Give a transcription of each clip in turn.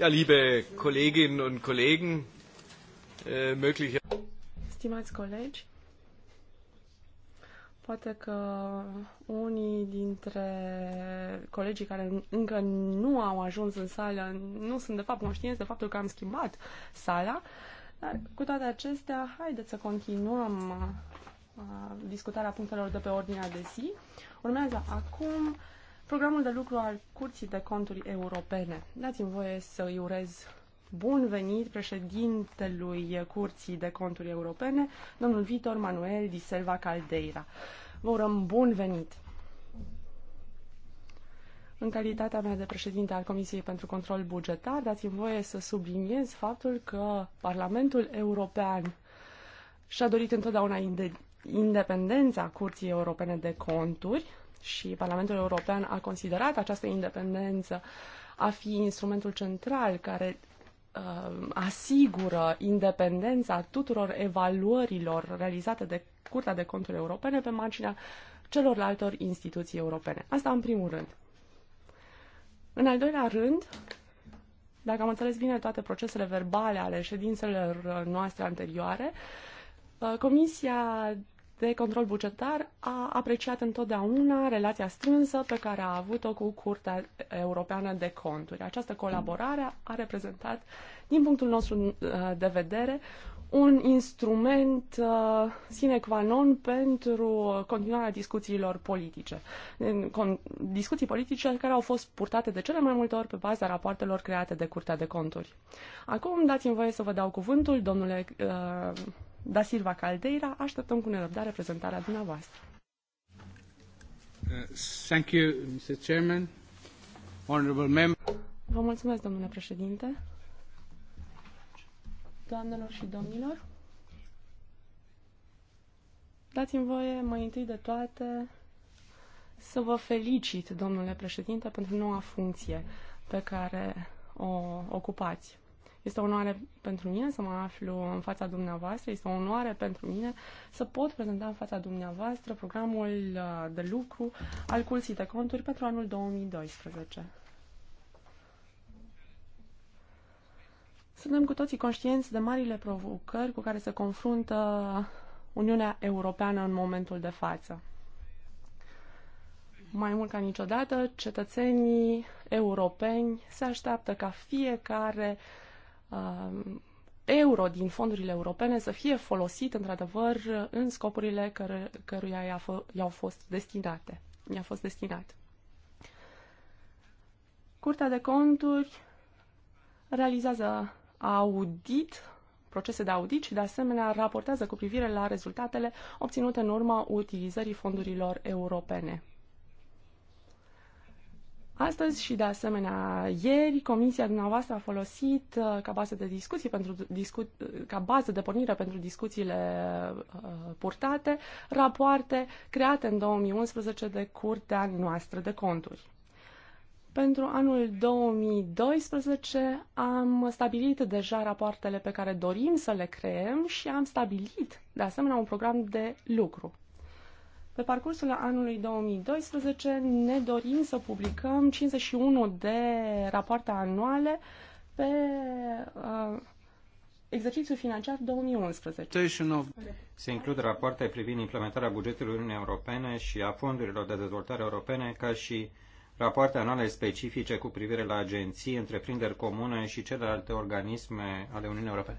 Ja, liebe Kolleginnen und Kollegen, äh, mögliche... Stimați colegi, poate că unii dintre colegii care încă nu au ajuns în sală nu sunt de fapt conștienți de faptul că am schimbat sala, dar cu toate acestea, haideți să continuăm uh, discutarea punctelor de pe ordinea de zi. Urmează acum programul de lucru al Curții de Conturi Europene. Dați-mi voie să îi urez bun venit președintelui Curții de Conturi Europene, domnul Vitor Manuel Di Selva Caldeira. Vă urăm bun venit! În calitatea mea de președinte al Comisiei pentru Control Bugetar, dați-mi voie să subliniez faptul că Parlamentul European și-a dorit întotdeauna independența Curții Europene de Conturi, și Parlamentul European a considerat această independență a fi instrumentul central care uh, asigură independența tuturor evaluărilor realizate de Curtea de Conturi Europene pe marginea celorlalte instituții europene. Asta în primul rând. În al doilea rând, dacă am înțeles bine toate procesele verbale ale ședințelor noastre anterioare, uh, Comisia de Control Bugetar a apreciat întotdeauna relația strânsă pe care a avut-o cu Curtea Europeană de Conturi. Această colaborare a reprezentat, din punctul nostru uh, de vedere, un instrument uh, sine qua non pentru continuarea discuțiilor politice. discuții politice care au fost purtate de cele mai multe ori pe baza rapoartelor create de Curtea de Conturi. Acum dați-mi voie să vă dau cuvântul, domnule uh, da Silva Caldeira, așteptăm cu nerăbdare prezentarea dumneavoastră. Uh, thank you, Mr. Chairman. Honorable member. Vă mulțumesc, domnule președinte. Doamnelor și domnilor, dați-mi voie mai întâi de toate să vă felicit, domnule președinte, pentru noua funcție pe care o ocupați. Este o onoare pentru mine să mă aflu în fața dumneavoastră, este o onoare pentru mine să pot prezenta în fața dumneavoastră programul uh, de lucru al Cursii de Conturi pentru anul 2012. Suntem cu toții conștienți de marile provocări cu care se confruntă Uniunea Europeană în momentul de față. Mai mult ca niciodată, cetățenii europeni se așteaptă ca fiecare uh, Uh, euro din fondurile europene să fie folosit într-adevăr în scopurile căr- căruia i-au fost destinate. I-a fost destinat. Curtea de conturi realizează audit, procese de audit și de asemenea raportează cu privire la rezultatele obținute în urma utilizării fondurilor europene. Astăzi și de asemenea ieri, comisia dumneavoastră a folosit uh, ca bază de discuții pentru discu- ca bază de pornire pentru discuțiile uh, purtate rapoarte create în 2011 de curtea noastră de conturi. Pentru anul 2012 am stabilit deja rapoartele pe care dorim să le creăm și am stabilit de asemenea un program de lucru. Pe parcursul anului 2012 ne dorim să publicăm 51 de rapoarte anuale pe uh, exercițiul financiar 2011. Se includ rapoarte privind implementarea bugetului Uniunii Europene și a fondurilor de dezvoltare europene, ca și rapoarte anuale specifice cu privire la agenții, întreprinderi comune și celelalte organisme ale Uniunii Europene.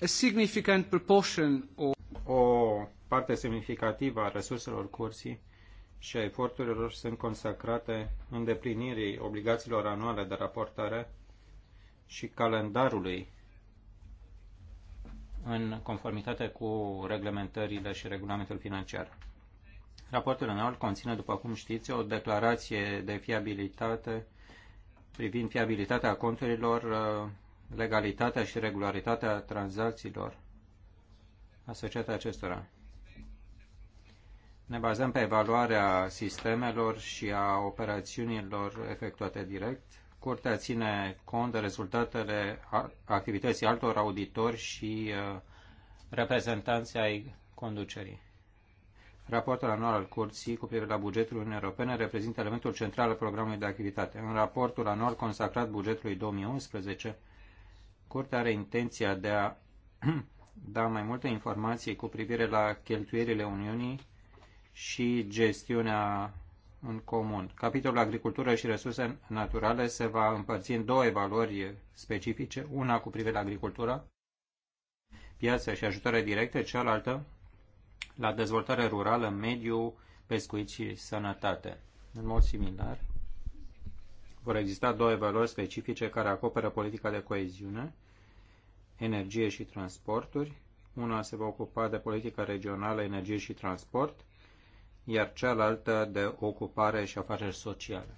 A significant proportion of... O parte semnificativă a resurselor cursii și a eforturilor sunt consacrate îndeplinirii obligațiilor anuale de raportare și calendarului în conformitate cu reglementările și regulamentul financiar. Raportul anual conține, după cum știți, o declarație de fiabilitate privind fiabilitatea conturilor, legalitatea și regularitatea tranzacțiilor asociate acestora. Ne bazăm pe evaluarea sistemelor și a operațiunilor efectuate direct. Curtea ține cont de rezultatele activității altor auditori și uh, reprezentanții ai conducerii. Raportul anual al Curții cu privire la bugetul Uniunii Europene reprezintă elementul central al programului de activitate. În raportul anual consacrat bugetului 2011, Curtea are intenția de a da mai multe informații cu privire la cheltuierile Uniunii și gestiunea în comun. Capitolul agricultură și resurse naturale se va împărți în două evaluări specifice, una cu privire la agricultură, piață și ajutoare directe, cealaltă la dezvoltare rurală, mediu, pescuit și sănătate. În mod similar, vor exista două evaluări specifice care acoperă politica de coeziune, energie și transporturi. Una se va ocupa de politica regională, energie și transport, iar cealaltă de ocupare și afaceri sociale.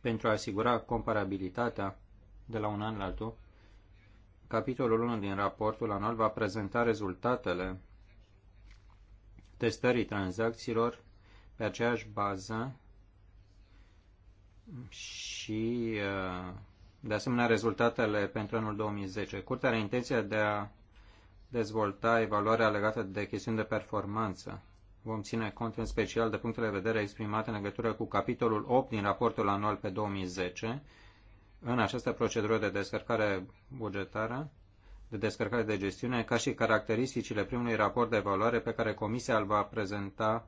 Pentru a asigura comparabilitatea de la un an la altul, capitolul 1 din raportul anual va prezenta rezultatele testării tranzacțiilor pe aceeași bază și, uh, de asemenea, rezultatele pentru anul 2010. Curtea are intenția de a dezvolta evaluarea legată de chestiuni de performanță Vom ține cont în special de punctele de vedere exprimate în legătură cu capitolul 8 din raportul anual pe 2010 în această procedură de descărcare bugetară, de descărcare de gestiune, ca și caracteristicile primului raport de evaluare pe care Comisia îl va prezenta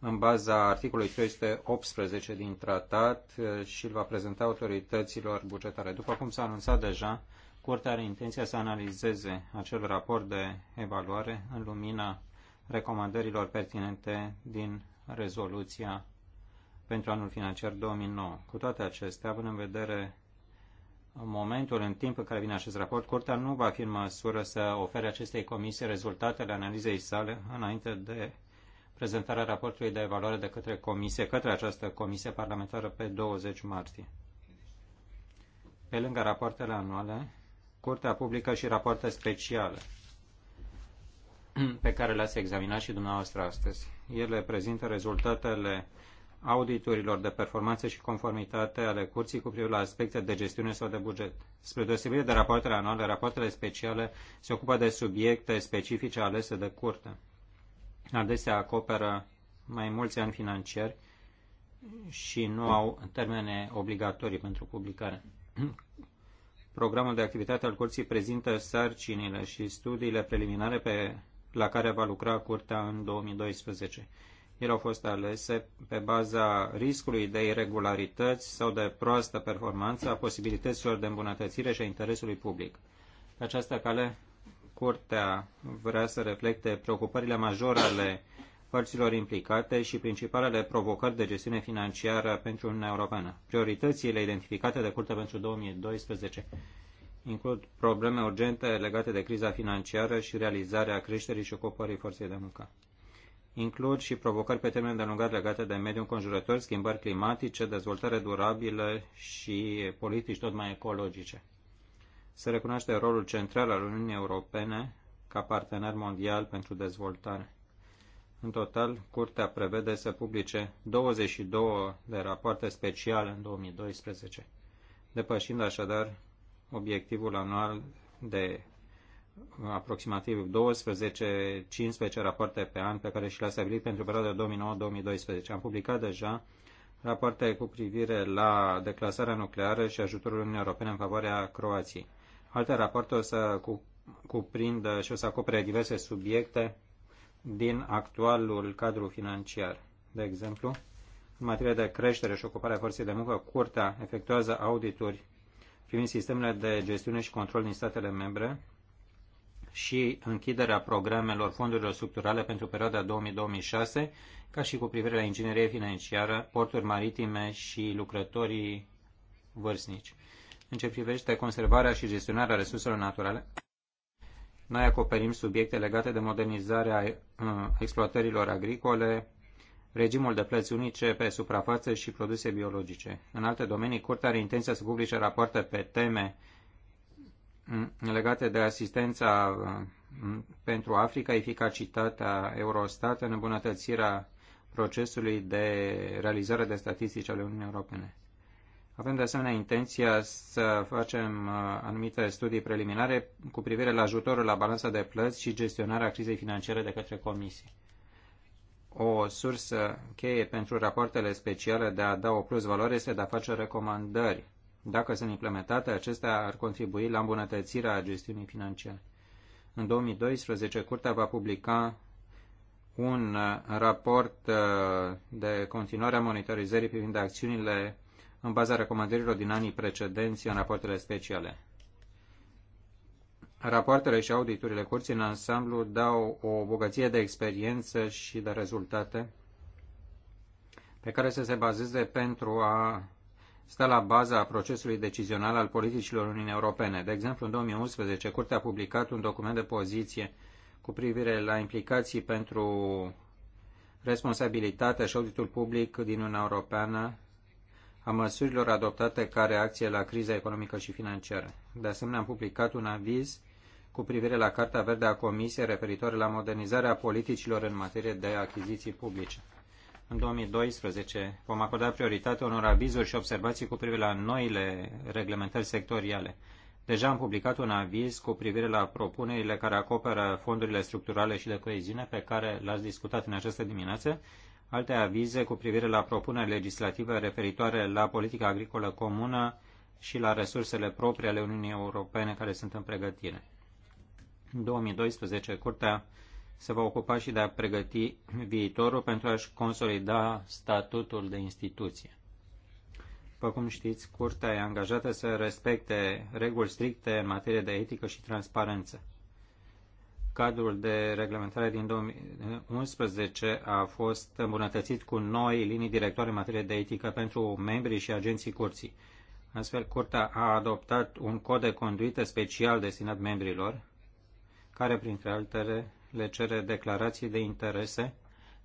în baza articolului 318 din tratat și îl va prezenta autorităților bugetare. După cum s-a anunțat deja, Curtea are intenția să analizeze acel raport de evaluare în lumina recomandărilor pertinente din rezoluția pentru anul financiar 2009. Cu toate acestea, având în vedere în momentul, în timp în care vine acest raport, Curtea nu va fi în măsură să ofere acestei comisii rezultatele analizei sale înainte de prezentarea raportului de evaluare de către comisie, către această comisie parlamentară pe 20 martie. Pe lângă rapoartele anuale, Curtea publică și rapoarte speciale pe care le-ați examinat și dumneavoastră astăzi. Ele prezintă rezultatele auditurilor de performanță și conformitate ale curții cu privire la aspecte de gestiune sau de buget. Spre deosebire de rapoartele anuale, rapoartele speciale se ocupă de subiecte specifice alese de curte. Adesea acoperă mai mulți ani financiari și nu au termene obligatorii pentru publicare. Programul de activitate al curții prezintă sarcinile și studiile preliminare pe la care va lucra Curtea în 2012. Ele au fost alese pe baza riscului de irregularități sau de proastă performanță, a posibilităților de îmbunătățire și a interesului public. Pe această cale, Curtea vrea să reflecte preocupările majore ale părților implicate și principalele provocări de gestiune financiară pentru Uniunea Europeană. Prioritățile identificate de Curtea pentru 2012 includ probleme urgente legate de criza financiară și realizarea creșterii și ocupării forței de muncă. Includ și provocări pe termen de lungat legate de mediul înconjurător, schimbări climatice, dezvoltare durabilă și politici tot mai ecologice. Se recunoaște rolul central al Uniunii Europene ca partener mondial pentru dezvoltare. În total, Curtea prevede să publice 22 de rapoarte speciale în 2012, depășind așadar obiectivul anual de aproximativ 12-15 rapoarte pe an pe care și le-a stabilit pentru perioada 2009-2012. Am publicat deja rapoarte cu privire la declasarea nucleară și ajutorul Uniunii Europene în favoarea Croației. Alte rapoarte o să cuprindă și o să acopere diverse subiecte din actualul cadru financiar. De exemplu, în materie de creștere și ocuparea forței de muncă, Curtea efectuează audituri privind sistemele de gestiune și control din statele membre și închiderea programelor fondurilor structurale pentru perioada 2000-2006, ca și cu privire la inginerie financiară, porturi maritime și lucrătorii vârstnici. În ce privește conservarea și gestionarea resurselor naturale, noi acoperim subiecte legate de modernizarea uh, exploatărilor agricole, regimul de plăți unice pe suprafață și produse biologice. În alte domenii, Curtea are intenția să publice rapoarte pe teme mm, legate de asistența mm, pentru Africa, eficacitatea Eurostat în îmbunătățirea procesului de realizare de statistici ale Uniunii Europene. Avem de asemenea intenția să facem uh, anumite studii preliminare cu privire la ajutorul la balanța de plăți și gestionarea crizei financiare de către Comisie o sursă cheie pentru rapoartele speciale de a da o plus valoare este de a face recomandări. Dacă sunt implementate, acestea ar contribui la îmbunătățirea gestiunii financiare. În 2012, Curtea va publica un uh, raport uh, de continuare a monitorizării privind acțiunile în baza recomandărilor din anii precedenți în rapoartele speciale. Rapoartele și auditurile curții în ansamblu dau o bogăție de experiență și de rezultate pe care să se bazeze pentru a sta la baza procesului decizional al politicilor Uniunii Europene. De exemplu, în 2011, Curtea a publicat un document de poziție cu privire la implicații pentru responsabilitatea și auditul public din Uniunea Europeană a măsurilor adoptate ca reacție la criza economică și financiară. De asemenea, am publicat un aviz cu privire la Cartea Verde a Comisiei referitoare la modernizarea politicilor în materie de achiziții publice. În 2012 vom acorda prioritate unor avizuri și observații cu privire la noile reglementări sectoriale. Deja am publicat un aviz cu privire la propunerile care acoperă fondurile structurale și de coeziune pe care l-ați discutat în această dimineață, alte avize cu privire la propuneri legislative referitoare la politica agricolă comună și la resursele proprii ale Uniunii Europene care sunt în pregătire. În 2012, Curtea se va ocupa și de a pregăti viitorul pentru a-și consolida statutul de instituție. După cum știți, Curtea e angajată să respecte reguli stricte în materie de etică și transparență. Cadrul de reglementare din 2011 a fost îmbunătățit cu noi linii directoare în materie de etică pentru membrii și agenții curții. Astfel, Curtea a adoptat un cod de conduită special destinat membrilor, care, printre altele, le cere declarații de interese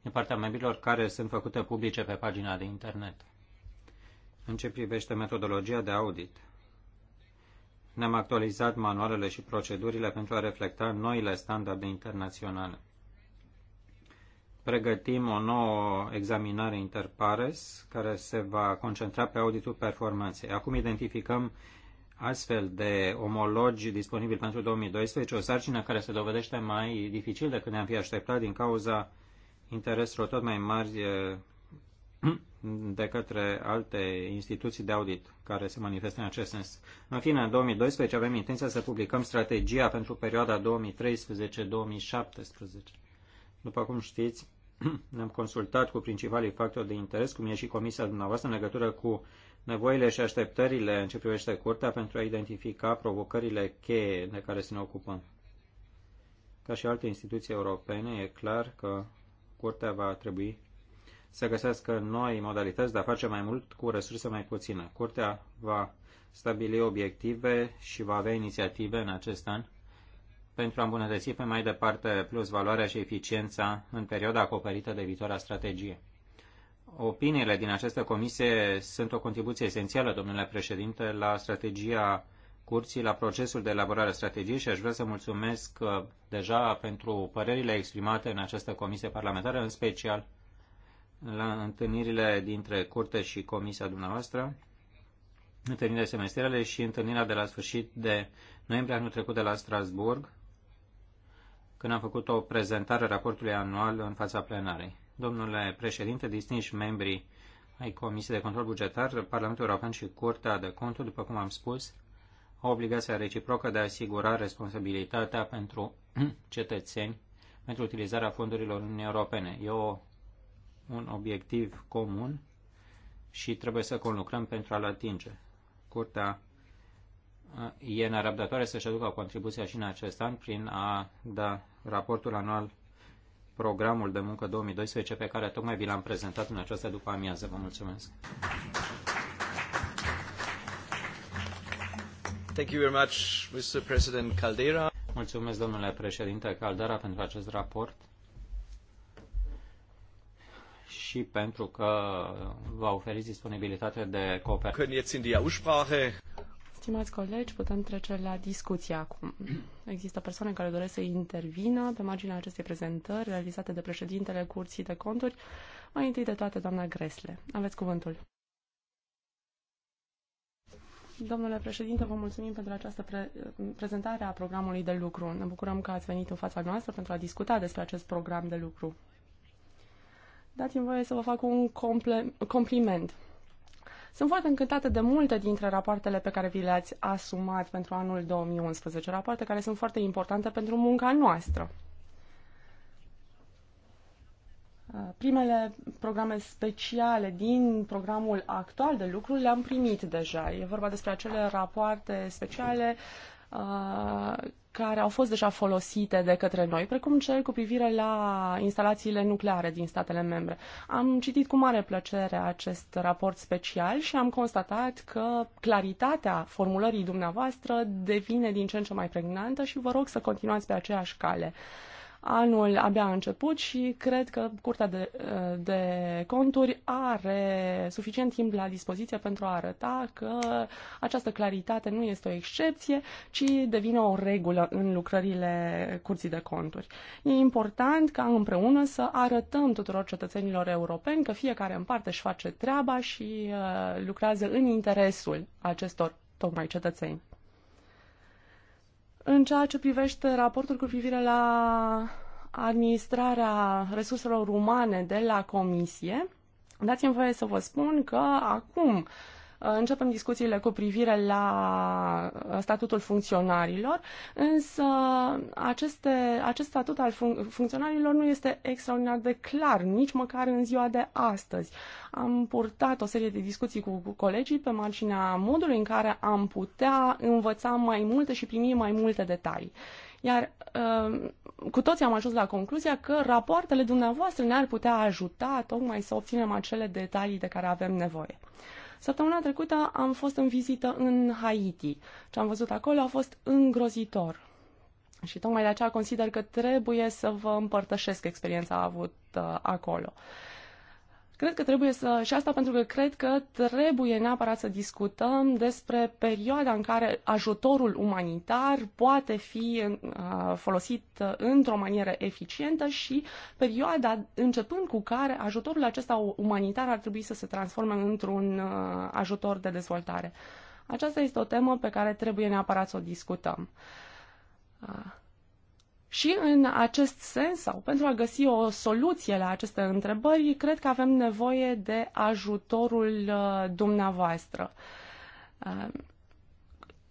din partea membrilor care sunt făcute publice pe pagina de internet. În ce privește metodologia de audit, ne-am actualizat manualele și procedurile pentru a reflecta noile standarde internaționale. Pregătim o nouă examinare interpares care se va concentra pe auditul performanței. Acum identificăm astfel de omologi disponibili pentru 2012, o sarcină care se dovedește mai dificil decât ne-am fi așteptat din cauza intereselor tot mai mari eh, de către alte instituții de audit care se manifestă în acest sens. În fine, în 2012 avem intenția să publicăm strategia pentru perioada 2013-2017. După cum știți, ne-am consultat cu principalii factori de interes, cum e și comisia dumneavoastră, în legătură cu nevoile și așteptările în ce privește curtea pentru a identifica provocările cheie de care să ne ocupăm. Ca și alte instituții europene, e clar că curtea va trebui să găsească noi modalități de a face mai mult cu resurse mai puține. Curtea va stabili obiective și va avea inițiative în acest an pentru a îmbunătăți pe mai departe plus valoarea și eficiența în perioada acoperită de viitoarea strategie. Opiniile din această comisie sunt o contribuție esențială, domnule președinte, la strategia curții, la procesul de elaborare a strategiei și aș vrea să mulțumesc uh, deja pentru părerile exprimate în această comisie parlamentară, în special la întâlnirile dintre curte și comisia dumneavoastră, întâlnirile semestrele și întâlnirea de la sfârșit de noiembrie anul trecut de la Strasburg, când am făcut o prezentare a raportului anual în fața plenarei. Domnule președinte, distinși membrii ai Comisiei de Control Bugetar, Parlamentul European și Curtea de Conturi, după cum am spus, au obligația reciprocă de a asigura responsabilitatea pentru cetățeni pentru utilizarea fondurilor Uniunii Europene. E o, un obiectiv comun și trebuie să conlucrăm pentru a-l atinge. Curtea uh, e nerăbdătoare să-și aducă contribuția și în acest an prin a da raportul anual programul de muncă 2012 pe care tocmai vi l-am prezentat în această după amiază. Vă mulțumesc! Thank you very much, Mr. President Caldera. Mulțumesc, domnule președinte Caldera, pentru acest raport și pentru că vă oferiți disponibilitate de cooperare. Stimați colegi, putem trece la discuție acum. Există persoane care doresc să intervină pe marginea acestei prezentări realizate de președintele Curții de Conturi. Mai întâi de toate, doamna Gresle. Aveți cuvântul. Domnule președinte, vă mulțumim pentru această pre- prezentare a programului de lucru. Ne bucurăm că ați venit în fața noastră pentru a discuta despre acest program de lucru. Dați-mi voie să vă fac un compliment. Sunt foarte încântată de multe dintre rapoartele pe care vi le-ați asumat pentru anul 2011, rapoarte care sunt foarte importante pentru munca noastră. Uh, primele programe speciale din programul actual de lucru le-am primit deja. E vorba despre acele rapoarte speciale uh, Uh, care au fost deja folosite de către noi, precum cel cu privire la instalațiile nucleare din statele membre. Am citit cu mare plăcere acest raport special și am constatat că claritatea formulării dumneavoastră devine din ce în ce mai pregnantă și vă rog să continuați pe aceeași cale. Uh, Anul abia a început și cred că Curtea de, de Conturi are suficient timp la dispoziție pentru a arăta că această claritate nu este o excepție, ci devine o regulă în lucrările Curții de Conturi. E important ca împreună să arătăm tuturor cetățenilor europeni că fiecare în parte își face treaba și uh, lucrează în interesul acestor tocmai cetățeni. În ceea ce privește raportul cu privire la administrarea resurselor umane de la Comisie, dați-mi voie să vă spun că acum uh, începem discuțiile cu privire la uh, statutul funcționarilor, însă aceste, acest statut al func- funcționarilor nu este extraordinar de clar, nici măcar în ziua de astăzi. Am purtat o serie de discuții cu, cu colegii pe marginea modului în care am putea învăța mai multe și primi mai multe detalii. Iar uh, cu toții am ajuns la concluzia că rapoartele dumneavoastră ne-ar putea ajuta tocmai să obținem acele detalii de care avem nevoie. Săptămâna trecută am fost în vizită în Haiti. Ce am văzut acolo a fost îngrozitor. Și tocmai de aceea consider că trebuie să vă împărtășesc experiența avut acolo. Cred că trebuie să, și asta pentru că cred că trebuie neapărat să discutăm despre perioada în care ajutorul umanitar poate fi uh, folosit uh, într-o manieră eficientă și perioada începând cu care ajutorul acesta umanitar ar trebui să se transforme într-un uh, ajutor de dezvoltare. Aceasta este o temă pe care trebuie neapărat să o discutăm. Și în acest sens, sau pentru a găsi o soluție la aceste întrebări, cred că avem nevoie de ajutorul uh, dumneavoastră. Uh,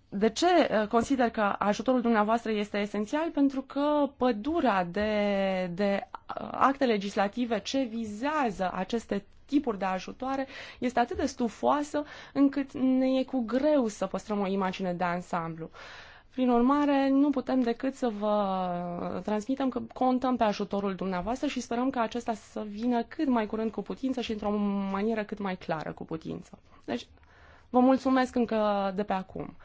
de ce uh, consider că ajutorul dumneavoastră este esențial? Pentru că pădura de, de acte legislative ce vizează aceste tipuri de ajutoare este atât de stufoasă încât ne e cu greu să păstrăm o imagine de ansamblu. Uh, prin urmare, nu putem decât să vă transmitem că contăm pe ajutorul dumneavoastră și sperăm că acesta să vină cât mai curând cu putință și într-o manieră cât mai clară cu putință. Deci, vă mulțumesc încă de pe acum.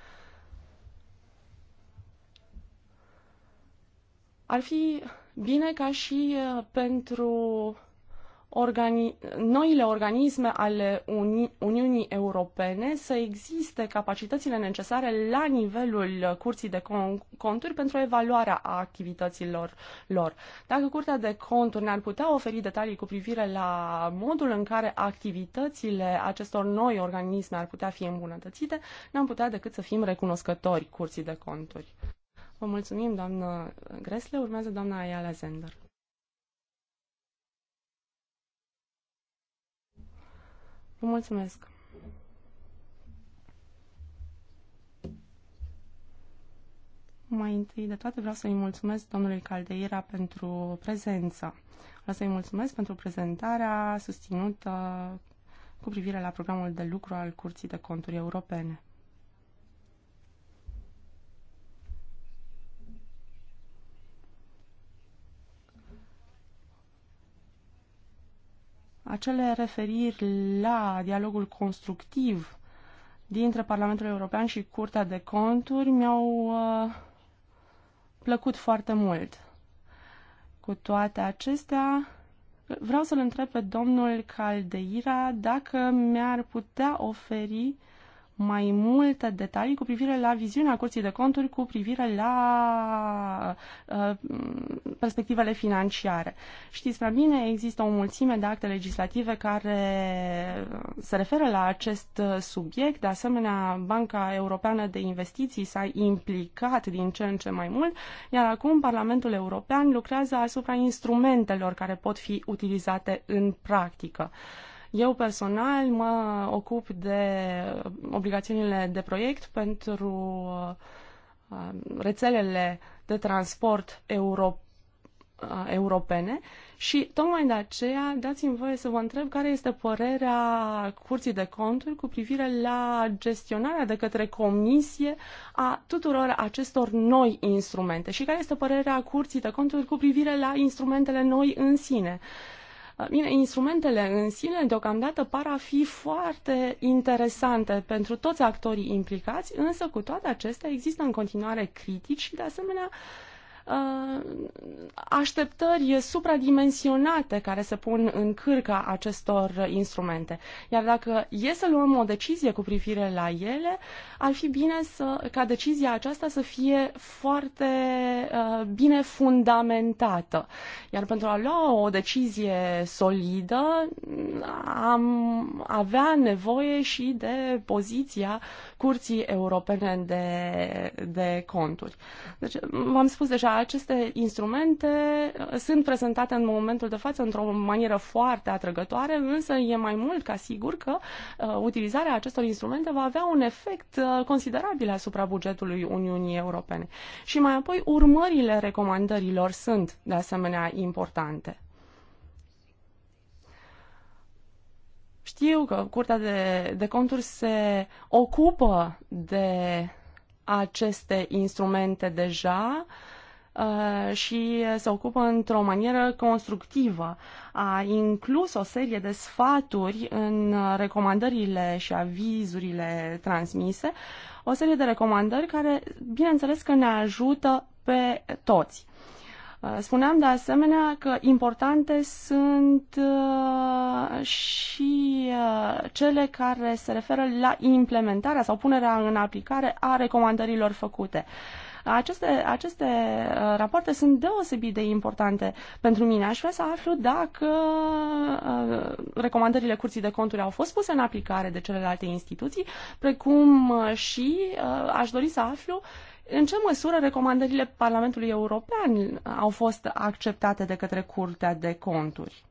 Ar fi bine ca și uh, pentru organi- noile organisme ale Uni- Uniunii Europene să existe capacitățile necesare la nivelul Curții de con- Conturi pentru evaluarea activităților lor. Dacă Curtea de Conturi ne-ar putea oferi detalii cu privire la modul în care activitățile acestor noi organisme ar putea fi îmbunătățite, n-am putea decât să fim recunoscători Curții de Conturi. Vă mulțumim, doamnă Gresle. Urmează doamna Ayala Zender. Vă mulțumesc! Mai întâi de toate vreau să-i mulțumesc domnului Caldeira pentru prezența, Vreau să-i mulțumesc pentru prezentarea susținută cu privire la programul de lucru al Curții de Conturi Europene. acele referiri la dialogul constructiv dintre Parlamentul European și Curtea de Conturi mi-au uh, plăcut foarte mult. Cu toate acestea, vreau să-l întreb pe domnul Caldeira dacă mi-ar putea oferi uh, mai multe detalii cu privire la viziunea Curții de Conturi, cu privire la uh, uh, perspectivele financiare. Știți prea bine, există o mulțime de acte legislative care se referă la acest uh, subiect. De asemenea, Banca Europeană de Investiții s-a implicat din ce în ce mai mult, iar acum Parlamentul European lucrează asupra instrumentelor care pot fi utilizate în practică. Uh, eu personal mă ocup de obligațiunile de proiect pentru uh, rețelele de transport euro, uh, europene și tocmai de aceea dați-mi voie să vă întreb care este părerea Curții de Conturi cu privire la gestionarea de către Comisie a tuturor acestor noi instrumente și care este părerea Curții de Conturi cu privire la instrumentele noi în sine. Uh, Bine, instrumentele în sine deocamdată par a fi foarte interesante pentru toți actorii implicați, însă cu toate acestea există în continuare critici și de asemenea Uh, așteptări supradimensionate care se pun în cârca acestor instrumente. Iar dacă e să luăm o decizie cu privire la ele, ar fi bine să, ca decizia aceasta să fie foarte uh, bine fundamentată. Iar pentru a lua o decizie solidă, am avea nevoie și de poziția Curții Europene de, de Conturi. Deci, v-am spus deja aceste instrumente uh, sunt prezentate în momentul de față într-o manieră foarte atrăgătoare, însă e mai mult ca sigur că uh, utilizarea acestor instrumente va avea un efect uh, considerabil asupra bugetului Uniunii Europene. Și mai apoi, urmările recomandărilor sunt, de asemenea, importante. Știu că Curtea de, de Conturi se ocupă de aceste instrumente deja uh, Uh, și se ocupă într-o manieră constructivă. A inclus o serie de sfaturi în recomandările și avizurile transmise, o serie de recomandări care, bineînțeles, că ne ajută pe toți. Uh, spuneam de asemenea că importante sunt uh, și cele care se referă la implementarea sau punerea în aplicare a recomandărilor făcute. Aceste, aceste uh, rapoarte sunt deosebit de importante pentru mine. Aș vrea să aflu dacă uh, recomandările Curții de Conturi au fost puse în aplicare de celelalte instituții, precum uh, și aș dori să aflu în ce măsură recomandările Parlamentului European au fost acceptate de către Curtea de Conturi?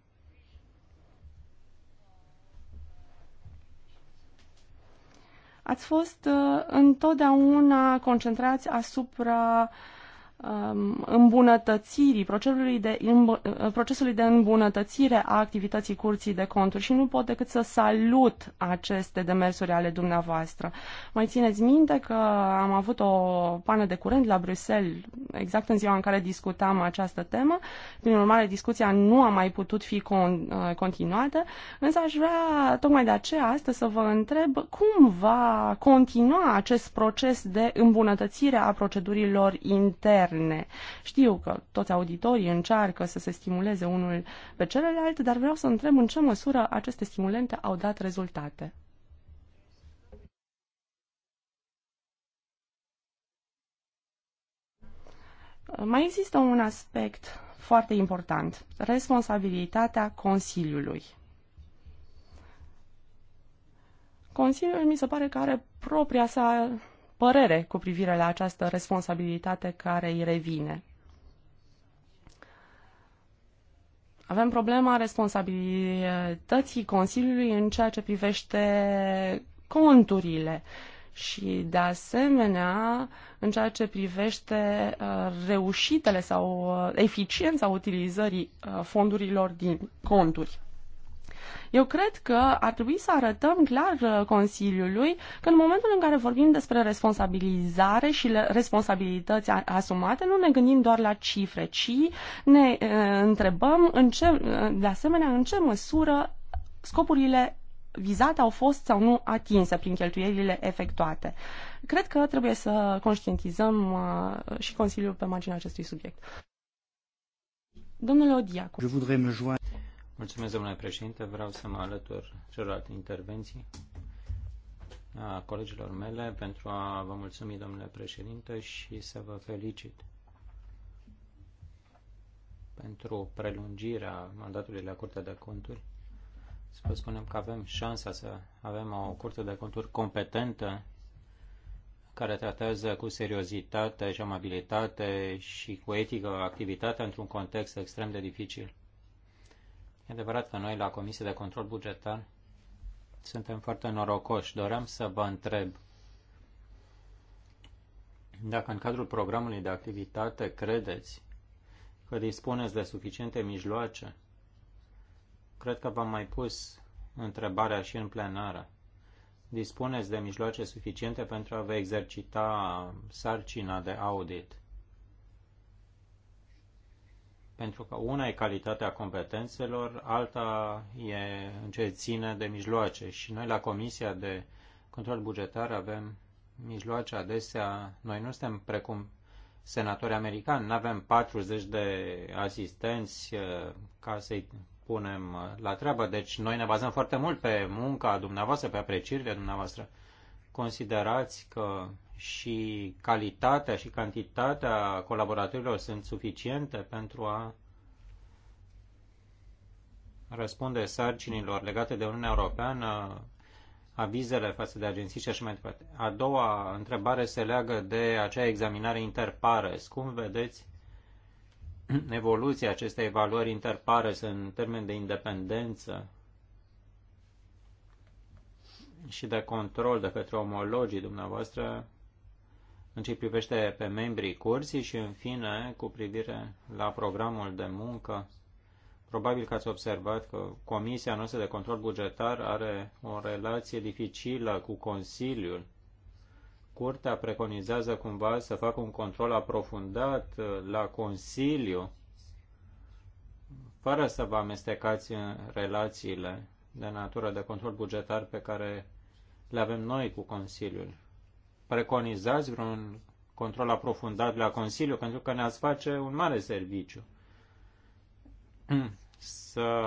ați fost uh, întotdeauna concentrați asupra uh, Um, îmbunătățirii, procesului de, procesului de îmbunătățire a activității curții de conturi și nu pot decât să salut aceste demersuri ale dumneavoastră. Mai țineți minte că am avut o pană de curent la Bruxelles exact în ziua în care discutam această temă. Prin urmare, discuția nu a mai putut fi con- uh, continuată, însă aș vrea tocmai de aceea astăzi să vă întreb cum va continua acest proces de îmbunătățire a procedurilor interne interne. Știu că toți auditorii încearcă să se stimuleze unul pe celălalt, dar vreau să întreb în ce măsură aceste stimulente au dat rezultate. Mai există un aspect foarte important, responsabilitatea Consiliului. Consiliul mi se pare că are propria sa părere cu privire la această responsabilitate care îi revine. Avem problema responsabilității Consiliului în ceea ce privește conturile și, de asemenea, în ceea ce privește uh, reușitele sau uh, eficiența utilizării uh, fondurilor din conturi. Eu cred că ar trebui să arătăm clar uh, Consiliului că în momentul în care vorbim despre responsabilizare și responsabilități asumate, nu ne gândim doar la cifre, ci ne uh, întrebăm în ce, uh, de asemenea în ce măsură scopurile vizate au fost sau nu atinse prin cheltuielile efectuate. Cred că trebuie să conștientizăm și Consiliul pe marginea acestui subiect. Domnule Odiacu. Mulțumesc, domnule președinte. Vreau să mă alătur celorlalte intervenții a colegilor mele pentru a vă mulțumi, domnule președinte, și să vă felicit pentru prelungirea mandatului la Curtea de Conturi. Să vă spunem că avem șansa să avem o Curte de Conturi competentă care tratează cu seriozitate și amabilitate și cu etică activitatea într-un context extrem de dificil adevărat că noi la Comisia de Control Bugetar suntem foarte norocoși. Doream să vă întreb dacă în cadrul programului de activitate credeți că dispuneți de suficiente mijloace. Cred că v-am mai pus întrebarea și în plenară. Dispuneți de mijloace suficiente pentru a vă exercita sarcina de audit pentru că una e calitatea competențelor, alta e în ce ține de mijloace. Și noi la Comisia de Control Bugetar avem mijloace adesea. Noi nu suntem precum senatori americani, nu avem 40 de asistenți eh, ca să-i punem eh, la treabă. Deci noi ne bazăm foarte mult pe munca dumneavoastră, pe aprecierile dumneavoastră. Considerați că și calitatea și cantitatea colaboratorilor sunt suficiente pentru a răspunde sarcinilor legate de Uniunea Europeană, avizele față de agenții și așa mai departe. A doua întrebare se leagă de acea examinare interpares. Cum vedeți evoluția acestei evaluări interpares în termen de independență și de control de către omologii dumneavoastră în ce privește pe membrii cursii și, în fine, cu privire la programul de muncă. Probabil că ați observat că Comisia noastră de control bugetar are o relație dificilă cu Consiliul. Curtea preconizează cumva să facă un control aprofundat uh, la Consiliu, fără să vă amestecați în relațiile de natură de control bugetar pe care le avem noi cu Consiliul preconizați vreun control aprofundat la Consiliu, pentru că ne-ați face un mare serviciu. Să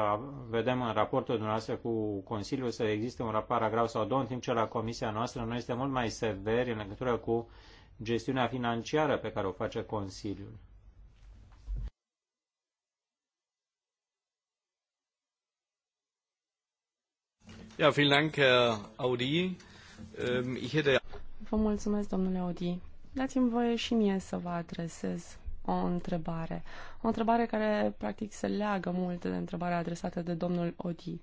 vedem în raportul dumneavoastră cu Consiliul să existe un paragraf sau două, în timp ce la Comisia noastră noi este mult mai severi în legătură cu gestiunea financiară pe care o face Consiliul. Ja, vielen Dank, Herr Audi. Ähm, ich hätte Vă mulțumesc, domnule Odi. Dați-mi voie și mie să vă adresez o întrebare. O întrebare care, practic, se leagă mult de întrebarea adresată de domnul Odi.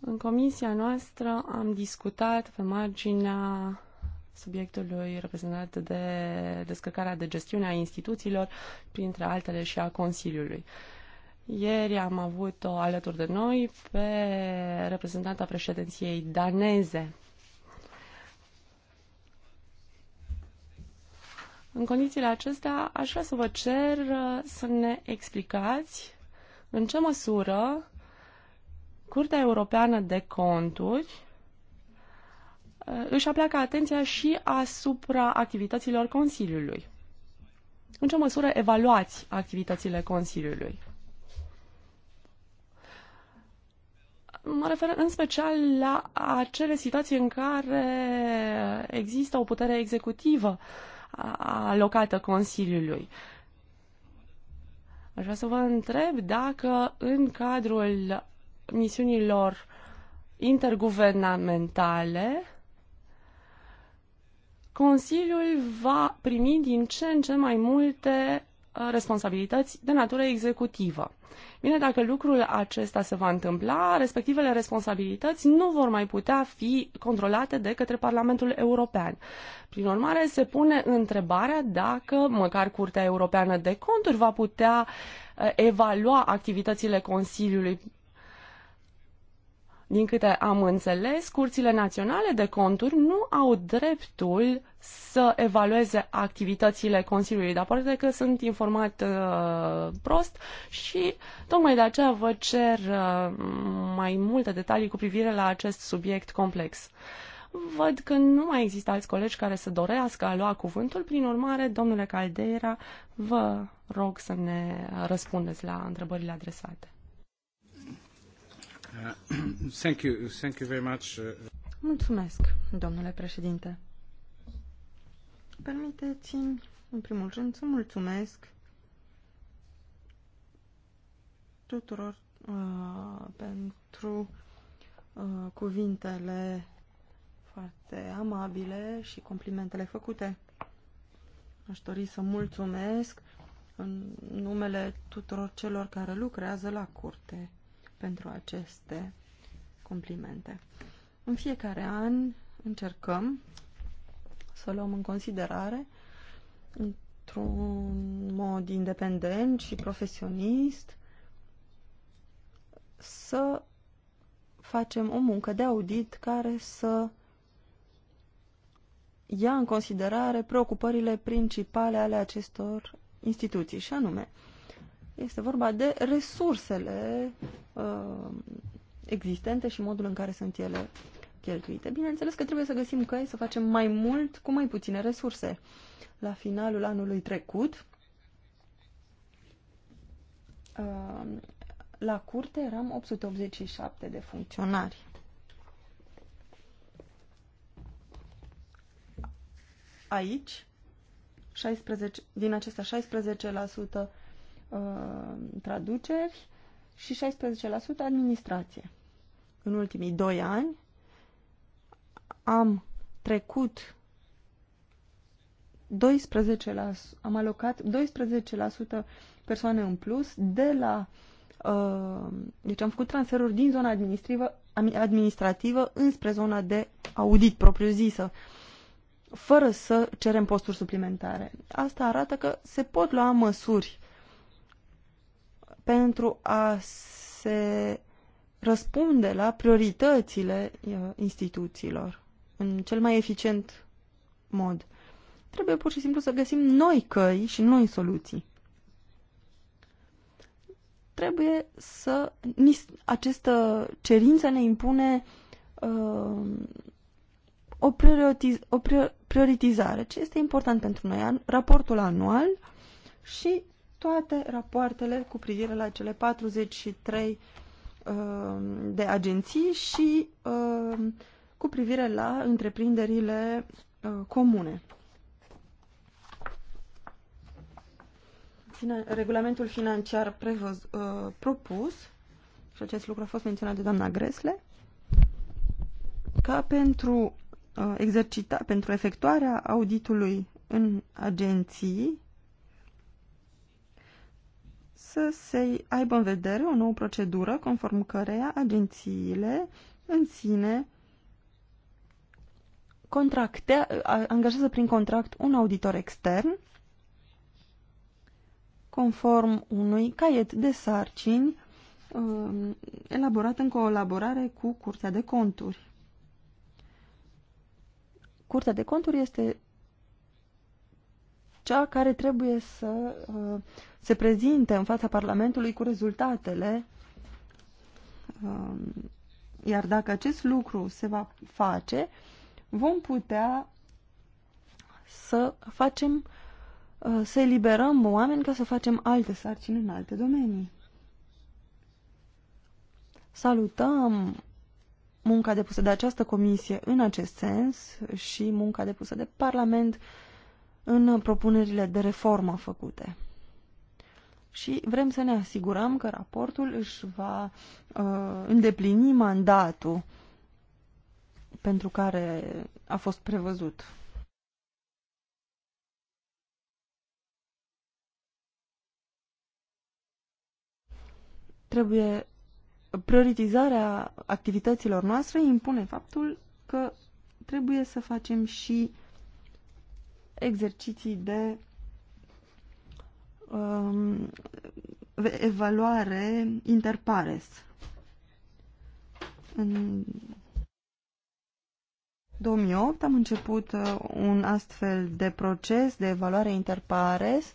În comisia noastră am discutat pe marginea subiectului reprezentat de descărcarea de gestiune a instituțiilor, printre altele și a Consiliului. Uh, ieri am avut-o alături de noi pe reprezentanta președinției daneze. În condițiile acestea, aș vrea să vă cer uh, să ne explicați în ce măsură Curtea Europeană de Conturi uh, își apleacă atenția și asupra activităților Consiliului. În ce măsură evaluați activitățile Consiliului? mă refer în special la acele situații în care există o putere executivă alocată Consiliului. Aș vrea să vă întreb dacă în cadrul misiunilor interguvernamentale Consiliul va primi din ce în ce mai multe Uh, responsabilități de natură executivă. Bine, dacă lucrul acesta se va întâmpla, respectivele responsabilități nu vor mai putea fi controlate de către Parlamentul European. Prin urmare, se pune întrebarea dacă măcar Curtea Europeană de Conturi va putea uh, evalua activitățile Consiliului din câte am înțeles, curțile naționale de conturi nu au dreptul să evalueze activitățile Consiliului, dar poate că sunt informat uh, prost și tocmai de aceea vă cer uh, mai multe detalii cu privire la acest subiect complex. Văd că nu mai există alți colegi care să dorească a lua cuvântul, prin urmare, domnule Caldeira, vă rog să ne răspundeți la întrebările adresate. Uh, uh, mulțumesc, domnule președinte. Permiteți-mi, în primul rând, să mulțumesc tuturor uh, pentru uh, cuvintele foarte amabile și complimentele făcute. Aș dori să mulțumesc în numele tuturor celor care lucrează la curte pentru aceste complimente. În fiecare an încercăm să luăm în considerare într-un mod independent și profesionist să facem o muncă de audit care să ia în considerare preocupările principale ale acestor instituții, și anume este vorba de resursele uh, existente și modul în care sunt ele cheltuite. Bineînțeles că trebuie să găsim căi să facem mai mult cu mai puține resurse. La finalul anului trecut, uh, la curte eram 887 de funcționari. Aici, 16, din acestea 16% Uh, traduceri și 16% administrație. În ultimii doi ani am trecut 12%, am alocat 12% persoane în plus de la uh, deci am făcut transferuri din zona administrativă, administrativă înspre zona de audit propriu-zisă fără să cerem posturi suplimentare. Asta arată că se pot lua măsuri pentru a se răspunde la prioritățile uh, instituțiilor în cel mai eficient mod. Trebuie pur și simplu să găsim noi căi și noi soluții. Trebuie să... Această cerință ne impune uh, o, prioritiz, o prioritizare. Ce este important pentru noi? Raportul anual și toate rapoartele cu privire la cele 43 uh, de agenții și uh, cu privire la întreprinderile uh, comune. Regulamentul financiar prevăz, propus, și acest lucru a fost menționat de doamna Gresle, ca pentru, exercita, pentru efectuarea auditului în agenții, să se aibă în vedere o nouă procedură conform căreia agențiile în sine contracte, angajează prin contract un auditor extern conform unui caiet de sarcini um, elaborat în colaborare cu Curtea de Conturi. Curtea de Conturi este cea care trebuie să uh, se prezinte în fața Parlamentului cu rezultatele. Um, iar dacă acest lucru se va face, vom putea să facem, uh, să eliberăm oameni ca să facem alte sarcini în alte domenii. Salutăm munca depusă de această comisie în acest sens și munca depusă de Parlament uh, în propunerile de reformă făcute. Și vrem să ne asigurăm că raportul își va uh, îndeplini mandatul pentru care a fost prevăzut. Trebuie prioritizarea activităților noastre impune faptul că trebuie să facem și exerciții de um, evaluare interpares. În 2008 am început uh, un astfel de proces de evaluare interpares.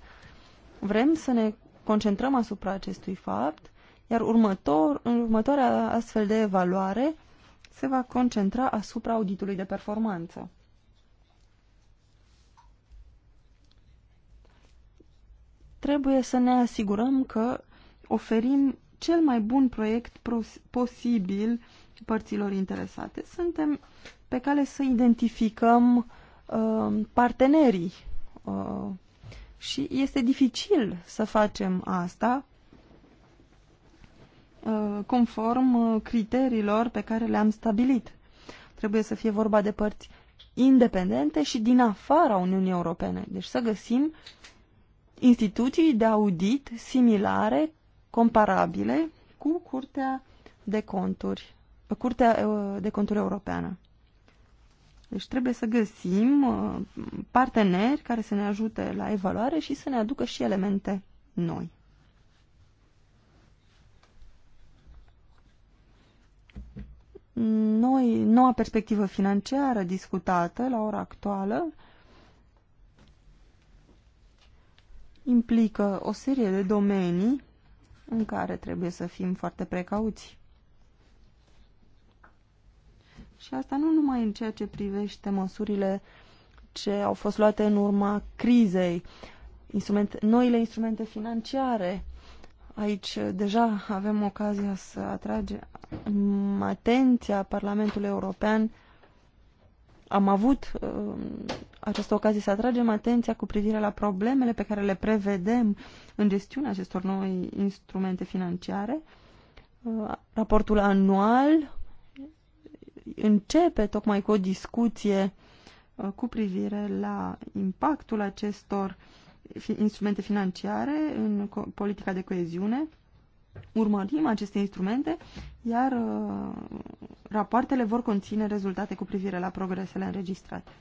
Vrem să ne concentrăm asupra acestui fapt, iar următor, în următoarea astfel de evaluare se va concentra asupra auditului de performanță. trebuie să ne asigurăm că oferim cel mai bun proiect posibil părților interesate. Suntem pe cale să identificăm uh, partenerii uh, și este dificil să facem asta uh, conform uh, criteriilor pe care le-am stabilit. Trebuie să fie vorba de părți independente și din afara Uniunii Europene. Deci să găsim instituții de audit similare, comparabile cu Curtea de Conturi, Curtea de Conturi Europeană. Deci trebuie să găsim uh, parteneri care să ne ajute la evaluare și să ne aducă și elemente noi. Noi, noua perspectivă financiară discutată la ora actuală implică o serie de domenii în care trebuie să fim foarte precauți. Și asta nu numai în ceea ce privește măsurile ce au fost luate în urma crizei, instrumente, noile instrumente financiare. Aici deja avem ocazia să atragem atenția Parlamentului European. Am avut um, această ocazie să atragem atenția cu privire la problemele pe care le prevedem în gestiunea acestor noi instrumente financiare. Uh, raportul anual începe tocmai cu o discuție uh, cu privire la impactul acestor instrumente financiare în politica de coeziune. Urmărim aceste instrumente, iar uh, rapoartele vor conține rezultate cu privire la progresele înregistrate.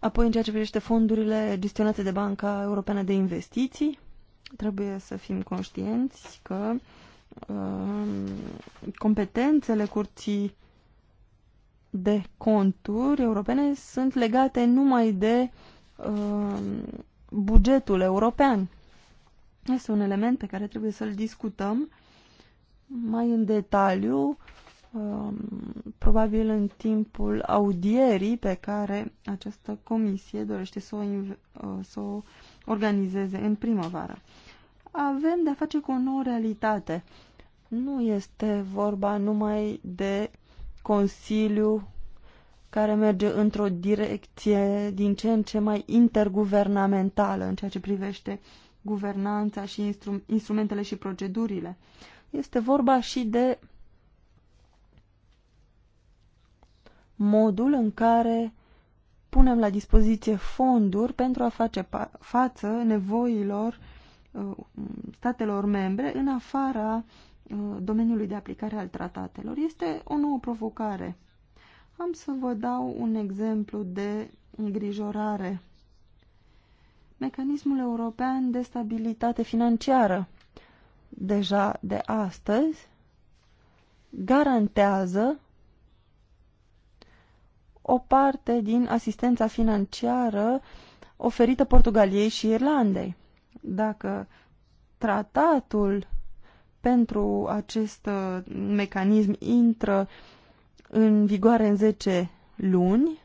Apoi, în ceea ce privește fondurile gestionate de Banca Europeană de Investiții, trebuie să fim conștienți că uh, competențele curții de conturi europene sunt legate numai de uh, bugetul european. Este un element pe care trebuie să-l discutăm mai în detaliu Um, probabil în timpul audierii pe care această comisie dorește să o, uh, să o organizeze în primăvară. Avem de-a face cu o nouă realitate. Nu este vorba numai de Consiliu care merge într-o direcție din ce în ce mai interguvernamentală în ceea ce privește guvernanța și instru- instrumentele și procedurile. Este vorba și de modul în care punem la dispoziție fonduri pentru a face față nevoilor uh, statelor membre în afara uh, domeniului de aplicare al tratatelor. Este o nouă provocare. Am să vă dau un exemplu de îngrijorare. Mecanismul european de stabilitate financiară, deja de astăzi, garantează o parte din asistența financiară oferită Portugaliei și Irlandei. Dacă tratatul pentru acest uh, mecanism intră în vigoare în 10 luni,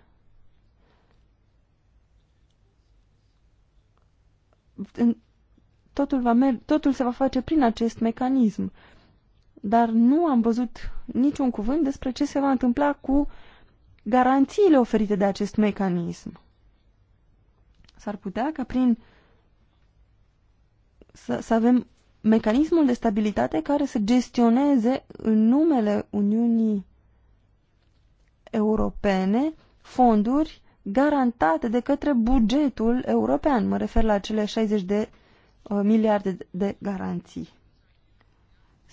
totul, va mer- totul se va face prin acest mecanism. Dar nu am văzut niciun cuvânt despre ce se va întâmpla cu uh, garanțiile oferite de acest mecanism. S-ar putea ca prin să, să avem mecanismul de stabilitate care să gestioneze în numele Uniunii Europene fonduri garantate de către bugetul european. Mă refer la cele 60 de uh, miliarde de garanții.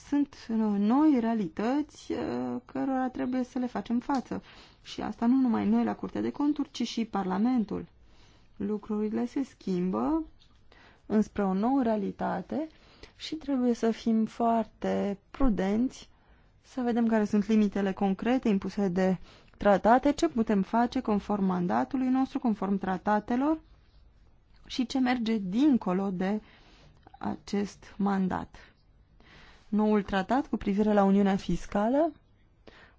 Sunt uh, noi realități uh, cărora trebuie să le facem față. Și asta nu numai noi la Curtea de Conturi, ci și Parlamentul. Lucrurile se schimbă înspre o nouă realitate și trebuie să fim foarte prudenți, să vedem care sunt limitele concrete impuse de tratate, ce putem face conform mandatului nostru, conform tratatelor și ce merge dincolo de acest mandat. Noul tratat cu privire la Uniunea Fiscală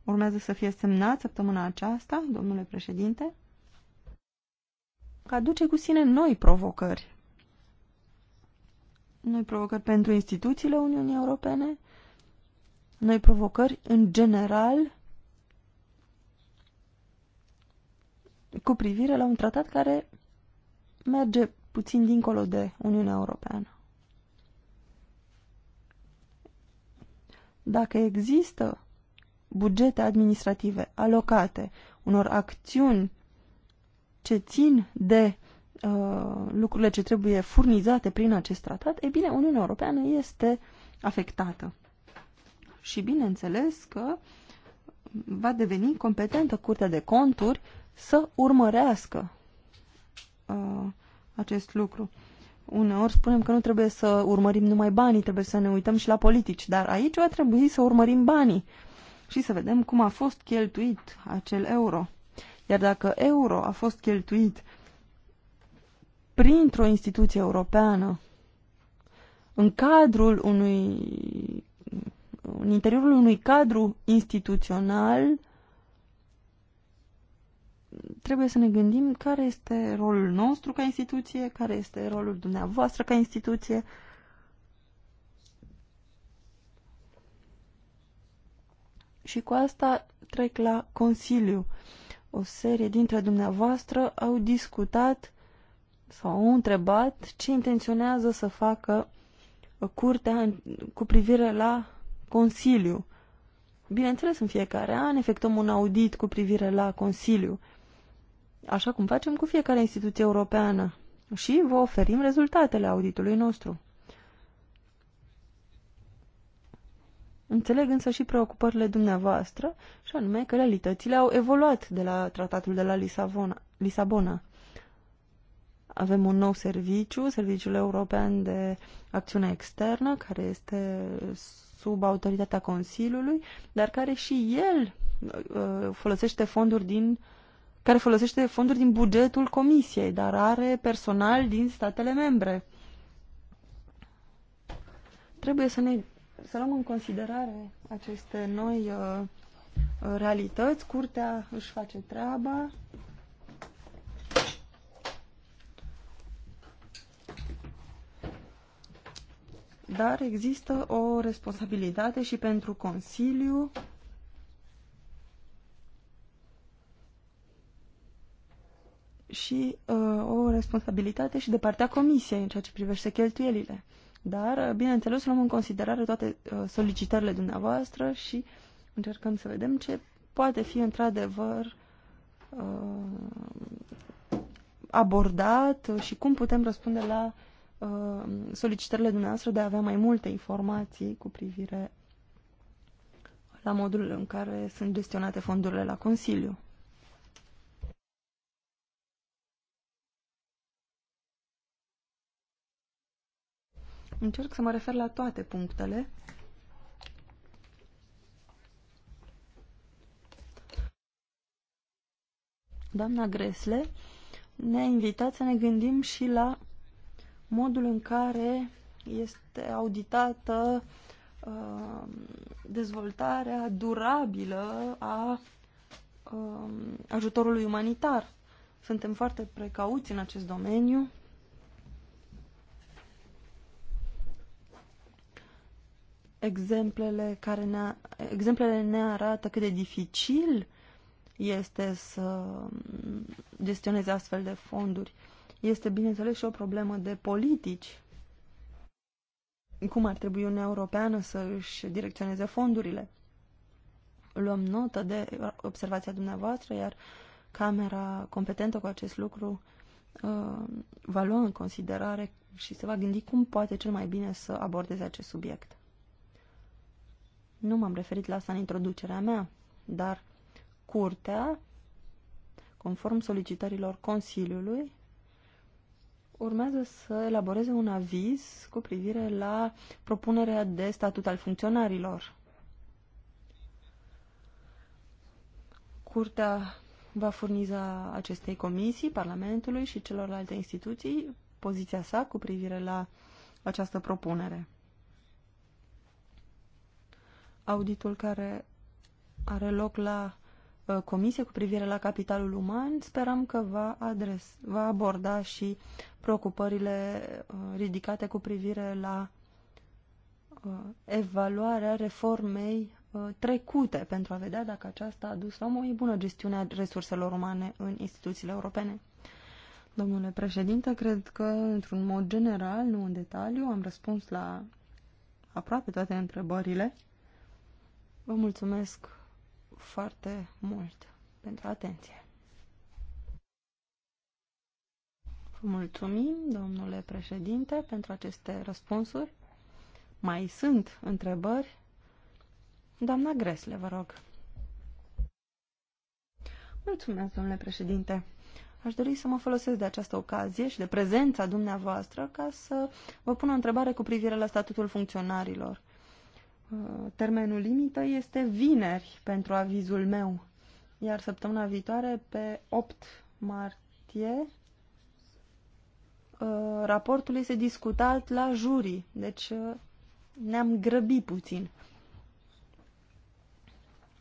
urmează să fie semnat săptămâna aceasta, domnule președinte, aduce cu sine noi provocări. Noi provocări pentru instituțiile Uniunii Europene, noi provocări în general cu privire la un tratat care merge puțin dincolo de Uniunea Europeană. Dacă există bugete administrative alocate unor acțiuni ce țin de uh, lucrurile ce trebuie furnizate prin acest tratat, e bine, Uniunea Europeană este afectată. Și bineînțeles că va deveni competentă Curtea de Conturi să urmărească uh, acest lucru. Uneori spunem că nu trebuie să urmărim numai banii, trebuie să ne uităm și la politici, dar aici va trebui să urmărim banii. Uh, și să vedem cum a fost cheltuit acel euro. Iar dacă euro a fost cheltuit printr-o instituție europeană, în cadrul unui în interiorul unui cadru instituțional trebuie să ne gândim care este rolul nostru ca instituție, care este rolul dumneavoastră ca instituție, Și cu asta trec la Consiliu. O serie dintre dumneavoastră au discutat sau au întrebat ce intenționează să facă curtea cu privire la Consiliu. Bineînțeles, în fiecare an efectuăm un audit cu privire la Consiliu, așa cum facem cu fiecare instituție europeană și vă oferim rezultatele auditului nostru. Înțeleg însă și preocupările dumneavoastră, și anume că realitățile au evoluat de la tratatul de la Lisabona. Lisabona. Avem un nou serviciu, Serviciul European de Acțiune Externă, care este sub autoritatea Consiliului, dar care și el uh, folosește fonduri din care folosește fonduri din bugetul Comisiei, dar are personal din statele membre. Trebuie să ne să luăm în considerare aceste noi uh, uh, realități. Curtea își face treaba. Dar există o responsabilitate și pentru Consiliu și uh, o responsabilitate și de partea Comisiei în ceea ce privește cheltuielile. Dar, uh, bineînțeles, luăm în considerare toate uh, solicitările dumneavoastră și încercăm să vedem ce poate fi într-adevăr uh, abordat și cum putem răspunde la solicitările dumneavoastră de a avea mai multe informații cu privire la modul în care sunt gestionate fondurile la Consiliu. Încerc să mă refer la toate punctele. Doamna Gresle ne-a invitat să ne gândim și la modul în care este auditată uh, dezvoltarea durabilă a uh, ajutorului umanitar. Suntem foarte precauți în acest domeniu. exemplele care ne, exemplele ne arată cât de dificil este să gestioneze astfel de fonduri. Este, bineînțeles, și o problemă de politici. Cum ar trebui Uniunea Europeană să își direcționeze fondurile? Luăm notă de observația dumneavoastră, iar Camera competentă cu acest lucru uh, va lua în considerare și se va gândi cum poate cel mai bine să abordeze acest subiect. Nu m-am referit la asta în introducerea mea, dar curtea, conform solicitărilor Consiliului, urmează să elaboreze un aviz cu privire la propunerea de statut al funcționarilor. Curtea va furniza acestei comisii, Parlamentului și celorlalte instituții poziția sa cu privire la această propunere auditul care are loc la uh, comisie cu privire la capitalul uman, sperăm că va, adres, va aborda și preocupările uh, ridicate cu privire la uh, evaluarea reformei trecute pentru a vedea dacă aceasta a dus la o bună gestiune a resurselor umane în instituțiile europene. Domnule președinte, cred că, într-un mod general, nu în detaliu, am răspuns la aproape toate întrebările. Vă mulțumesc foarte mult pentru atenție. Vă mulțumim, domnule președinte, pentru aceste răspunsuri. Mai sunt întrebări? Doamna Gresle, vă rog. Mulțumesc, domnule președinte. Aș dori să mă folosesc de această ocazie și de prezența dumneavoastră ca să vă pun o întrebare cu privire la statutul funcționarilor. Uh, termenul limită este vineri pentru avizul meu. Iar săptămâna viitoare, pe 8 martie, uh, raportul este discutat la jurii. Deci uh, ne-am grăbit puțin.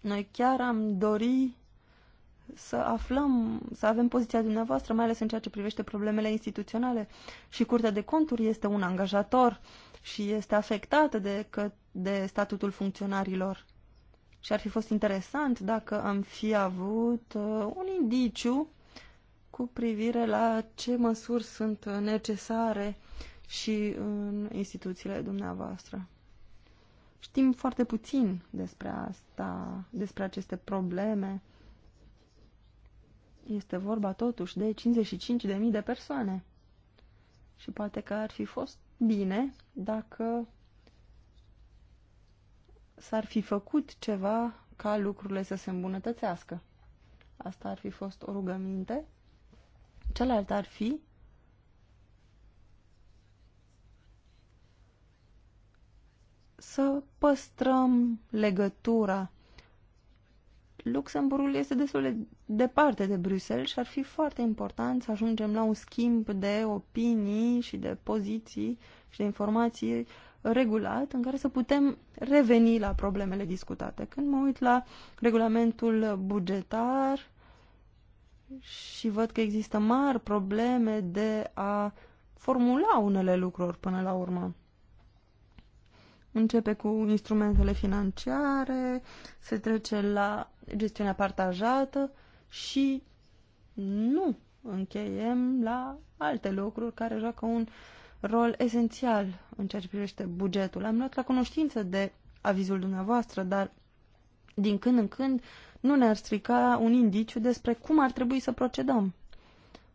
Noi chiar am dori să aflăm, să avem poziția dumneavoastră, mai ales în ceea ce privește problemele instituționale. Și Curtea de Conturi este un angajator și este afectată de, că, de statutul funcționarilor. Și ar fi fost interesant dacă am fi avut uh, un indiciu cu privire la ce măsuri sunt necesare și în instituțiile dumneavoastră. Știm foarte puțin despre asta, despre aceste probleme. Este vorba totuși de 55.000 de persoane. Și poate că ar fi fost bine dacă s-ar fi făcut ceva ca lucrurile să se îmbunătățească. Asta ar fi fost o rugăminte. Cealaltă ar fi să păstrăm legătura. Luxemburgul este destul de departe de Bruxelles și ar fi foarte important să ajungem la un schimb de opinii și de poziții și de informații regulat în care să putem reveni la problemele discutate. Când mă uit la regulamentul bugetar și văd că există mari probleme de a formula unele lucruri până la urmă. Începe cu instrumentele financiare, se trece la gestiunea partajată și nu încheiem la alte lucruri care joacă un uh, rol esențial în ceea ce privește bugetul. Am luat la cunoștință de avizul dumneavoastră, dar din când în când nu ne-ar strica un indiciu despre cum ar trebui să procedăm.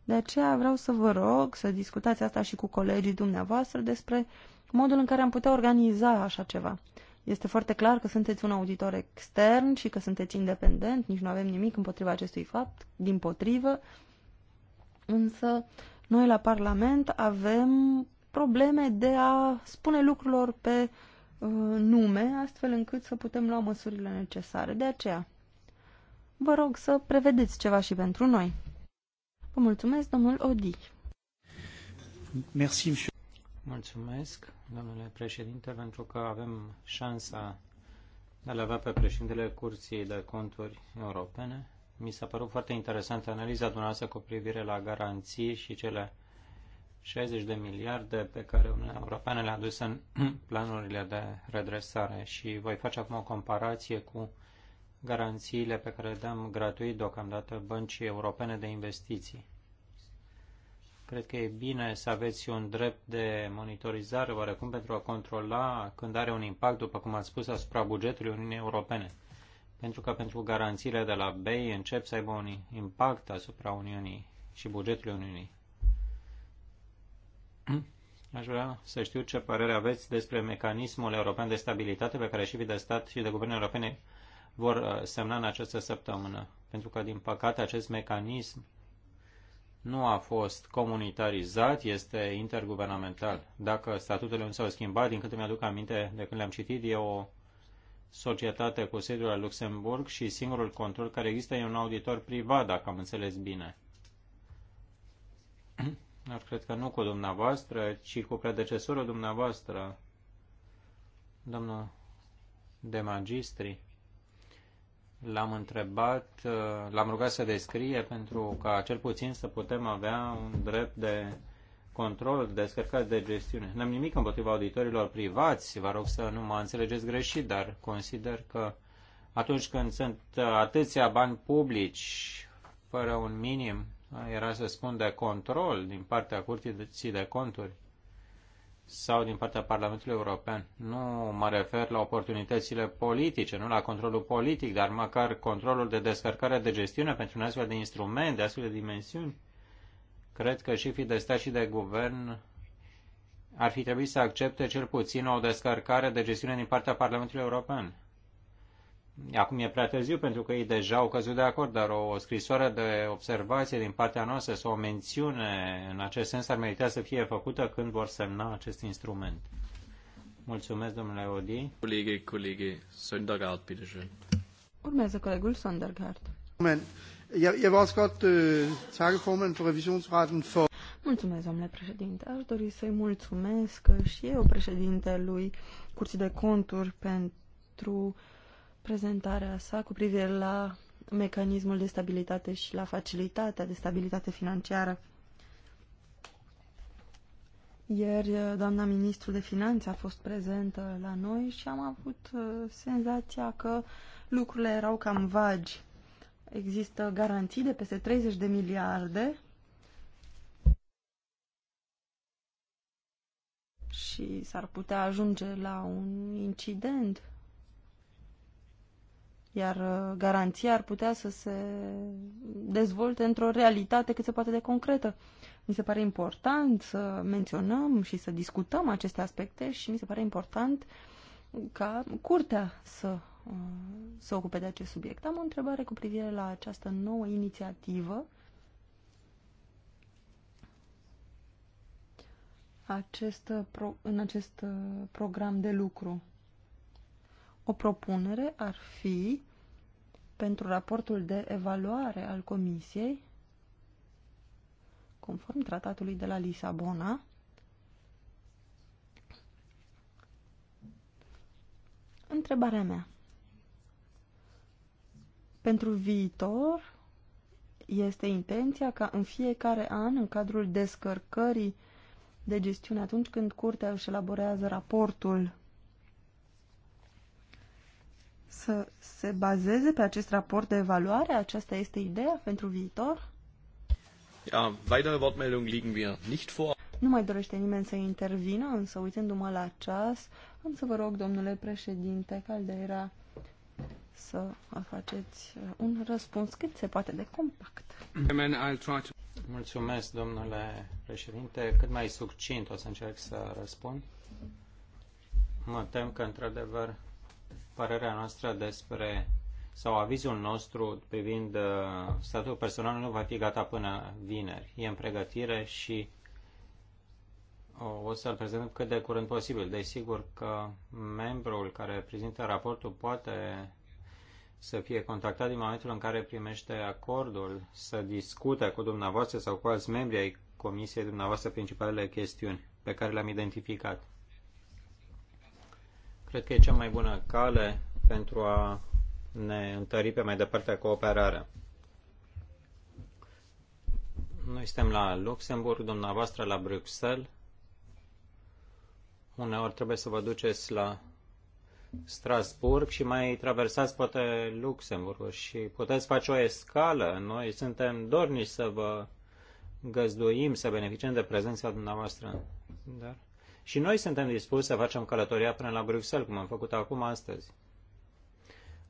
De aceea vreau să vă rog să discutați asta și cu colegii dumneavoastră despre modul în care am putea organiza așa ceva. Este foarte clar că sunteți un auditor extern și că sunteți independent, nici nu avem nimic împotriva acestui fapt, din potrivă, însă noi la Parlament avem probleme de a spune lucrurilor pe uh, nume, astfel încât să putem lua măsurile necesare. De aceea, vă rog să prevedeți ceva și pentru noi. Vă mulțumesc, domnul Odi. Merci, monsieur. Mulțumesc, domnule președinte, pentru că avem șansa de a-l avea pe președintele Curții de Conturi Europene. Mi s-a părut foarte interesantă analiza dumneavoastră cu privire la garanții și cele 60 de miliarde pe care Uniunea Europeană le-a adus în planurile de redresare și voi face acum o comparație cu garanțiile pe care le dăm gratuit deocamdată băncii europene de investiții. Cred că e bine să aveți un drept de monitorizare oarecum pentru a controla când are un impact, după cum am spus, asupra bugetului Uniunii Europene. Pentru că pentru garanțiile de la BEI încep să aibă un impact asupra Uniunii și bugetului Uniunii Aș vrea să știu ce părere aveți despre mecanismul european de stabilitate pe care și de stat și de guvernul europene vor uh, semna în această săptămână. Pentru că, din păcate, acest mecanism nu a fost comunitarizat, este interguvernamental. Dacă statutele nu s-au schimbat, din câte mi-aduc aminte de când le-am citit, e o societate cu sediul la Luxemburg și singurul control care există e un auditor privat, dacă am înțeles bine. Dar cred că nu cu dumneavoastră, ci cu predecesorul dumneavoastră, domnul de magistri. L-am întrebat, l-am rugat să descrie pentru ca cel puțin să putem avea un drept de control, de descărcat de gestiune. N-am nimic împotriva auditorilor privați, vă rog să nu mă înțelegeți greșit, dar consider că atunci când sunt atâția bani publici, fără un minim da, era să spun de control din partea Curții de Conturi sau din partea Parlamentului European. Nu mă refer la oportunitățile politice, nu la controlul politic, dar măcar controlul de descărcare de gestiune pentru un astfel de instrument, de astfel de dimensiuni. Cred că și fi de stat și de guvern ar fi trebuit să accepte cel puțin o descărcare de gestiune din partea Parlamentului European. Acum e prea târziu pentru că ei deja au căzut de acord, dar o scrisoare de observație din partea noastră sau o mențiune în acest sens ar merita să fie făcută când vor semna acest instrument. Mulțumesc, domnule Odi. Colegii, colegii, Söndergaard, bitte Urmează colegul Söndergaard. Øh, mulțumesc, domnule președinte. Aș dori să-i mulțumesc și eu președintelui Curții de Conturi pentru uh, prezentarea sa cu privire la mecanismul de stabilitate și la facilitatea de stabilitate financiară. Ieri, uh, doamna ministru de finanțe a fost prezentă la noi și am avut uh, senzația că lucrurile erau cam vagi. Există garanții de peste 30 de miliarde și s-ar putea ajunge la un incident iar uh, garanția ar putea să se dezvolte într-o realitate cât se poate de concretă. Mi se pare important să menționăm și să discutăm aceste aspecte și mi se pare important ca curtea să uh, se ocupe de acest subiect. Am o întrebare cu privire la această nouă inițiativă. Acest uh, pro, în acest program de lucru. O propunere ar fi pentru raportul de evaluare al Comisiei, conform tratatului de la Lisabona, întrebarea mea. Pentru viitor, este intenția ca în fiecare an, în cadrul descărcării de gestiune, atunci când curtea își elaborează raportul să se bazeze pe acest raport de evaluare? Aceasta este ideea pentru viitor? Ja, weitere Wortmeldungen liegen wir nicht vor. Nu mai dorește nimeni să intervină, însă uitându-mă la ceas, am să vă rog, domnule președinte Caldera, să faceți uh, un răspuns cât se poate de compact. Mulțumesc, domnule președinte. Cât mai succint o să încerc să răspund. Mă tem că, într-adevăr, părerea noastră despre sau avizul nostru privind uh, statul personal nu va fi gata până vineri. E în pregătire și uh, o să-l prezentăm cât de curând posibil. Desigur că membrul care prezintă raportul poate să fie contactat din momentul în care primește acordul, să discute cu dumneavoastră sau cu alți membri ai comisiei dumneavoastră principalele chestiuni pe care le-am identificat. Cred că e cea mai bună cale pentru a ne întări pe mai departe cooperarea. Noi suntem la Luxemburg, dumneavoastră la Bruxelles. Uneori trebuie să vă duceți la Strasburg și mai traversați poate Luxemburg și puteți face o escală. Noi suntem dorniți să vă găzduim, să beneficiem de prezența dumneavoastră. Dar și noi suntem dispuși să facem călătoria până la Bruxelles, cum am făcut acum astăzi.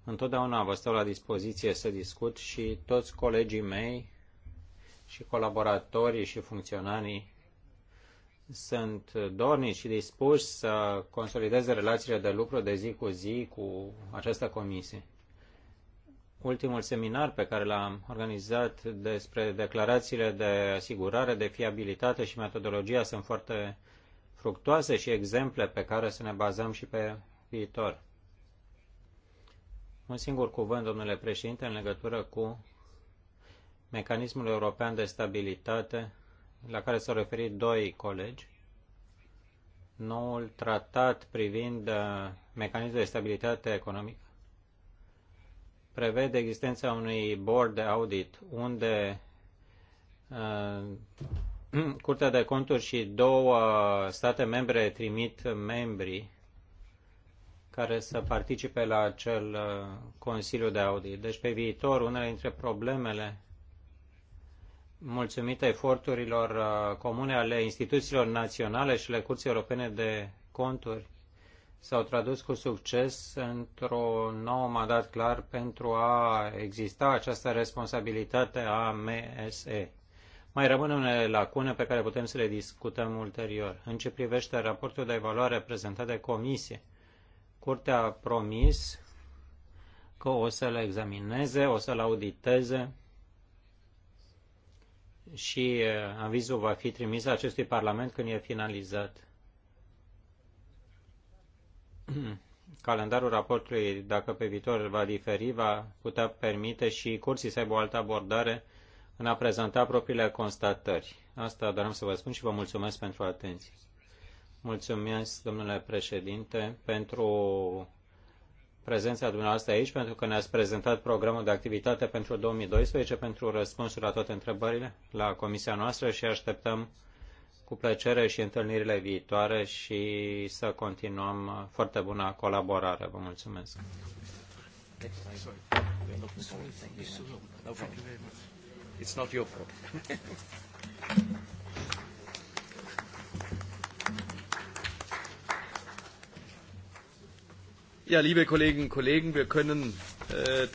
Întotdeauna vă stau la dispoziție să discut și toți colegii mei și colaboratorii și funcționarii sunt dornici și dispuși să consolideze relațiile de lucru de zi cu zi cu această comisie. Ultimul seminar pe care l-am organizat despre declarațiile de asigurare, de fiabilitate și metodologia sunt foarte uh, fructoase și exemple pe care să ne bazăm și pe viitor. Un singur cuvânt, domnule președinte, în legătură cu mecanismul european de stabilitate la care s-au referit doi colegi, noul tratat privind uh, mecanismul de stabilitate economică prevede existența unui board de audit unde uh, Mm, Curtea de Conturi și două uh, state membre trimit membri care să participe la acel uh, Consiliu de Audit. Deci pe viitor, unele dintre problemele mulțumită eforturilor uh, comune ale instituțiilor naționale și ale Curții Europene de Conturi s-au tradus cu succes într-o nouă mandat clar pentru a exista această responsabilitate a MSE. Mai rămân unele lacune pe care putem să le discutăm ulterior. În ce privește raportul de evaluare prezentat de comisie, Curtea a promis că o să-l examineze, o să-l auditeze și avizul va fi trimis acestui Parlament când e finalizat. Calendarul raportului, dacă pe viitor va diferi, va putea permite și curții să aibă o altă abordare în a prezenta propriile constatări. Asta doream să vă spun și vă mulțumesc pentru atenție. Mulțumesc, domnule președinte, pentru prezența dumneavoastră aici, pentru că ne-ați prezentat programul de activitate pentru 2012, pentru răspunsul la toate întrebările la comisia noastră și așteptăm cu plăcere și întâlnirile viitoare și să continuăm foarte bună colaborare. Vă mulțumesc! It's not your problem. ja, liebe Kolleginnen und Kollegen, wir können... Äh,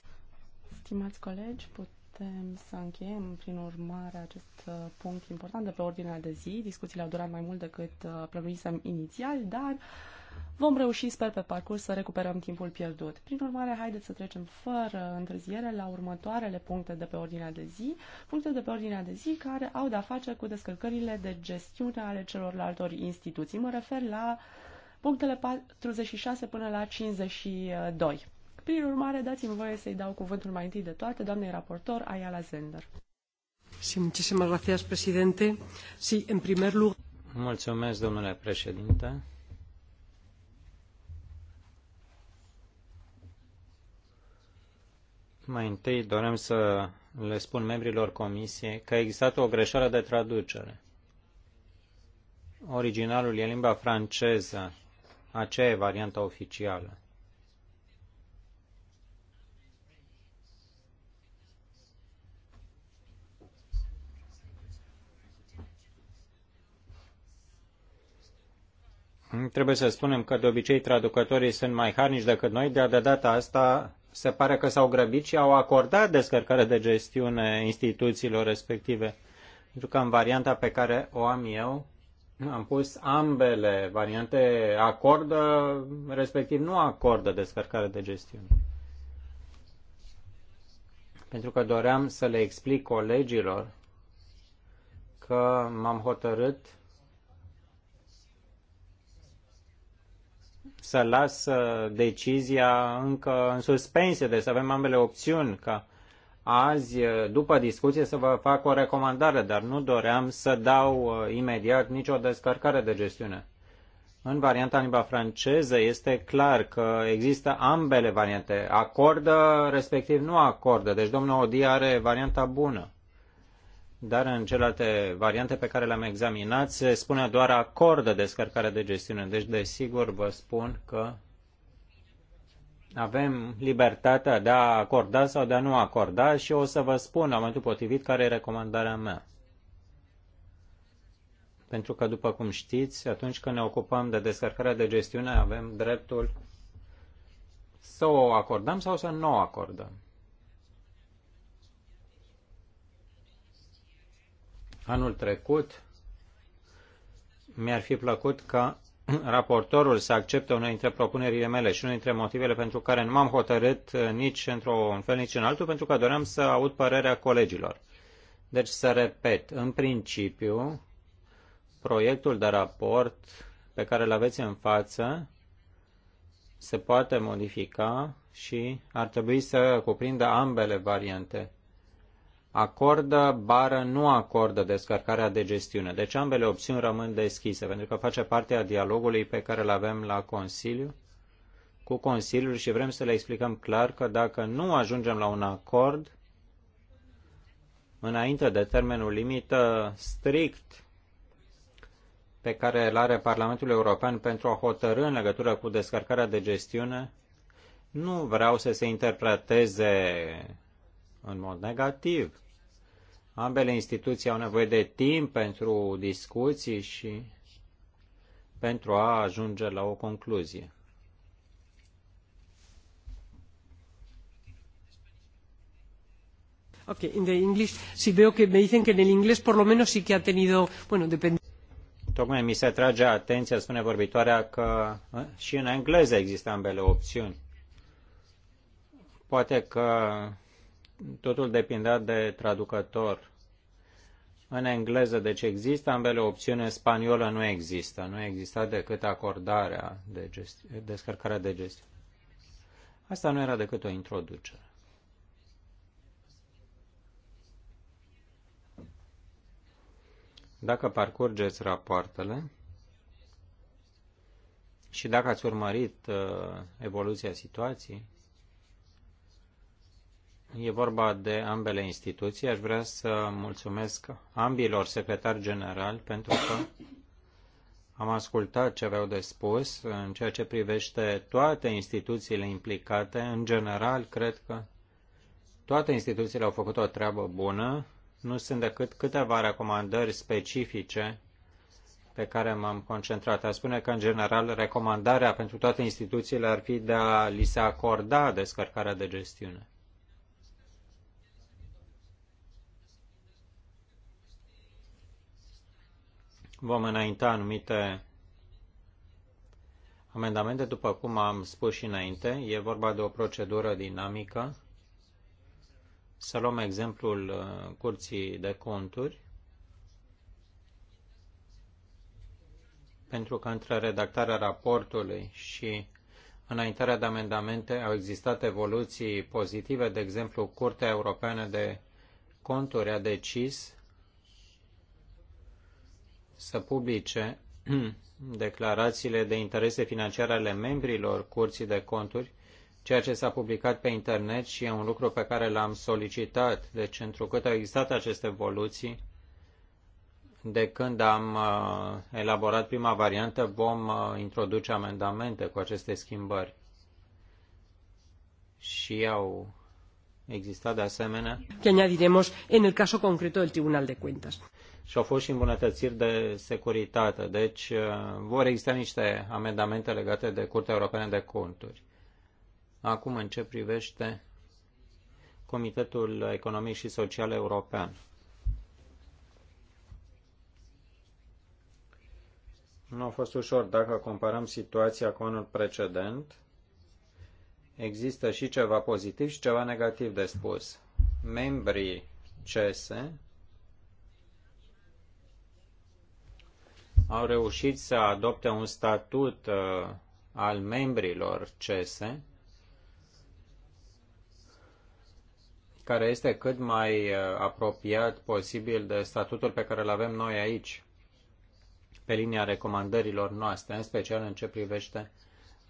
Stimați colegi, putem să încheiem prin urmare acest uh, punct important de pe ordinea de zi. Discuțiile au durat mai mult decât uh, plănuisem inițial, dar vom reuși, sper, pe parcurs să recuperăm timpul pierdut. Prin urmare, haideți să trecem fără întârziere la următoarele puncte de pe ordinea de zi, puncte de pe ordinea de zi care au de-a face cu descărcările de gestiune ale celorlalte instituții. Mă refer la punctele 46 până la 52. Prin urmare, dați-mi voie să-i dau cuvântul mai întâi de toate, doamnei raportor Ayala Zender. Sí, muchísimas gracias, presidente. Sí, en primer lugar... Mulțumesc, domnule președinte. Mai întâi dorem să le spun membrilor comisiei că a existat o greșeală de traducere. Originalul e limba franceză, aceea e varianta oficială. Trebuie să spunem că de obicei traducătorii sunt mai harnici decât noi, de a de data asta se pare că s-au grăbit și au acordat descărcare de gestiune instituțiilor respective. Pentru că în varianta pe care o am eu, am pus ambele variante, acordă, respectiv nu acordă descărcare de gestiune. Pentru că doream să le explic colegilor că m-am hotărât să lasă decizia încă în suspensie, deci să avem ambele opțiuni ca azi, după discuție, să vă fac o recomandare, dar nu doream să dau uh, imediat nicio descărcare de gestiune. În varianta limba franceză este clar că există ambele variante, acordă respectiv nu acordă, deci domnul Odi are varianta bună dar în celelalte variante pe care le-am examinat se spune doar acordă descărcarea de gestiune. Deci, desigur, vă spun că avem libertatea de a acorda sau de a nu acorda și o să vă spun la momentul potrivit care e recomandarea mea. Pentru că, după cum știți, atunci când ne ocupăm de descărcarea de gestiune, avem dreptul să o acordăm sau să nu o acordăm. Anul trecut mi-ar fi plăcut ca raportorul să accepte una dintre propunerile mele și unul dintre motivele pentru care nu m-am hotărât eh, nici într-un fel, nici în altul, pentru că doream să aud părerea colegilor. Deci, să repet, în principiu, proiectul de raport pe care îl aveți în față se poate modifica și ar trebui să cuprindă ambele variante acordă, bară nu acordă descărcarea de gestiune. Deci ambele opțiuni rămân deschise, pentru că face parte a dialogului pe care îl avem la Consiliu cu Consiliul și vrem să le explicăm clar că dacă nu ajungem la un acord, înainte de termenul limită strict pe care îl are Parlamentul European pentru a hotărâ în legătură cu descărcarea de gestiune, nu vreau să se interpreteze în mod negativ. Ambele instituții au nevoie de timp pentru discuții și pentru a ajunge la o concluzie. Ok, in the English, si veo que me dicen que en el inglés por lo menos sí que ha tenido, bueno, depende. Tocmai mi se atrage atenția, spune vorbitoarea, că eh, și în engleză există ambele opțiuni. Poate că totul depindea de traducător în engleză, deci există ambele opțiuni, în spaniolă nu există, nu exista decât acordarea de gesti- descărcarea de gestiune. Asta nu era decât o introducere. Dacă parcurgeți rapoartele și dacă ați urmărit uh, evoluția situației, E vorba de ambele instituții. Aș vrea să mulțumesc ambilor secretari generali pentru că am ascultat ce aveau de spus în ceea ce privește toate instituțiile implicate. În general, cred că toate instituțiile au făcut o treabă bună. Nu sunt decât câteva recomandări specifice pe care m-am concentrat. A spune că, în general, recomandarea pentru toate instituțiile ar fi de a li se acorda descărcarea de gestiune. Vom înainta anumite amendamente, după cum am spus și înainte. E vorba de o procedură dinamică. Să luăm exemplul uh, curții de conturi. Pentru că între redactarea raportului și înaintarea de amendamente au existat evoluții pozitive. De exemplu, Curtea Europeană de Conturi a decis să publice declarațiile de interese financiare ale membrilor Curții de Conturi, ceea ce s-a publicat pe internet și e un lucru pe care l-am solicitat. Deci, întrucât au existat aceste evoluții, de când am uh, elaborat prima variantă, vom uh, introduce amendamente cu aceste schimbări. Și au existat de asemenea. Que añadiremos en el caso concreto del Tribunal de Cuentas și au fost și îmbunătățiri de securitate. Deci uh, vor exista niște amendamente legate de Curtea Europeană de Conturi. Acum, în ce privește Comitetul Economic și Social European. Nu a fost ușor dacă comparăm situația cu anul precedent. Există și ceva pozitiv și ceva negativ de spus. Membrii CESE au reușit să adopte un statut uh, al membrilor CESE, care este cât mai uh, apropiat posibil de statutul pe care îl avem noi aici, pe linia recomandărilor noastre, în special în ce privește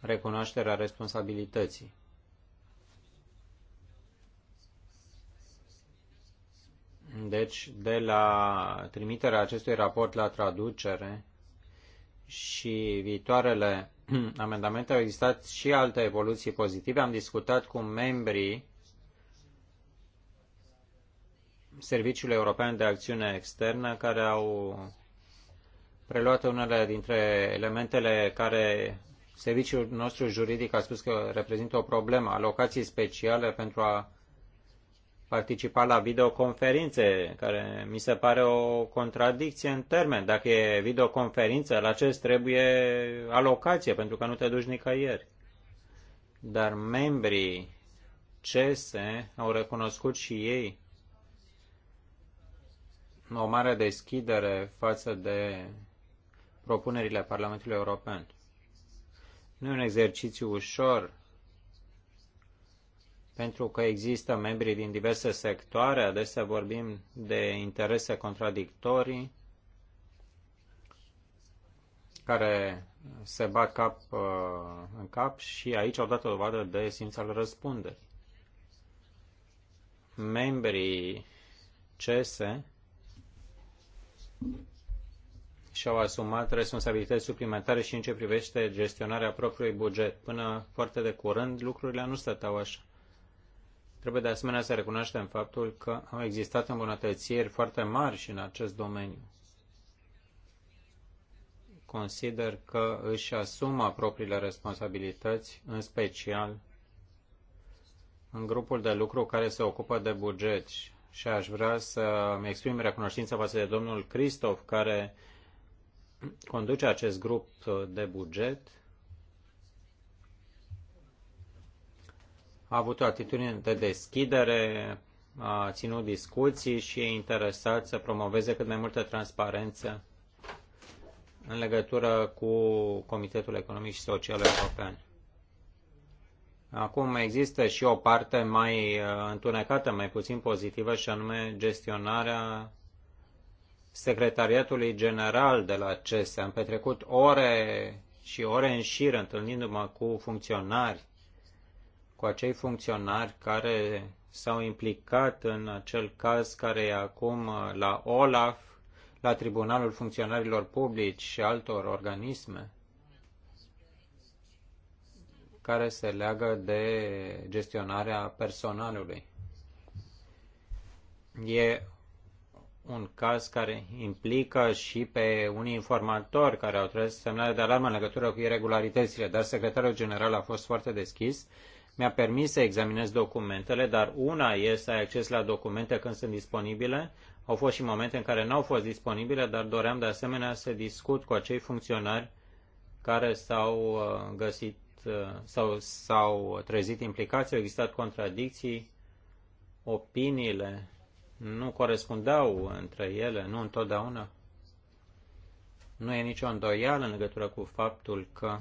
recunoașterea responsabilității. Deci, de la trimiterea acestui raport la traducere, și viitoarele amendamente au existat și alte evoluții pozitive. Am discutat cu membrii Serviciului European de Acțiune Externă care au preluat unele dintre elementele care serviciul nostru juridic a spus că reprezintă o problemă, alocații speciale pentru a participa la videoconferințe, care mi se pare o contradicție în termen. Dacă e videoconferință, la ce trebuie alocație, pentru că nu te duci nicăieri. Dar membrii CESE au recunoscut și ei o mare deschidere față de propunerile Parlamentului European. Nu e un exercițiu ușor pentru că există membri din diverse sectoare, adesea vorbim de interese contradictorii care se bat cap uh, în cap și aici au dat o dovadă de simț al răspunderii. Membrii CESE și-au asumat responsabilități suplimentare și în ce privește gestionarea propriului buget. Până foarte de curând lucrurile nu stăteau așa. Trebuie de asemenea să recunoaștem faptul că au existat îmbunătățiri foarte mari și în acest domeniu. Consider că își asumă propriile responsabilități, în special în grupul de lucru care se ocupă de buget și aș vrea să-mi exprim recunoștința față de domnul Cristof, care conduce acest grup de buget a avut o atitudine de deschidere, a ținut discuții și e interesat să promoveze cât mai multă transparență în legătură cu Comitetul Economic și Social European. Acum există și o parte mai uh, întunecată, mai puțin pozitivă, și anume gestionarea secretariatului general de la CESE. Am petrecut ore și ore în șir întâlnindu-mă cu funcționari cu acei funcționari care s-au implicat în acel caz care e acum uh, la OLAF, la Tribunalul Funcționarilor Publici și altor organisme care se leagă de gestionarea personalului. E un caz care implică și pe unii informatori care au trebuit semnale de alarmă în legătură cu irregularitățile, dar secretarul general a fost foarte deschis mi-a permis să examinez documentele, dar una e să ai acces la documente când sunt disponibile. Au fost și momente în care nu au fost disponibile, dar doream de asemenea să discut cu acei funcționari care s-au uh, găsit uh, sau s-au trezit implicații, au existat contradicții, opiniile nu corespundeau între ele, nu întotdeauna. Nu e nicio îndoială în legătură cu faptul că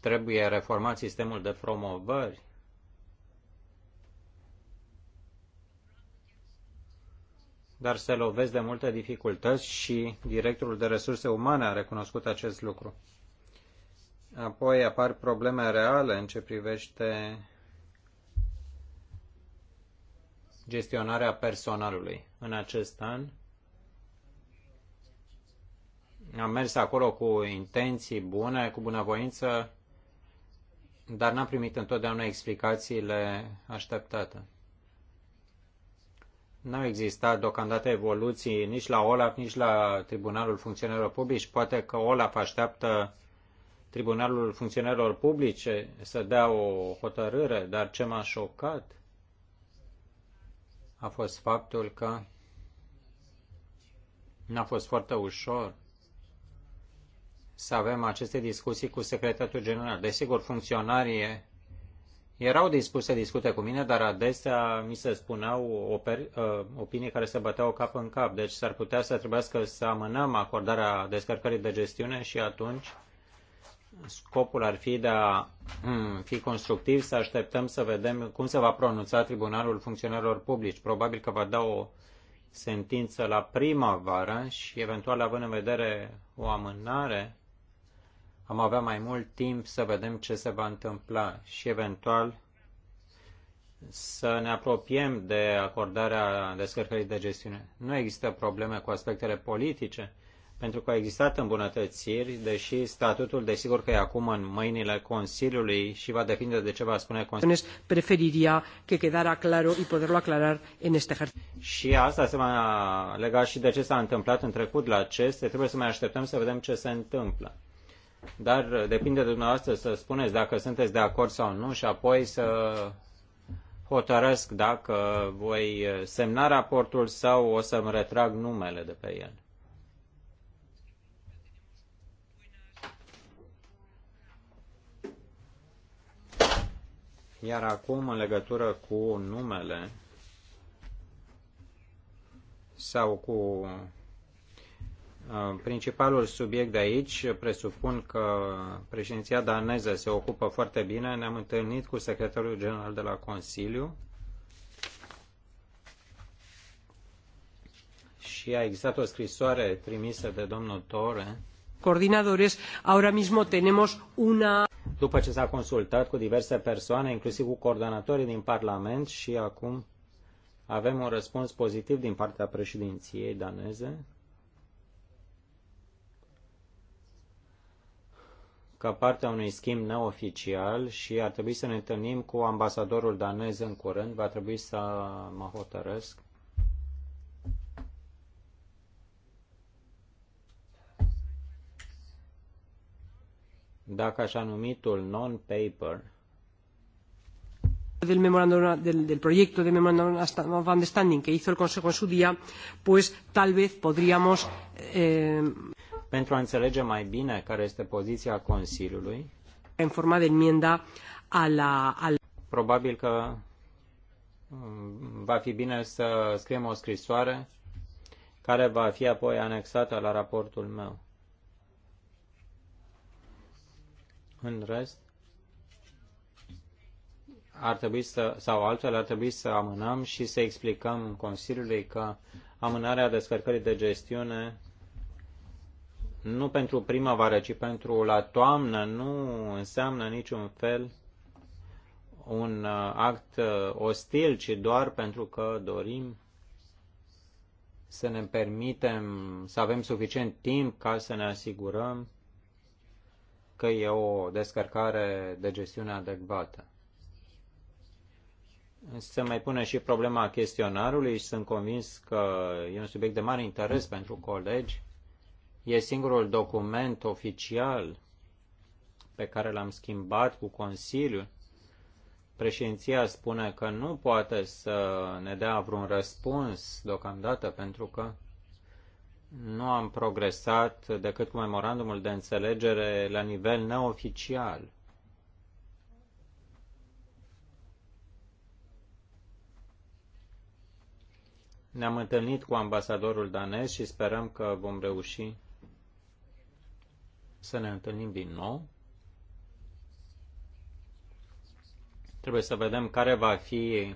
Trebuie reformat sistemul de promovări. Dar se lovesc de multe dificultăți și directorul de resurse umane a recunoscut acest lucru. Apoi apar probleme reale în ce privește gestionarea personalului. În acest an am mers acolo cu intenții bune, cu bunăvoință, dar n-am primit întotdeauna explicațiile așteptate. Nu au existat deocamdată evoluții nici la OLAF, nici la Tribunalul Funcționarilor Publici. Poate că OLAF așteaptă Tribunalul Funcționarilor Publice să dea o hotărâre, dar ce m-a șocat a fost faptul că n-a fost foarte ușor să avem aceste discuții cu secretatul general. Desigur, funcționarii erau dispuși să discute cu mine, dar adesea mi se spuneau uh, opinii care se băteau cap în cap. Deci s-ar putea să trebuiască să amânăm acordarea descărcării de gestiune și atunci scopul ar fi de a hmm, fi constructiv, să așteptăm să vedem cum se va pronunța Tribunalul Funcționarilor Publici. Probabil că va da o sentință la primăvară și eventual având în vedere o amânare am avea mai mult timp să vedem ce se va întâmpla și eventual să ne apropiem de acordarea descărcării de gestiune. Nu există probleme cu aspectele politice, pentru că au existat îmbunătățiri, deși statutul, desigur că e acum în mâinile Consiliului și va depinde de ce va spune Consiliul. Preferiria que quedara claro y poderlo aclarar en este Și asta se va lega și de ce s-a întâmplat în trecut la aceste. Trebuie să mai așteptăm să vedem ce se întâmplă. Dar uh, depinde de dumneavoastră să spuneți dacă sunteți de acord sau nu și apoi să hotărăsc dacă voi uh, semna raportul sau o să-mi retrag numele de pe el. Iar acum, în legătură cu numele sau cu Uh, principalul subiect de aici, presupun că președinția daneză se ocupă foarte bine, ne-am întâlnit cu secretarul general de la Consiliu și a existat o scrisoare trimisă de domnul Tore. Coordinadores, ahora mismo tenemos una... După ce s-a consultat cu diverse persoane, inclusiv cu coordonatorii din Parlament și acum avem un răspuns pozitiv din partea președinției daneze ca parte a unui schimb neoficial și ar trebui să ne întâlnim cu ambasadorul danez în curând. Va trebui să mă hotărăsc. Dacă așa numitul non-paper del memorándum del, del proyecto de memorándum of understanding que hizo el Consejo en su día, pues tal vez podríamos eh, pentru a înțelege mai bine care este poziția Consiliului. În forma de enmienda a la, a... Probabil că mm, va fi bine să scriem o scrisoare care va fi apoi anexată la raportul meu. În rest, ar trebui să, sau altfel, ar trebui să amânăm și să explicăm Consiliului că amânarea descărcării de gestiune nu pentru primăvară, ci pentru la toamnă, nu înseamnă niciun fel un uh, act uh, ostil, ci doar pentru că dorim să ne permitem să avem suficient timp ca să ne asigurăm că e o descărcare de gestiune adecvată. Se mai pune și problema chestionarului și sunt convins că e un subiect de mare interes pentru colegi E singurul document oficial pe care l-am schimbat cu Consiliul. Președinția spune că nu poate să ne dea vreun răspuns deocamdată pentru că nu am progresat decât cu memorandumul de înțelegere la nivel neoficial. Ne-am întâlnit cu ambasadorul danez și sperăm că vom reuși să ne întâlnim din nou. Trebuie să vedem care va fi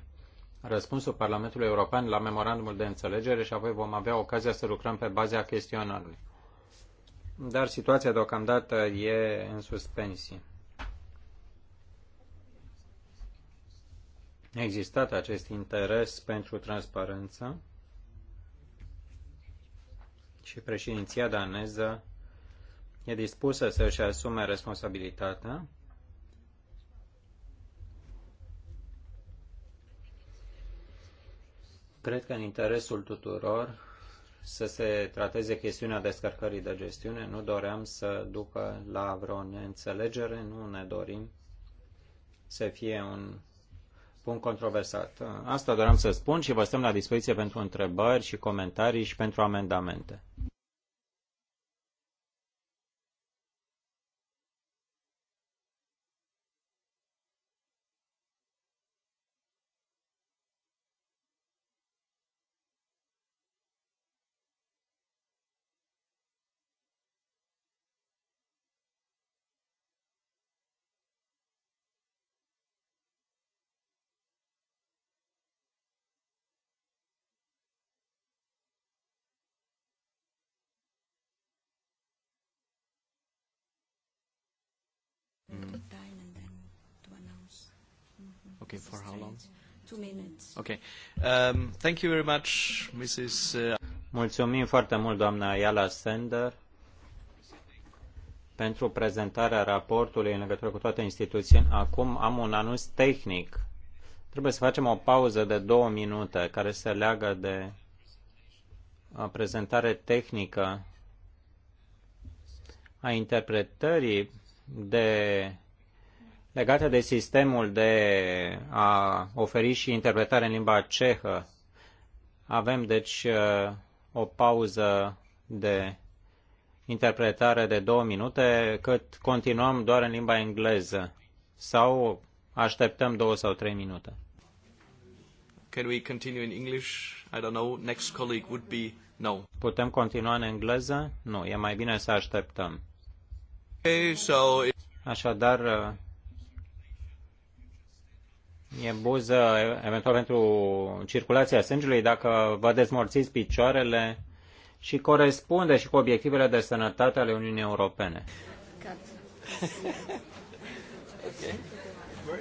răspunsul Parlamentului European la memorandumul de înțelegere și apoi vom avea ocazia să lucrăm pe baza chestionarului. Dar situația deocamdată e în suspensie. A existat acest interes pentru transparență și președinția daneză e dispusă să își asume responsabilitatea. Cred că în interesul tuturor să se trateze chestiunea descărcării de gestiune. Nu doream să ducă la vreo neînțelegere, nu ne dorim să fie un punct controversat. Asta doream să spun și vă stăm la dispoziție pentru întrebări și comentarii și pentru amendamente. Okay, for how long? Two minutes. Okay. Um, thank you very much, Mrs. Uh, Mulțumim foarte mult, doamna Ayala Sender, pentru prezentarea raportului în legătură cu toate instituțiile. Acum am un anunț tehnic. Trebuie să facem o pauză de două minute care se leagă de o prezentare tehnică a interpretării de legată de sistemul de a oferi și interpretare în limba cehă. Avem, deci, uh, o pauză de interpretare de două minute, cât continuăm doar în limba engleză sau așteptăm două sau trei minute. Can we continue in English? I don't know. Next colleague would be no. Putem continua în engleză? Nu, e mai bine să așteptăm. Okay, so... Așadar, uh, E buză eventual pentru circulația sângelui dacă vă dezmorțiți picioarele și corespunde și cu obiectivele de sănătate ale Uniunii Europene. okay.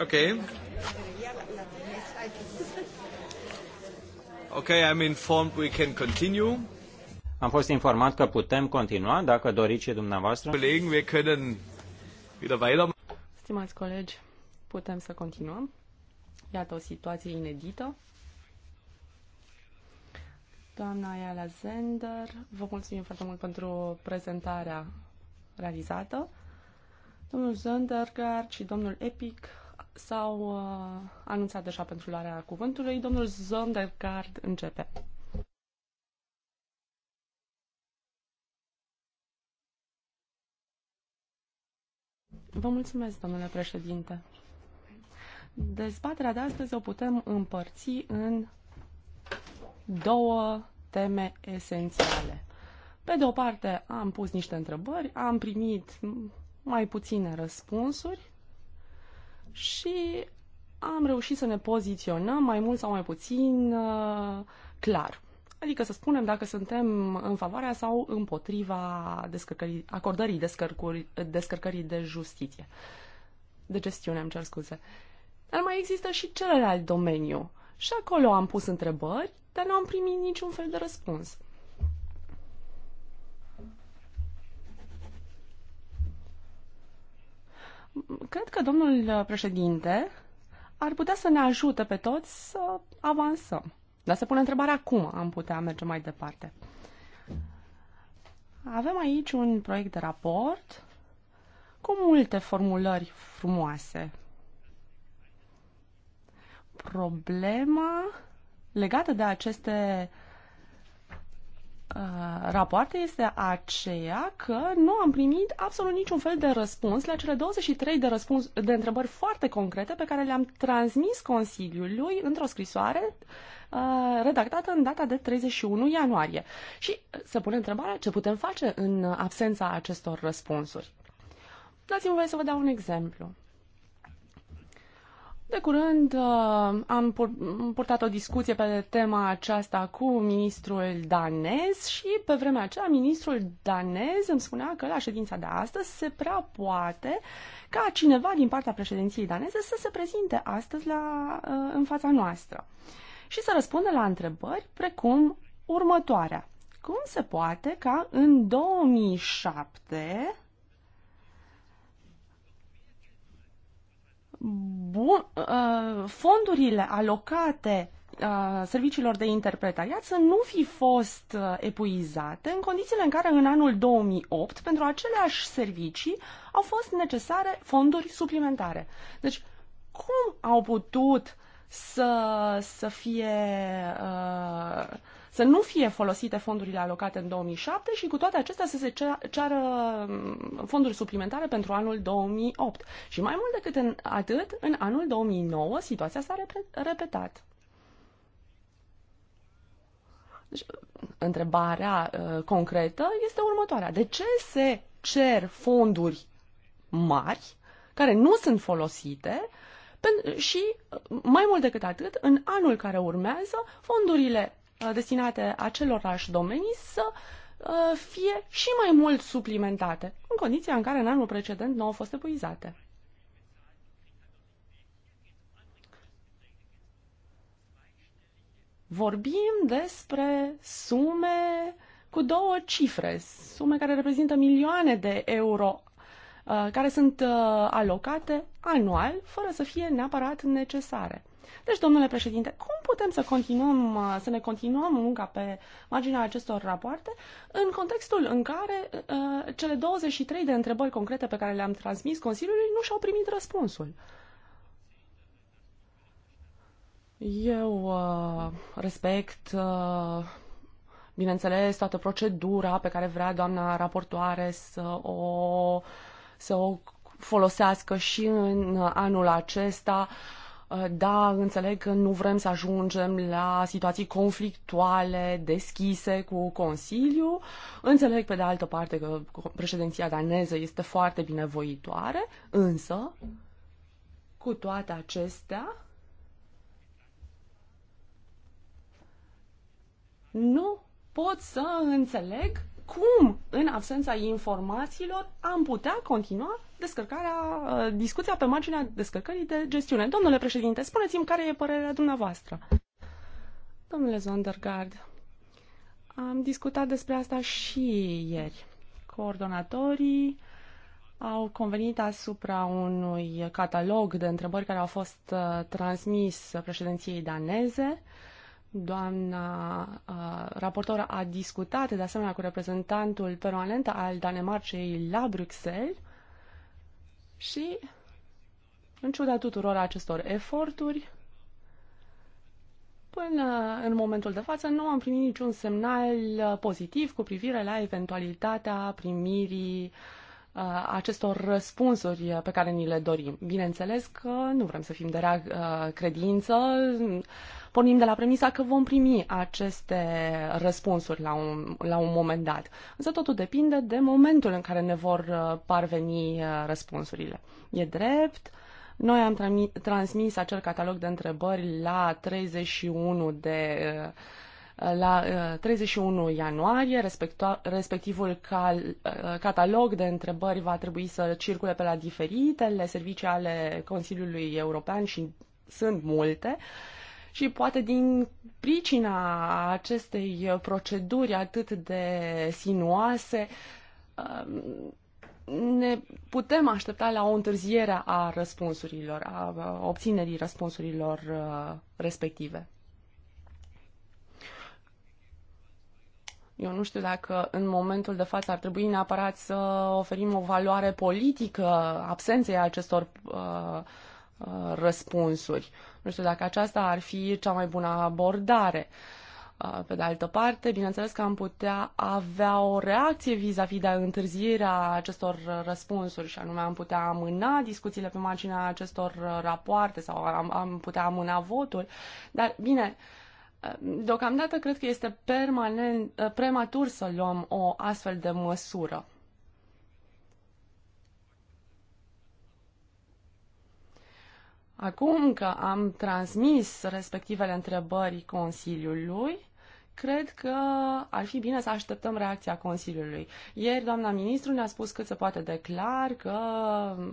Okay. Okay, I'm informed we can continue. Am fost informat că putem continua, dacă doriți dumneavoastră. Colegi, we können wieder weiter. Stimați colegi, putem să continuăm. Iată o situație inedită. Doamna Ayala Zender, vă mulțumim foarte mult pentru prezentarea realizată. Domnul Zöndergaard și domnul Epic s-au uh, anunțat deja pentru luarea cuvântului. Domnul Zondergaard începe. Vă mulțumesc, domnule președinte. Dezbaterea de astăzi o putem împărți în două teme esențiale. Pe de o parte, am pus niște întrebări, am primit mai puține răspunsuri și am reușit să ne poziționăm mai mult sau mai puțin uh, clar. Adică să spunem dacă suntem în favoarea sau împotriva descărcării, acordării descărcării, descărcării de justiție, de gestiune, îmi cer scuze. Dar mai există și celălalt domeniu. Și acolo am pus întrebări, dar nu am primit niciun fel de răspuns. Cred că domnul uh, președinte ar putea să ne ajute pe toți să avansăm. Dar se pune întrebarea cum am putea merge mai departe. Avem aici un proiect de raport cu multe formulări frumoase. Problema legată de aceste uh, Uh, rapoarte este aceea că nu am primit absolut niciun fel de răspuns la cele 23 de, răspuns, de întrebări foarte concrete pe care le-am transmis Consiliului într-o scrisoare uh, redactată în data de 31 ianuarie. Și se pune întrebarea ce putem face în absența acestor răspunsuri. Dați-mi voie să vă dau un exemplu. De curând uh, am purtat o discuție pe tema aceasta cu ministrul danez și pe vremea aceea ministrul danez îmi spunea că la ședința de astăzi se prea poate ca cineva din partea președinției daneze să se prezinte astăzi la, uh, în fața noastră și să răspundă la întrebări precum următoarea. Cum se poate ca în 2007 bun, uh, fondurile alocate uh, serviciilor de interpretariat să nu fi fost uh, epuizate în condițiile în care în anul 2008 pentru aceleași servicii au fost necesare fonduri suplimentare. Deci, cum au putut să, să fie uh, să nu fie folosite fondurile alocate în 2007 și cu toate acestea să se ceară mm, fonduri suplimentare pentru anul 2008. Și mai mult decât în atât, în anul 2009 situația s-a repetat. Deci, întrebarea uh, concretă este următoarea. De ce se cer fonduri mari care nu sunt folosite și, ă, mai mult decât atât, în anul care urmează, fondurile Uh, destinate acelorași domenii să uh, fie și mai mult suplimentate, în condiția în care în anul precedent nu au fost epuizate. Vorbim despre sume cu două cifre, sume care reprezintă milioane de euro uh, care sunt alocate anual, fără să fie neapărat necesare. Deci, domnule președinte, cum putem să continuăm, uh, să ne continuăm munca pe marginea acestor rapoarte în contextul în care uh, cele 23 de întrebări concrete pe care le-am transmis Consiliului nu și-au primit răspunsul? Eu uh, respect uh, bineînțeles, toată procedura pe care vrea doamna raportoare să o, să o folosească și în uh, anul acesta. Uh, Uh, da, înțeleg că nu vrem să ajungem la situații conflictuale, deschise cu Consiliu. Înțeleg, pe de altă parte, că președinția daneză este foarte binevoitoare, însă, cu toate acestea, nu pot să înțeleg cum, în absența informațiilor, am putea continua descărcarea, uh, discuția pe marginea descărcării de gestiune. Domnule președinte, spuneți-mi care e părerea dumneavoastră. Domnule Zondergaard, am discutat despre asta și ieri. Coordonatorii au convenit asupra unui catalog de întrebări care au fost uh, transmis președinției daneze. Uh, Doamna uh, raportor a discutat de asemenea cu reprezentantul permanent al Danemarcei la Bruxelles și, în ciuda tuturor acestor eforturi, Până în momentul de față nu am primit niciun semnal uh, pozitiv cu privire la eventualitatea primirii uh, Uh, acestor răspunsuri pe care ni le dorim. Bineînțeles că nu vrem să fim de rea uh, credință, pornim de la premisa că vom primi aceste răspunsuri la un, la un moment dat. Însă totul depinde de momentul în care ne vor uh, parveni răspunsurile. E drept, noi am transmis acel catalog de întrebări la 31 de uh, la 31 uh, ianuarie, respectivul cal, uh, catalog de întrebări va trebui să circule pe la diferitele servicii ale Consiliului European și sunt multe. Și poate din pricina acestei proceduri atât de sinuoase, um, ne putem aștepta la o întârziere a răspunsurilor, a obținerii răspunsurilor uh, respective. Eu nu știu dacă în momentul de față ar trebui neapărat să oferim o valoare politică absenței acestor uh, uh, răspunsuri. Nu știu dacă aceasta ar fi cea mai bună abordare. Uh, pe de altă parte, bineînțeles că am putea avea o reacție vis-a-vis -vis de întârzierea acestor răspunsuri și anume am putea amâna discuțiile pe marginea acestor rapoarte sau am, am putea amâna votul, dar bine, uh, Deocamdată cred că este permanent, eh, prematur să luăm o astfel de măsură. Acum că am transmis respectivele întrebări Consiliului, cred că ar fi bine să așteptăm reacția Consiliului. Ieri doamna ministru ne-a spus cât se poate de clar că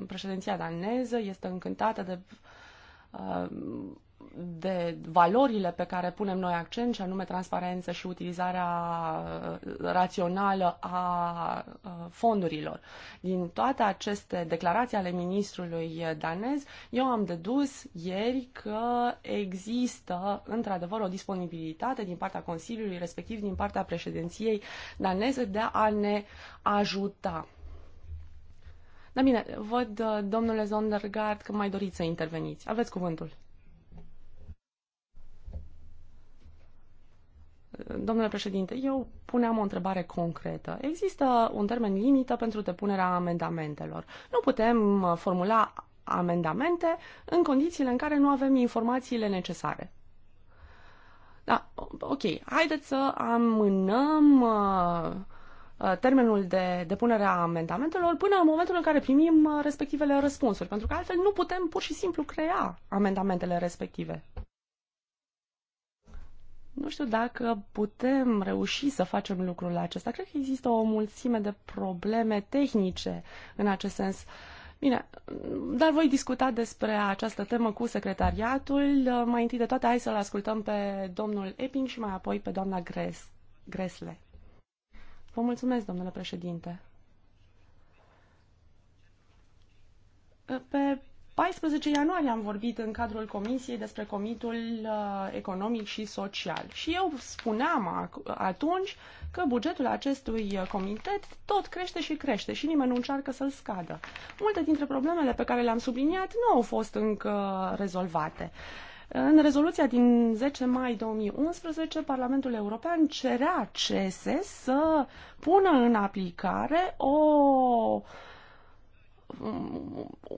președinția daneză este încântată de uh, de valorile pe care punem noi accent, și anume transparență și utilizarea uh, rațională a uh, fondurilor. Din toate aceste declarații ale ministrului danez, eu am dedus ieri că există într-adevăr o disponibilitate din partea Consiliului, respectiv din partea președinției daneze, de a ne ajuta. Da bine, văd, uh, domnule Zondergaard, că mai doriți să interveniți. Aveți cuvântul. Domnule președinte, eu puneam o întrebare concretă. Există un termen limită pentru depunerea amendamentelor. Nu putem uh, formula amendamente în condițiile în care nu avem informațiile necesare. Da, ok, haideți să amânăm uh, uh, termenul de depunere a amendamentelor până în momentul în care primim respectivele răspunsuri, pentru că altfel nu putem pur și simplu crea amendamentele respective. Nu știu dacă putem reuși să facem lucrul acesta. Cred că există o mulțime de probleme tehnice în acest sens. Bine, dar voi discuta despre această temă cu secretariatul. Mai întâi de toate, hai să-l ascultăm pe domnul Epping și mai apoi pe doamna Gres, Gresle. Vă mulțumesc, domnule președinte. Pe 14 ianuarie am vorbit în cadrul comisiei despre comitul uh, economic și social și eu spuneam atunci că bugetul acestui uh, comitet tot crește și crește și nimeni nu încearcă să-l scadă. Multe dintre problemele pe care le-am subliniat nu au fost încă rezolvate. În rezoluția din 10 mai 2011, Parlamentul European cerea CSE să pună în aplicare o uh,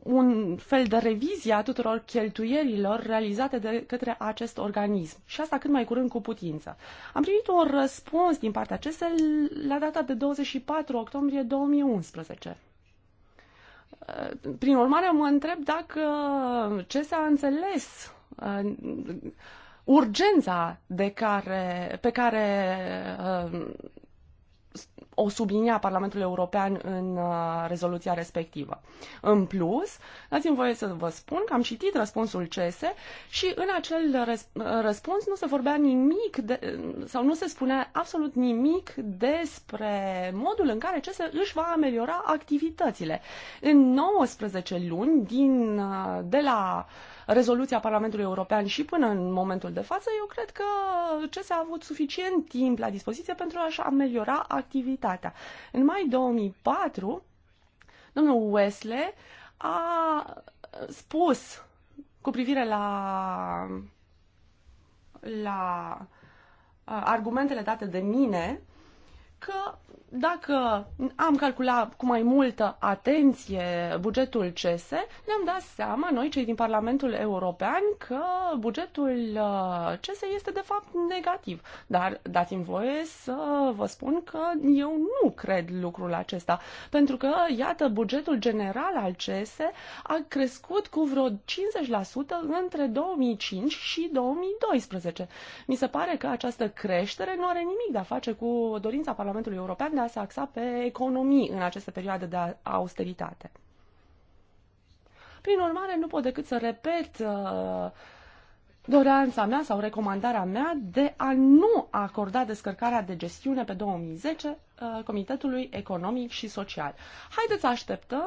un fel de revizie a tuturor cheltuielilor realizate de către acest organism și asta cât mai curând cu putință. Am primit un răspuns din partea acestei la data de 24 octombrie 2011. Prin urmare, mă întreb dacă ce s-a înțeles urgența de care, pe care o sublinia Parlamentul European în uh, rezoluția respectivă. În plus, dați-mi voie să vă spun că am citit răspunsul CS și în acel răspuns nu se vorbea nimic de, sau nu se spunea absolut nimic despre modul în care CS își va ameliora activitățile. În 19 luni din, uh, de la uh, rezoluția Parlamentului European și până în momentul de față, eu cred că s a avut suficient timp la dispoziție pentru a-și ameliora activitatea. În mai 2004, domnul Wesley a spus cu privire la, la uh, argumentele date de mine că dacă am calculat cu mai multă atenție bugetul CESE, ne-am dat seama, noi cei din Parlamentul European, că bugetul uh, CESE este de fapt negativ. Dar dați-mi voie să vă spun că eu nu cred lucrul acesta, pentru că, iată, bugetul general al CESE a crescut cu vreo 50% între 2005 și 2012. Mi se pare că această creștere nu are nimic de a face cu dorința Parlamentului European de a se axa pe economii în această perioadă de austeritate. Prin urmare, nu pot decât să repet uh, doreanța mea sau recomandarea mea de a nu acorda descărcarea de gestiune pe 2010 uh, Comitetului Economic și Social. Haideți să așteptăm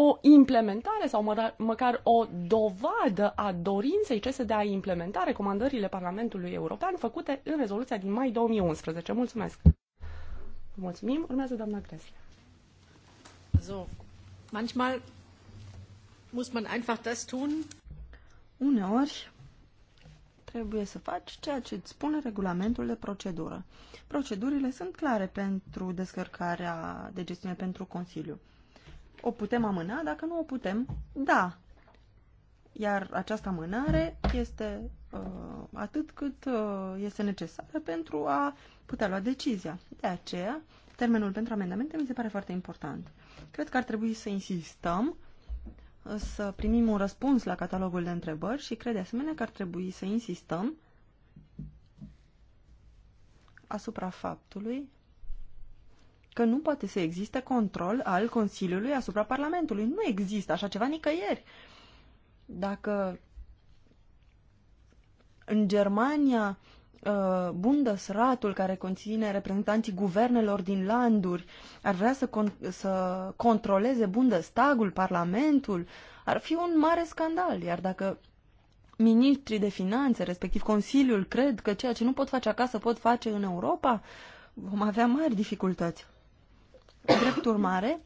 o implementare sau mă, măcar o dovadă a dorinței cese de a implementa recomandările Parlamentului European făcute în rezoluția din mai 2011. Mulțumesc! mulțumim. Urmează doamna Gresle. So, manchmal muss man einfach das tun. Uneori trebuie să faci ceea ce îți spune regulamentul de procedură. Procedurile sunt clare pentru descărcarea de gestiune pentru Consiliu o putem amâna, dacă nu o putem da. Iar această amânare este uh, atât cât uh, este necesară pentru a putea lua decizia. De aceea, termenul pentru amendamente mi se pare foarte important. Cred că ar trebui să insistăm uh, să primim un răspuns la catalogul de întrebări și cred de asemenea că ar trebui să insistăm asupra faptului că nu poate să existe control al Consiliului asupra Parlamentului. Nu există așa ceva nicăieri. Dacă în Germania uh, Bundesratul, care conține reprezentanții guvernelor din landuri, ar vrea să, con- să controleze Bundestagul, Parlamentul, ar fi un mare scandal. Iar dacă ministrii de finanțe, respectiv Consiliul, cred că ceea ce nu pot face acasă pot face în Europa, vom avea mari dificultăți. Drept urmare,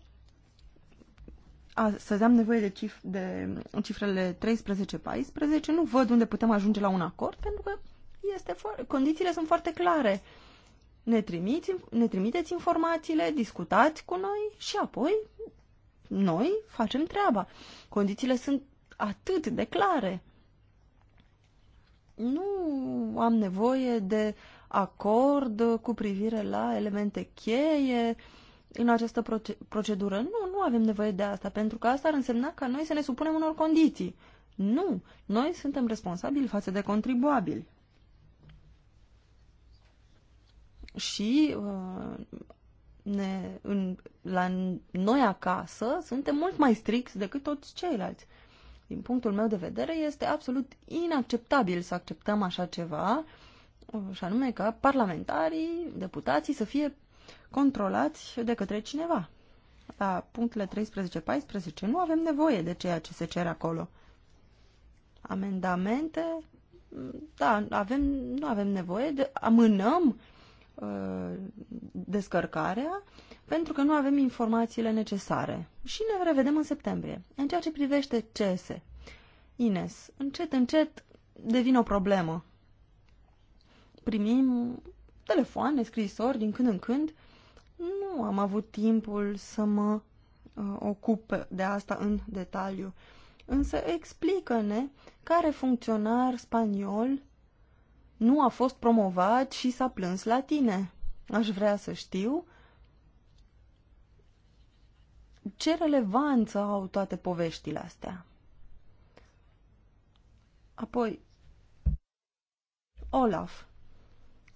astăzi am nevoie de, cif- de cifrele 13-14, nu văd unde putem ajunge la un acord, pentru că este condițiile sunt foarte clare. Ne, trimiți, ne trimiteți informațiile, discutați cu noi și apoi noi facem treaba. Condițiile sunt atât de clare. Nu am nevoie de acord cu privire la elemente cheie, uh, în această procedură. Nu, nu avem nevoie de asta, pentru că asta ar însemna ca noi să ne supunem unor condiții. Nu, noi suntem responsabili față de contribuabili. Și uh, ne, în, la noi acasă suntem mult mai stricți decât toți ceilalți. Din punctul meu de vedere, este absolut inacceptabil să acceptăm așa ceva, uh, și anume ca parlamentarii, deputații să fie controlați de către cineva. La punctele 13-14 nu avem nevoie de ceea ce se cere acolo. Amendamente, da, avem, nu avem nevoie, de, amânăm uh, descărcarea pentru că nu avem informațiile necesare. Și ne revedem în septembrie. În ceea ce privește CESE, Ines, încet, încet devine o problemă. Primim telefoane, scrisori din când în când nu am avut timpul să mă uh, ocup de asta în detaliu. Însă explică-ne care funcționar spaniol nu a fost promovat și s-a plâns la tine. Aș vrea să știu ce relevanță au toate poveștile astea. Apoi, Olaf.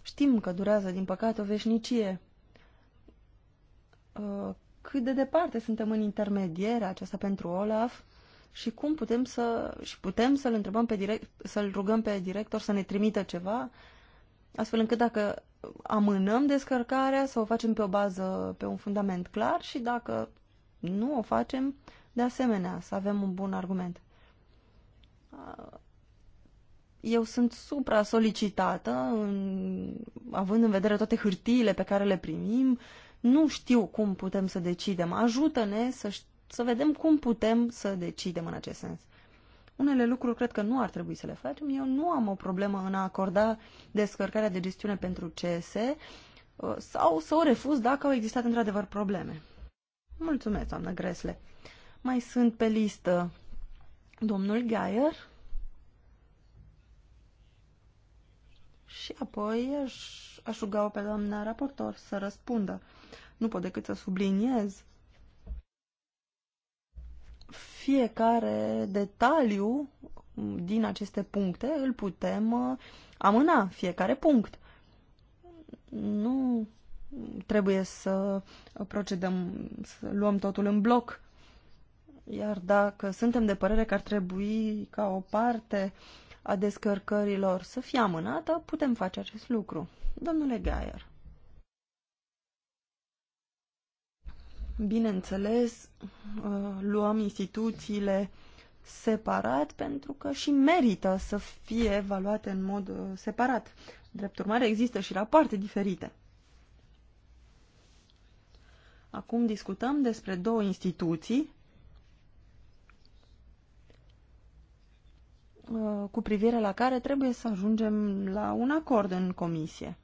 Știm că durează, din păcate, o veșnicie. Uh, cât de departe suntem în intermedierea aceasta pentru Olaf și cum putem să și putem să-l întrebăm pe direct, să-l rugăm pe director să ne trimită ceva, astfel încât dacă amânăm descărcarea să o facem pe o bază, pe un fundament clar și dacă nu o facem, de asemenea, să avem un bun argument. Uh, eu sunt supra-solicitată, având în vedere toate hârtiile pe care le primim, uh, nu știu cum putem să decidem. Ajută-ne să, să vedem cum putem să decidem în acest sens. Unele lucruri cred că nu ar trebui să le facem. Eu nu am o problemă în a acorda descărcarea de gestiune pentru CS uh, sau să o refuz dacă au existat într-adevăr probleme. Mulțumesc, doamnă Gresle. Mai sunt pe listă domnul Gaier și apoi aș, aș ruga-o pe doamna raportor să răspundă nu pot decât să subliniez fiecare detaliu din aceste puncte îl putem uh, amâna, fiecare punct. Nu trebuie să procedăm, să luăm totul în bloc. Iar dacă suntem de părere că ar trebui ca o parte a descărcărilor să fie amânată, putem face acest lucru. Domnule Gaier. bineînțeles, uh, luăm instituțiile separat pentru că și merită să fie evaluate în mod uh, separat. Drept urmare, există și rapoarte diferite. Acum discutăm despre două instituții uh, cu privire la care trebuie să ajungem la un acord în comisie.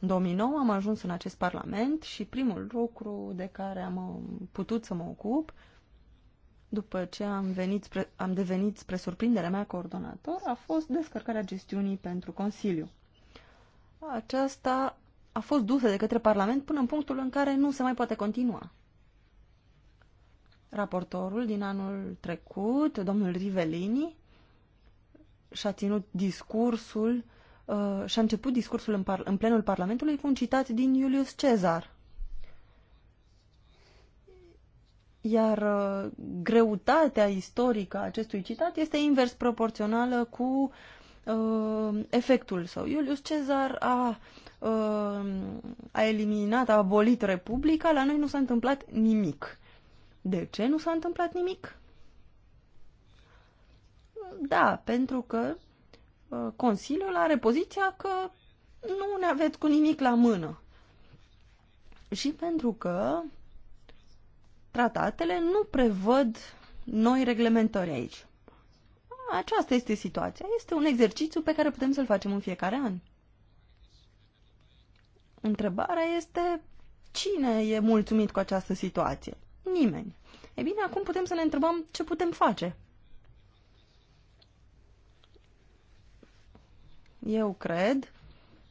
În 2009 am ajuns în acest parlament și primul lucru de care am uh, putut să mă ocup, după ce am, venit spre, am devenit spre surprinderea mea coordonator, a fost descărcarea gestiunii pentru Consiliu. Aceasta a fost dusă de către Parlament până în punctul în care nu se mai poate continua. Raportorul din anul trecut, domnul Rivelini, și-a ținut discursul Uh, și-a început discursul în, par- în plenul Parlamentului cu un citat din Iulius Cezar. Iar uh, greutatea istorică a acestui citat este invers proporțională cu uh, efectul său. Iulius Cezar a, uh, a eliminat, a abolit Republica, la noi nu s-a întâmplat nimic. De ce nu s-a întâmplat nimic? Da, pentru că Uh, Consiliul are poziția că nu ne aveți cu nimic la mână. Și pentru că tratatele nu prevăd noi reglementări aici. Aceasta este situația. Este un exercițiu pe care putem să-l facem în fiecare an. Întrebarea este cine e mulțumit cu această situație? Nimeni. E bine, acum putem să ne întrebăm ce putem face. Eu cred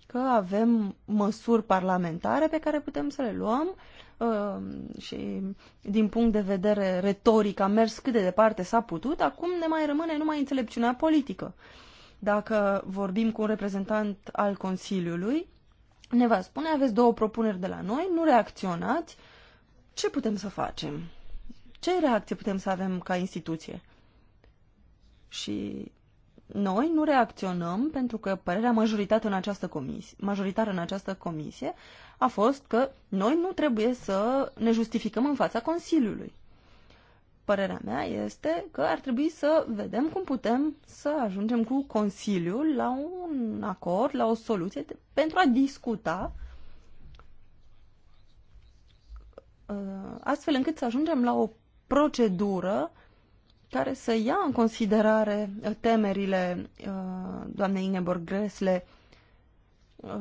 că avem măsuri parlamentare pe care putem să le luăm uh, și din punct de vedere retoric a mers cât de departe s-a putut, acum ne mai rămâne numai înțelepciunea politică. Dacă vorbim cu un reprezentant al Consiliului, ne va spune, aveți două propuneri de la noi, nu reacționați, ce putem să facem? Ce reacție putem să avem ca instituție? Și noi nu reacționăm pentru că părerea majoritară în această comisie, majoritară în această comisie a fost că noi nu trebuie să ne justificăm în fața Consiliului. Părerea mea este că ar trebui să vedem cum putem să ajungem cu Consiliul la un acord, la o soluție de, pentru a discuta uh, astfel încât să ajungem la o procedură care să ia în considerare uh, temerile uh, doamnei Ingeborg Gresle uh,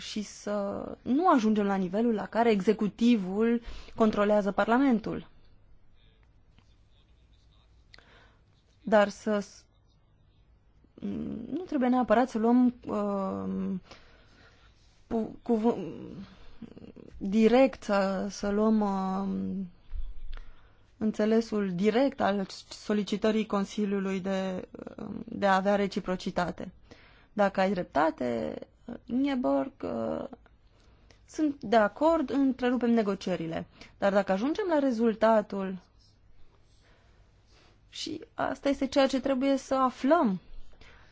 și să nu ajungem la nivelul la care executivul controlează Parlamentul. Dar să nu trebuie neapărat să luăm uh, direct să, să luăm uh, înțelesul direct al solicitării Consiliului de, de a avea reciprocitate. Dacă ai dreptate, Nieborg, sunt de acord, întrerupem negocierile. Dar dacă ajungem la rezultatul și asta este ceea ce trebuie să aflăm.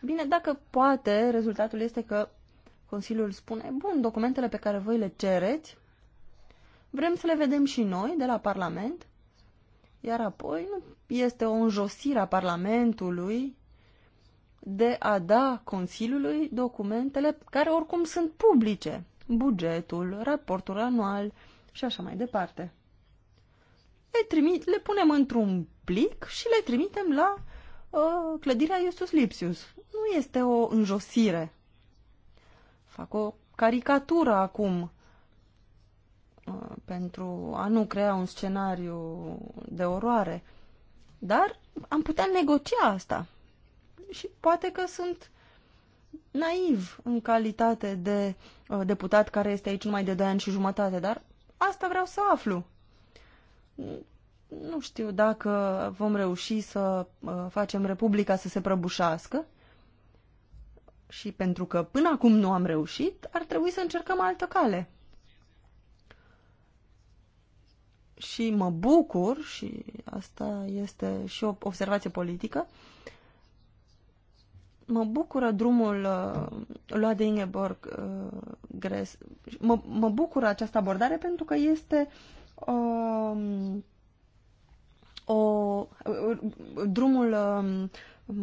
Bine, dacă poate, rezultatul este că Consiliul spune, bun, documentele pe care voi le cereți, vrem să le vedem și noi de la Parlament iar apoi este o înjosire a Parlamentului de a da Consiliului documentele care oricum sunt publice, bugetul, raportul anual și așa mai departe. Le, trimit, le punem într-un plic și le trimitem la uh, clădirea Iustus Lipsius. Nu este o înjosire. Fac o caricatură acum, Uh, pentru a nu crea un scenariu de oroare. Dar am putea negocia asta. Și poate că sunt naiv în calitate de uh, deputat care este aici numai de 2 ani și jumătate, dar asta vreau să aflu. Nu știu dacă vom reuși să uh, facem Republica să se prăbușească și pentru că până acum nu am reușit, ar trebui să încercăm altă cale. și mă bucur, și asta este și o observație politică, mă bucură drumul uh, luat de Ingeborg uh, Gres. Mă, mă bucură această abordare pentru că este uh, o, uh, drumul uh,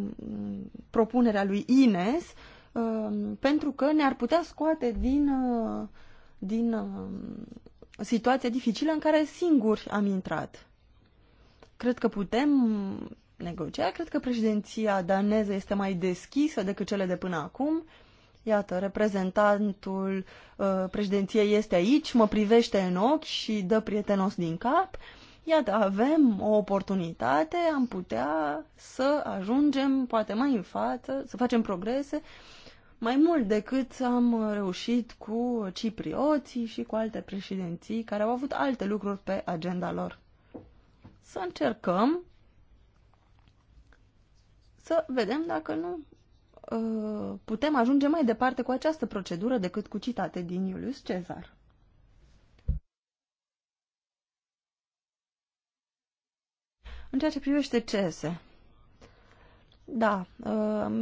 propunerea lui Ines uh, pentru că ne-ar putea scoate din, uh, din uh, situație dificilă în care singuri am intrat. Cred că putem negocia, cred că președinția daneză este mai deschisă decât cele de până acum. Iată, reprezentantul uh, președinției este aici, mă privește în ochi și dă prietenos din cap. Iată, avem o oportunitate, am putea să ajungem poate mai în față, să facem progrese uh, mai mult decât am reușit cu ciprioții și cu alte președinții care au avut alte lucruri pe agenda lor. Să încercăm să vedem dacă nu uh, putem ajunge mai departe cu această procedură decât cu citate din Iulius Cezar. În ceea ce privește CESE, da, uh,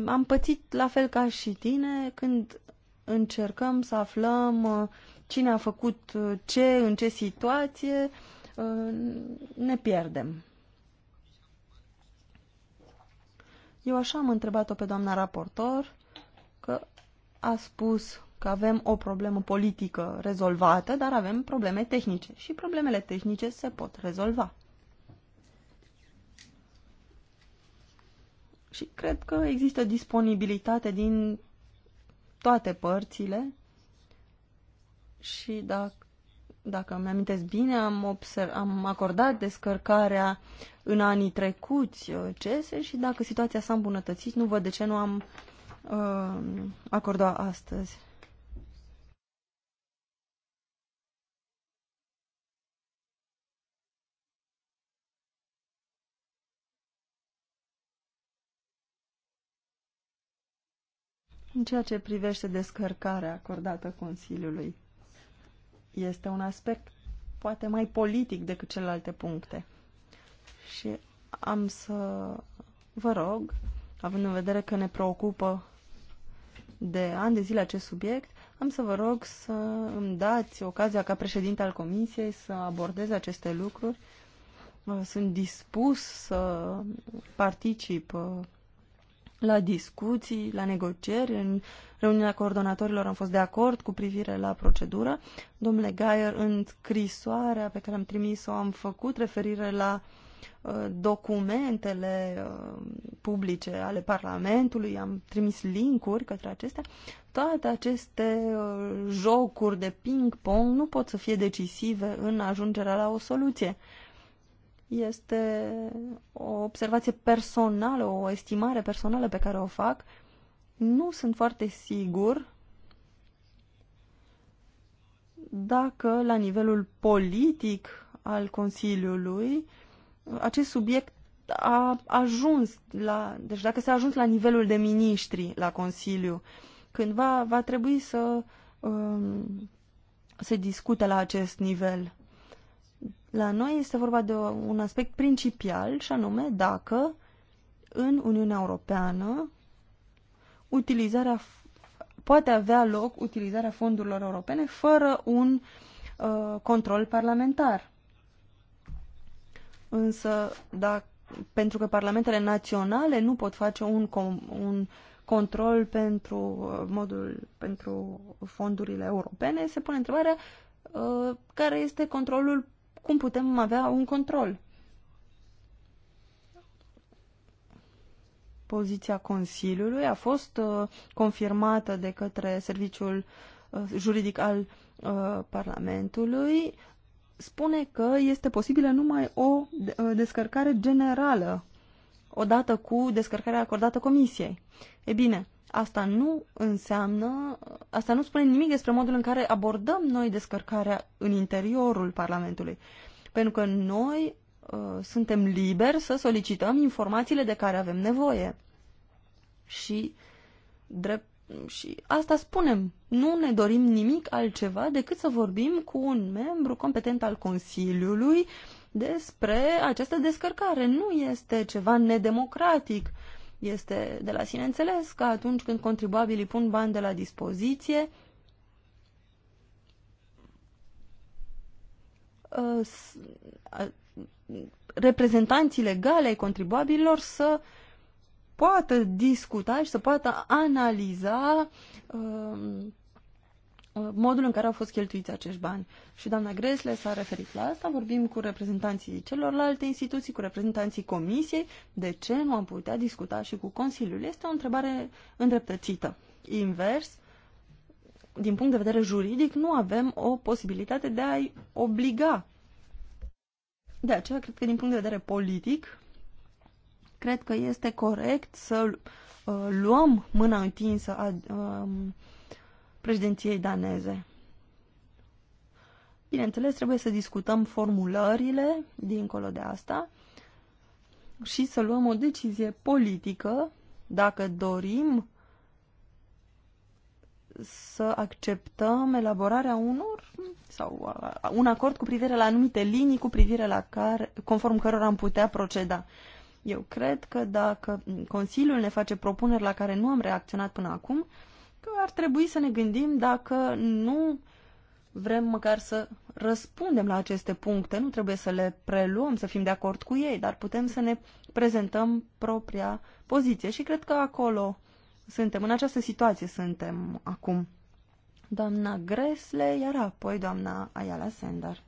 am pățit la fel ca și tine când încercăm să aflăm uh, cine a făcut uh, ce, în ce situație, ne pierdem. Eu așa am întrebat-o pe doamna raportor că a spus că avem o problemă politică rezolvată, dar avem probleme tehnice și problemele tehnice se pot rezolva. Și cred că există disponibilitate din toate părțile și dacă, dacă îmi amintesc bine, am, observ, am acordat descărcarea în anii trecuți uh, CESE și dacă situația s-a îmbunătățit, nu văd de ce nu am uh, acordat astăzi. În ceea ce privește descărcarea acordată Consiliului, este un aspect poate mai politic decât celelalte puncte. Și am să vă rog, având în vedere că ne preocupă de ani de zile acest subiect, am să vă rog să îmi dați ocazia ca președinte al Comisiei să abordez aceste lucruri. Sunt dispus să particip la discuții, la negocieri, în reuniunea coordonatorilor am fost de acord cu privire la procedură. Domnule Gaier, în scrisoarea pe care am trimis-o am făcut referire la uh, documentele uh, publice ale Parlamentului, am trimis linkuri către acestea. Toate aceste uh, jocuri de ping-pong nu pot să fie decisive în ajungerea la o soluție. Uh, este o observație personală, o estimare personală pe care o fac. Nu sunt foarte sigur dacă la nivelul politic al Consiliului acest subiect a ajuns la, deci dacă s-a ajuns la nivelul de miniștri la Consiliu, cândva va trebui să um, se discute la acest nivel. La noi este vorba de un aspect principial și anume dacă în Uniunea Europeană utilizarea poate avea loc utilizarea fondurilor europene fără un uh, control parlamentar. Însă, dacă, pentru că parlamentele naționale nu pot face un, un control pentru uh, modul pentru fondurile europene, se pune întrebarea uh, care este controlul cum putem avea un control? Poziția Consiliului a fost uh, confirmată de către Serviciul uh, Juridic al uh, Parlamentului. Spune că este posibilă numai o uh, descărcare generală odată cu descărcarea acordată Comisiei. E bine, Asta nu înseamnă, asta nu spune nimic despre modul în care abordăm noi descărcarea în interiorul Parlamentului. Pentru că noi uh, suntem liberi să solicităm informațiile de care avem nevoie. Și, drept, și asta spunem. Nu ne dorim nimic altceva decât să vorbim cu un membru competent al Consiliului despre această descărcare. Nu este ceva nedemocratic. Uh, este de la sine înțeles că atunci când contribuabilii pun bani de la dispoziție, uh, reprezentanții legale ai contribuabililor să poată discuta și să poată analiza uh, Uh, modul în care au fost cheltuiți acești bani. Și doamna Gresle s-a referit la asta, vorbim cu reprezentanții celorlalte instituții, cu reprezentanții comisiei, de ce nu am putea discuta și cu Consiliul? Este o întrebare îndreptățită. Invers, din punct de vedere juridic, nu avem o posibilitate de a-i obliga. De aceea, cred că din punct de vedere politic, cred că este corect să uh, luăm mâna întinsă a uh, președinției daneze. Bineînțeles, trebuie să discutăm formulările dincolo de asta și să luăm o decizie politică dacă dorim să acceptăm elaborarea unor sau un acord cu privire la anumite linii cu privire la care, conform cărora am putea proceda. Eu cred că dacă Consiliul ne face propuneri la care nu am reacționat până acum, uh, că ar trebui să ne gândim dacă nu vrem măcar să răspundem la aceste puncte, nu trebuie să le preluăm, să fim de acord cu ei, dar putem să ne prezentăm propria poziție și cred că acolo suntem, în această situație suntem acum. Doamna Gresle, iar apoi doamna Ayala Sender.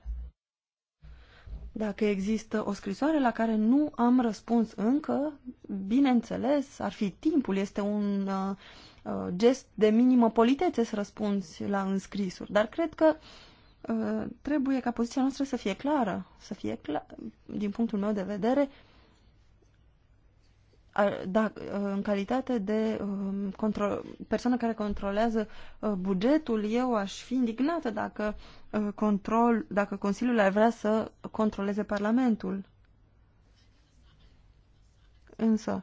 Dacă există o scrisoare la care nu am răspuns încă, bineînțeles, ar fi timpul, este un uh, Uh, gest de minimă politețe să răspunzi la înscrisuri, dar cred că uh, trebuie ca poziția noastră să fie clară, să fie clar, din punctul meu de vedere, da, uh, în calitate de um, control, persoană care controlează bugetul, eu aș fi indignată dacă, control, dacă Consiliul ar vrea să controleze Parlamentul. Însă,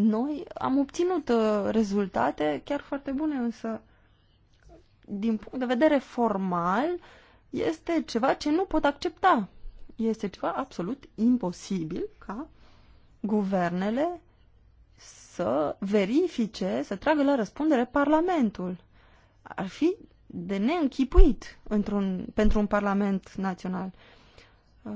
Noi am obținut uh, rezultate chiar foarte bune, însă din punct de vedere formal este ceva ce nu pot accepta. Este ceva absolut imposibil ca guvernele să verifice, să tragă la răspundere Parlamentul. Ar fi de neînchipuit într-un, pentru un Parlament național. Uh, Uh,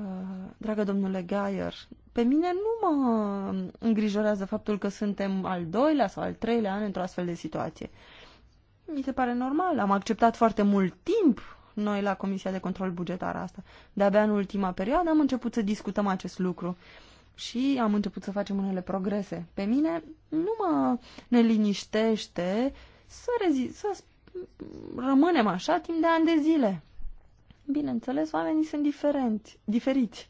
dragă domnule Gaier, pe mine nu mă îngrijorează faptul că suntem al doilea sau al treilea an într-o astfel de situație. Mi se pare normal, am acceptat foarte mult timp noi la Comisia de Control Bugetar asta. De-abia în ultima perioadă am început să discutăm acest lucru și am început să facem unele progrese. Pe mine nu mă neliniștește să, rezi- să rămânem așa timp de ani de zile Bineînțeles, oamenii sunt diferenți, diferiți.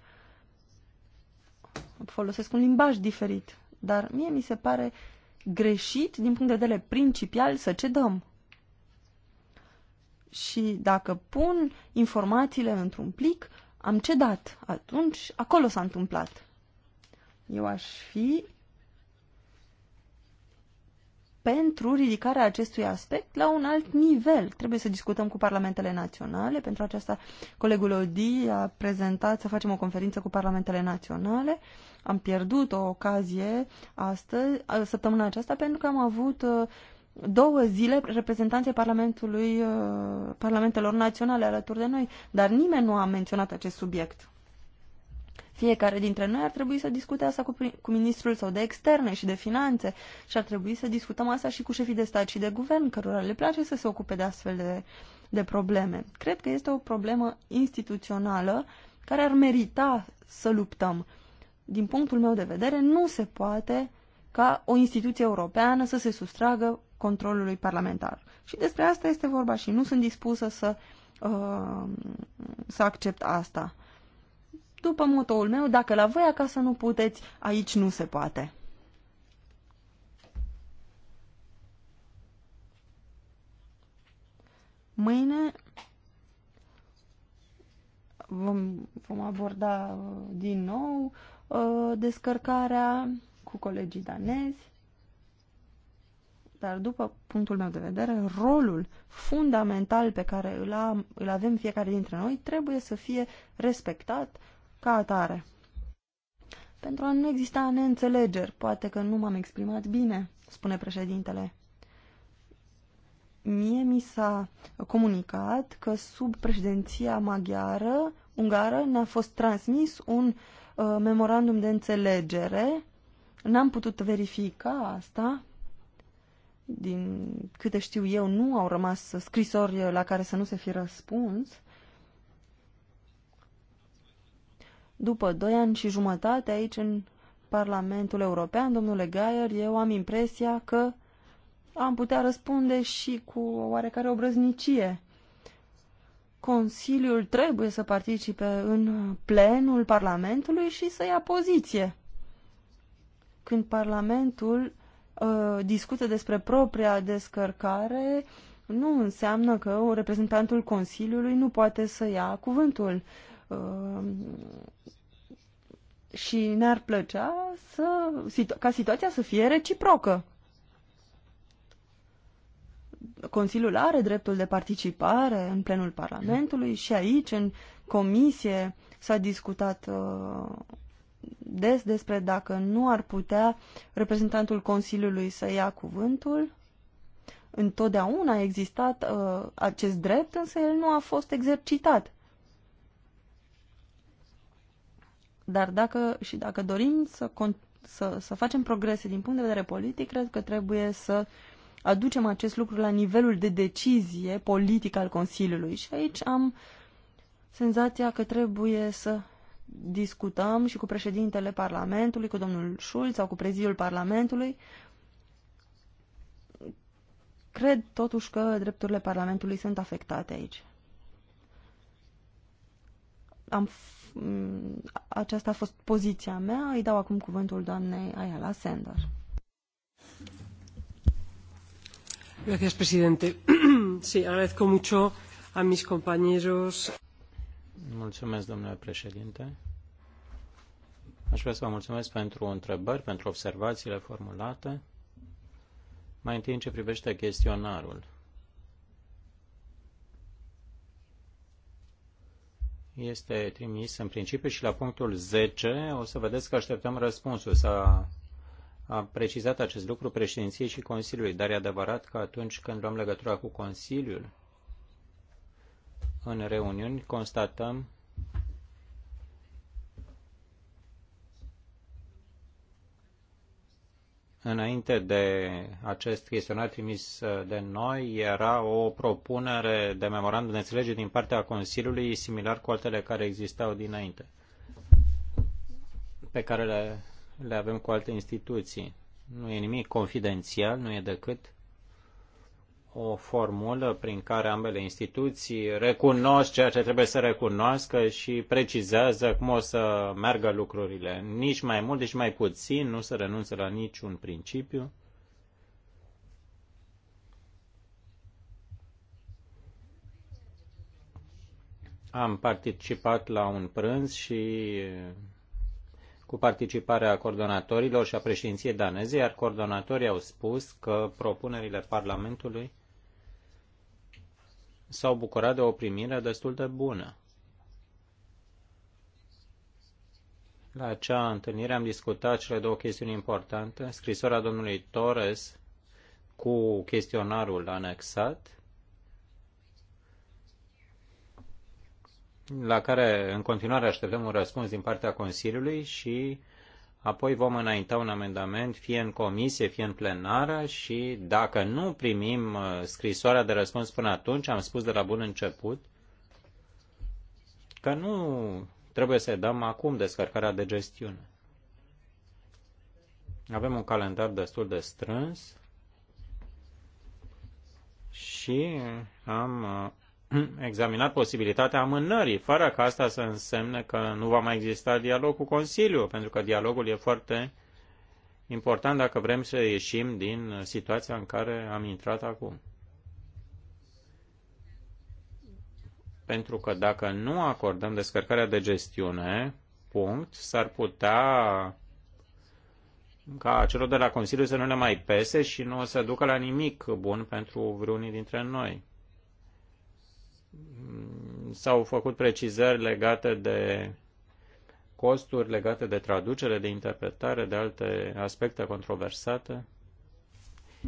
Folosesc un limbaj diferit. Dar mie mi se pare greșit din punct de vedere principial să cedăm. Și dacă pun informațiile într-un plic, am cedat. Atunci, acolo s-a întâmplat. Eu aș fi pentru ridicarea acestui aspect la un alt nivel. Trebuie să discutăm cu parlamentele naționale. Pentru aceasta, colegul Odi a prezentat să facem o conferință cu parlamentele naționale. Am pierdut o ocazie astăzi, săptămâna aceasta pentru că am avut uh, două zile reprezentanții Parlamentului, uh, Parlamentelor Naționale alături de noi, dar nimeni nu a menționat acest subiect. Fiecare dintre noi ar trebui să discute asta cu, cu ministrul sau de externe și de finanțe și ar trebui să discutăm asta și cu șefii de stat și de guvern, cărora le place să se ocupe de astfel de, de probleme. Cred că este o problemă instituțională care ar merita să luptăm. Din punctul meu de vedere, nu se poate ca o instituție europeană să se sustragă controlului parlamentar. Și despre asta este vorba și nu sunt dispusă să, uh, să accept asta după motoul meu, dacă la voi acasă nu puteți, aici nu se poate. Mâine vom, vom aborda uh, din nou uh, descărcarea cu colegii danezi, dar după punctul meu de vedere, rolul fundamental pe care îl, am, îl avem fiecare dintre noi trebuie să fie respectat ca atare. Pentru a nu exista neînțelegeri, poate că nu m-am exprimat bine, spune președintele. Mie mi s-a comunicat că sub președinția maghiară, ungară, ne-a fost transmis un uh, memorandum de înțelegere. N-am putut verifica asta. Din câte știu eu, nu au rămas scrisori la care să nu se fi răspuns. După doi ani și jumătate aici în Parlamentul European, domnule Gaier, eu am impresia că am putea răspunde și cu oarecare obrăznicie. Consiliul trebuie să participe în plenul Parlamentului și să ia poziție. Când Parlamentul uh, discută despre propria descărcare, nu înseamnă că reprezentantul Consiliului nu poate să ia cuvântul. Um, și ne-ar plăcea să, ca situația să fie reciprocă. Consiliul are dreptul de participare în plenul Parlamentului și aici, în comisie, s-a discutat uh, des despre dacă nu ar putea reprezentantul Consiliului să ia cuvântul. Întotdeauna a existat uh, acest drept, însă el nu a fost exercitat Dar dacă și dacă dorim să, să, să facem progrese din punct de vedere politic, cred că trebuie să aducem acest lucru la nivelul de decizie politică al Consiliului. Și aici am senzația că trebuie să discutăm și cu președintele Parlamentului, cu domnul Schulz sau cu preziul Parlamentului. Cred totuși că drepturile Parlamentului sunt afectate aici. Am Mm, aceasta a fost poziția mea. Îi dau acum cuvântul doamnei Ayala Sender. Gracias, presidente. Sí, agradezco mucho a mis compañeros. Mulțumesc, domnule președinte. Aș vrea să vă mulțumesc pentru întrebări, pentru observațiile formulate. Mai întâi în ce privește chestionarul. este trimis în principiu și la punctul 10 o să vedeți că așteptăm răspunsul. S-a a precizat acest lucru președinției și Consiliului, dar e adevărat că atunci când luăm legătura cu Consiliul, în reuniuni constatăm Înainte de acest chestionar trimis de noi, era o propunere de memorandum de înțelegere din partea Consiliului, similar cu altele care existau dinainte, pe care le, le avem cu alte instituții. Nu e nimic confidențial, nu e decât o formulă prin care ambele instituții recunosc ceea ce trebuie să recunoască și precizează cum o să meargă lucrurile. Nici mai mult, nici mai puțin, nu se renunță la niciun principiu. Am participat la un prânz și cu participarea coordonatorilor și a președinției daneze, iar coordonatorii au spus că propunerile Parlamentului s-au bucurat de o primire destul de bună. La acea întâlnire am discutat cele două chestiuni importante, scrisoarea domnului Torres cu chestionarul anexat, la care în continuare așteptăm un răspuns din partea Consiliului și apoi vom înainta un amendament fie în comisie, fie în plenară și dacă nu primim uh, scrisoarea de răspuns până atunci, am spus de la bun început că nu trebuie să dăm acum descărcarea de gestiune. Avem un calendar destul de strâns și am uh, Mm, examinat posibilitatea amânării, fără ca asta să însemne că nu va mai exista dialog cu Consiliul, pentru că dialogul e foarte important dacă vrem să ieșim din situația în care am intrat acum. Pentru că dacă nu acordăm descărcarea de gestiune, punct, s-ar putea ca celor de la Consiliu să nu le mai pese și nu o să ducă la nimic bun pentru vreunii dintre noi. Mm, s-au făcut precizări legate de costuri, legate de traducere, de interpretare, de alte aspecte controversate.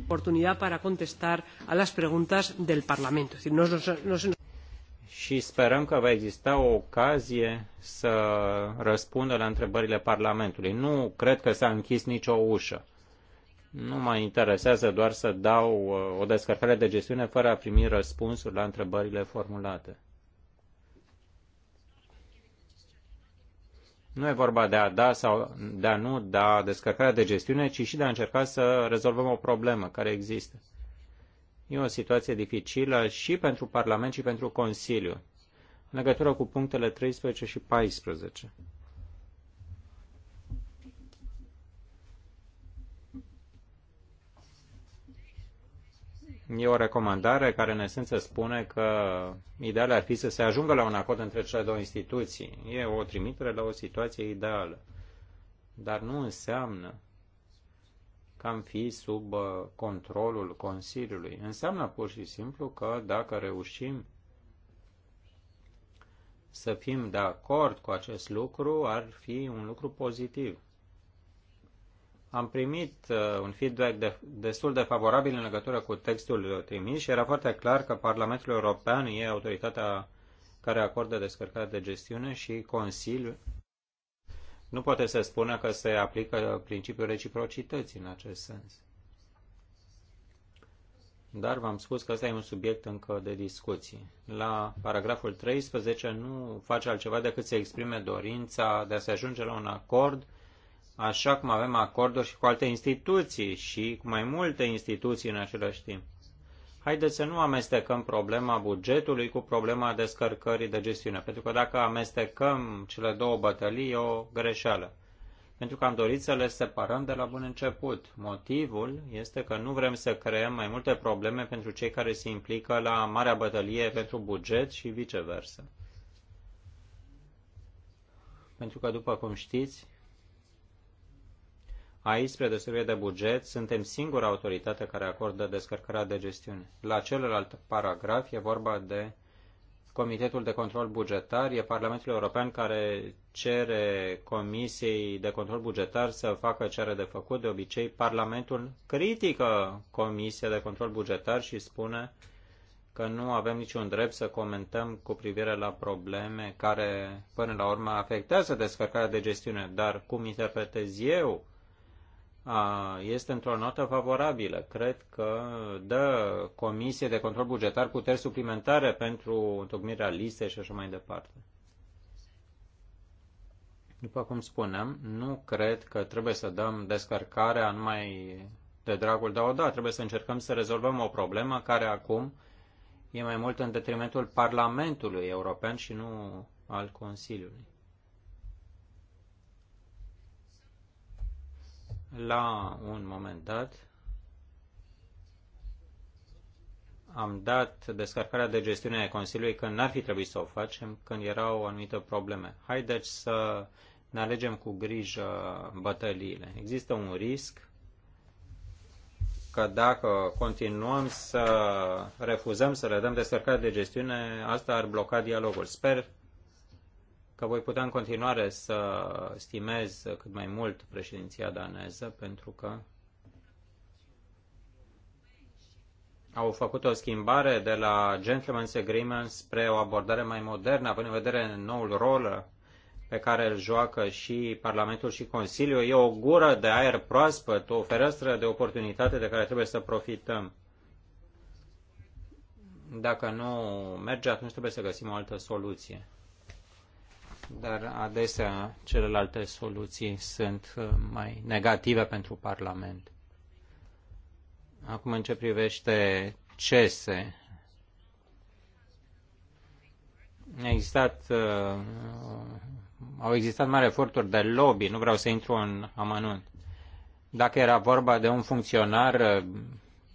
Oportunitatea para contestar a las preguntas del Parlamento. Decir, no, no, no, și sperăm că va exista o ocazie să răspundă la întrebările Parlamentului. Nu cred că s-a închis nicio ușă nu mă interesează doar să dau uh, o descărcare de gestiune fără a primi răspunsuri la întrebările formulate. Nu e vorba de a da sau de a nu da descărcarea de gestiune, ci și de a încerca să rezolvăm o problemă care există. E o situație dificilă și pentru Parlament și pentru Consiliu, în legătură cu punctele 13 și 14. E o recomandare care în esență spune că ideal ar fi să se ajungă la un acord între cele două instituții. E o trimitere la o situație ideală. Dar nu înseamnă că am fi sub uh, controlul Consiliului. Înseamnă pur și simplu că dacă reușim să fim de acord cu acest lucru, ar fi un lucru pozitiv. Am primit uh, un feedback de, destul de favorabil în legătură cu textul trimis și era foarte clar că Parlamentul European e autoritatea care acordă descărcarea de gestiune și Consiliul nu poate să spună că se aplică principiul reciprocității în acest sens. Dar v-am spus că ăsta e un subiect încă de discuții. La paragraful 13 nu face altceva decât să exprime dorința de a se ajunge la un acord așa cum avem acorduri și cu alte instituții și cu mai multe instituții în același timp. Haideți să nu amestecăm problema bugetului cu problema descărcării de gestiune, pentru că dacă amestecăm cele două bătălii, e o greșeală. Pentru că am dorit să le separăm de la bun început. Motivul este că nu vrem să creăm mai multe probleme pentru cei care se implică la marea bătălie pentru buget și viceversa. Pentru că, după cum știți, Aici, spre deosebire de buget, suntem singura autoritate care acordă descărcarea de gestiune. La celălalt paragraf e vorba de Comitetul de Control Bugetar, e Parlamentul European care cere Comisiei de Control Bugetar să facă ce are de făcut. De obicei, Parlamentul critică Comisia de Control Bugetar și spune că nu avem niciun drept să comentăm cu privire la probleme care, până la urmă, afectează descărcarea de gestiune. Dar cum interpretez eu este într-o notă favorabilă. Cred că dă Comisie de Control Bugetar puteri suplimentare pentru întocmirea listei și așa mai departe. După cum spuneam, nu cred că trebuie să dăm descărcarea numai de dragul de da, trebuie să încercăm să rezolvăm o problemă care acum e mai mult în detrimentul Parlamentului European și nu al Consiliului. la un moment dat am dat descărcarea de gestiune a Consiliului când n-ar fi trebuit să o facem, când erau anumite probleme. Haideți să ne alegem cu grijă bătăliile. Există un risc că dacă continuăm să refuzăm să le dăm descărcarea de gestiune, asta ar bloca dialogul. Sper că voi putea în continuare să stimez cât mai mult președinția daneză, pentru că au făcut o schimbare de la gentleman's agreement spre o abordare mai modernă, având în vedere noul rol pe care îl joacă și Parlamentul și Consiliul. E o gură de aer proaspăt, o fereastră de oportunitate de care trebuie să profităm. Dacă nu merge, atunci trebuie să găsim o altă soluție dar adesea celelalte soluții sunt uh, mai negative pentru Parlament. Acum, în ce privește cese, a existat, uh, au existat mari eforturi de lobby, nu vreau să intru în amănunt. Dacă era vorba de un funcționar uh,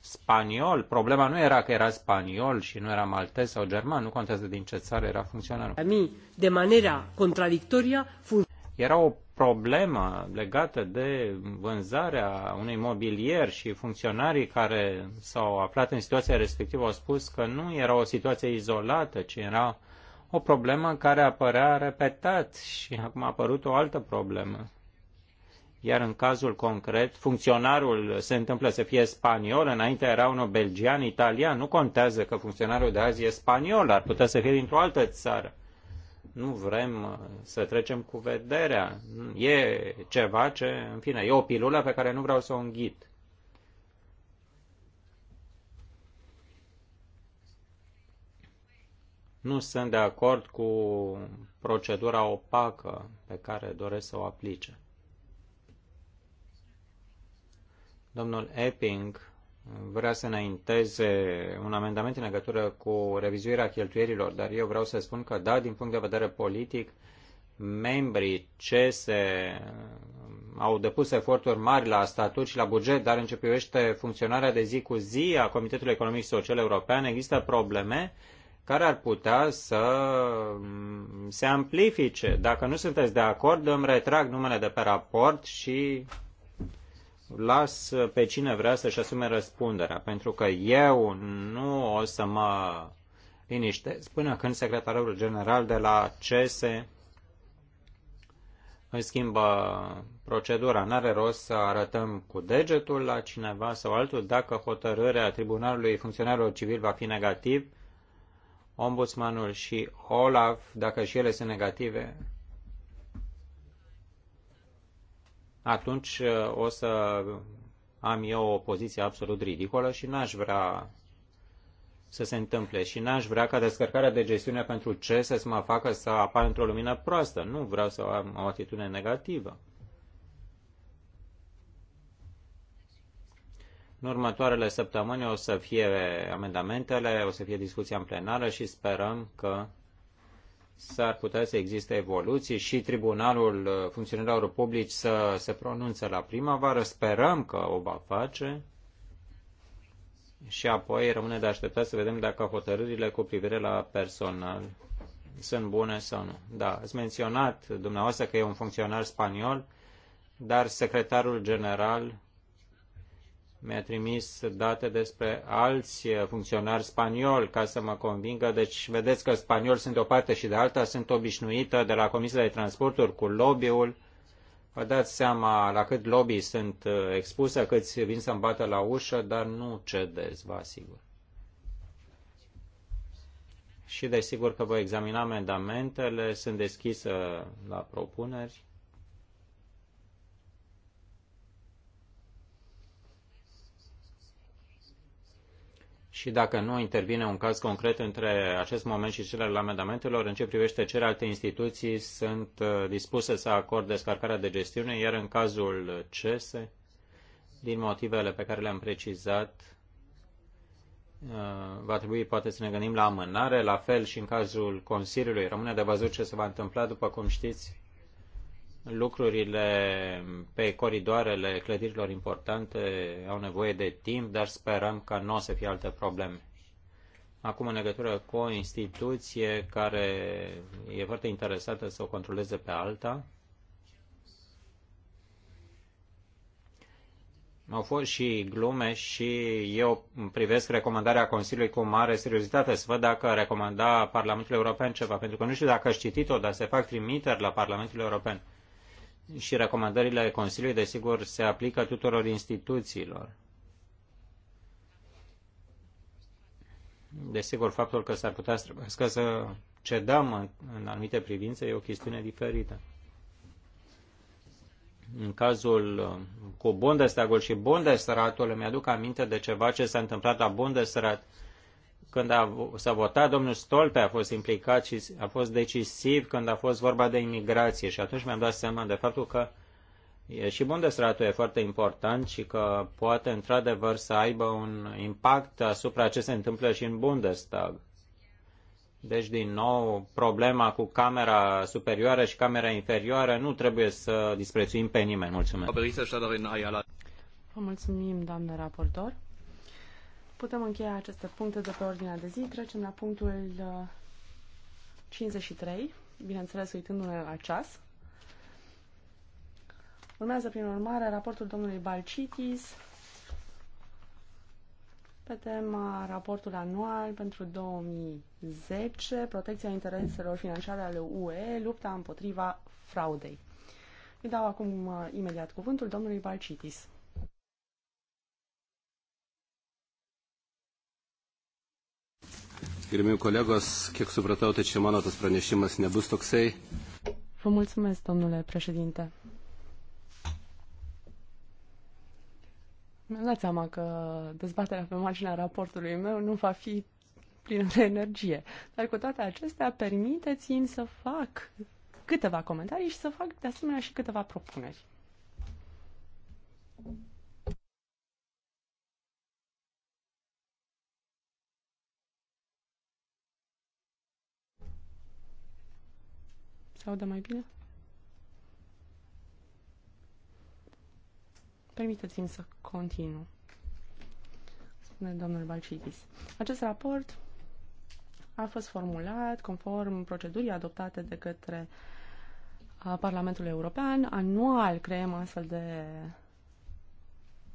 spaniol. Problema nu era că era spaniol și nu era maltez sau german, nu contează din ce țară era funcționarul. A de manera contradictoria, fun- era o problemă legată de vânzarea unui mobilier și funcționarii care s-au aflat în situația respectivă au spus că nu era o situație izolată, ci era o problemă care apărea repetat și acum a apărut o altă problemă iar în cazul concret, funcționarul se întâmplă să fie spaniol, înainte era unul belgian, italian, nu contează că funcționarul de azi e spaniol, ar putea să fie dintr-o altă țară. Nu vrem uh, să trecem cu vederea. E ceva ce, în fine, e o pilulă pe care nu vreau să o înghit. Nu sunt de acord cu procedura opacă pe care doresc să o aplice. Domnul Epping vrea să înainteze un amendament în legătură cu revizuirea cheltuierilor, dar eu vreau să spun că, da, din punct de vedere politic, membrii CESE au depus eforturi mari la statut și la buget, dar în funcționarea de zi cu zi a Comitetului Economic și Social European, există probleme care ar putea să se amplifice. Dacă nu sunteți de acord, îmi retrag numele de pe raport și las pe cine vrea să-și asume răspunderea, pentru că eu nu o să mă liniștesc până când secretarul general de la CESE îi schimbă procedura. N-are rost să arătăm cu degetul la cineva sau altul dacă hotărârea Tribunalului Funcționarilor Civil va fi negativ, ombudsmanul și Olaf, dacă și ele sunt negative, atunci uh, o să am eu o poziție absolut ridicolă și n-aș vrea să se întâmple și n-aș vrea ca descărcarea de gestiune pentru ce să mă facă să apar într-o lumină proastă. Nu vreau să am o atitudine negativă. În următoarele săptămâni o să fie amendamentele, o să fie discuția în plenară și sperăm că s-ar putea să existe evoluții și Tribunalul Funcționarilor Publici să se pronunțe la primăvară. Sperăm că o va face și apoi rămâne de așteptat să vedem dacă hotărârile cu privire la personal sunt bune sau nu. Da, ați menționat dumneavoastră că e un funcționar spaniol, dar secretarul general mi-a trimis date despre alți funcționari spanioli ca să mă convingă. Deci vedeți că spanioli sunt de o parte și de alta, sunt obișnuită de la Comisia de Transporturi cu lobby-ul. Vă dați seama la cât lobby sunt uh, expuse, câți vin să-mi bată la ușă, dar nu cedez, vă asigur. Și desigur că voi examina amendamentele, sunt deschisă la propuneri și dacă nu intervine un caz concret între acest moment și cel al amendamentelor, în ce privește celelalte instituții sunt uh, dispuse să acorde descarcarea de gestiune, iar în cazul CESE, din motivele pe care le-am precizat, uh, va trebui poate să ne gândim la amânare, la fel și în cazul Consiliului. Rămâne de văzut ce se va întâmpla, după cum știți, lucrurile pe coridoarele clădirilor importante au nevoie de timp, dar sperăm că nu o să fie alte probleme. Acum, în legătură cu o instituție care e foarte interesată să o controleze pe alta, au fost și glume și eu privesc recomandarea Consiliului cu mare seriozitate să văd dacă recomanda Parlamentul European ceva, pentru că nu știu dacă aș citit-o, dar se fac trimiteri la Parlamentul European și recomandările Consiliului, desigur, se aplică tuturor instituțiilor. Desigur, faptul că s-ar putea să să cedăm în, în anumite privințe e o chestiune diferită. În cazul uh, cu Bundestagul și Bundesratul, îmi aduc aminte de ceva ce s-a întâmplat la Bundesrat când a, s-a votat, domnul Stolpe a fost implicat și a fost decisiv când a fost vorba de imigrație și atunci mi-am dat seama de faptul că e și Bundesratul e foarte important și că poate într-adevăr să aibă un impact asupra ce se întâmplă și în Bundestag. Deci, din nou, problema cu camera superioară și camera inferioară nu trebuie să disprețuim pe nimeni. Mulțumesc. Vă mulțumim, doamne raportor. Putem încheia aceste puncte de pe ordinea de zi. Trecem la punctul 53, uh, bineînțeles uitându-ne la ceas. Urmează, prin urmare, raportul domnului Balcitis pe tema raportul anual pentru 2010, protecția intereselor financiare ale UE, lupta împotriva fraudei. Îi dau acum uh, imediat cuvântul domnului Balcitis. Gerbiami kolegos, kiek supratau, tai čia mano tas pranešimas nebus toksai. Vă mulțumesc, domnule președinte. Mi-am dat seama că dezbaterea pe marginea raportului meu nu va fi plină de energie. Dar cu toate acestea, permiteți-mi să fac câteva comentarii și să fac de asemenea și câteva propuneri. se audă mai bine? Permiteți-mi să continu. Spune domnul Balcitis. Acest raport a fost formulat conform procedurii adoptate de către Parlamentul European. Anual creăm astfel de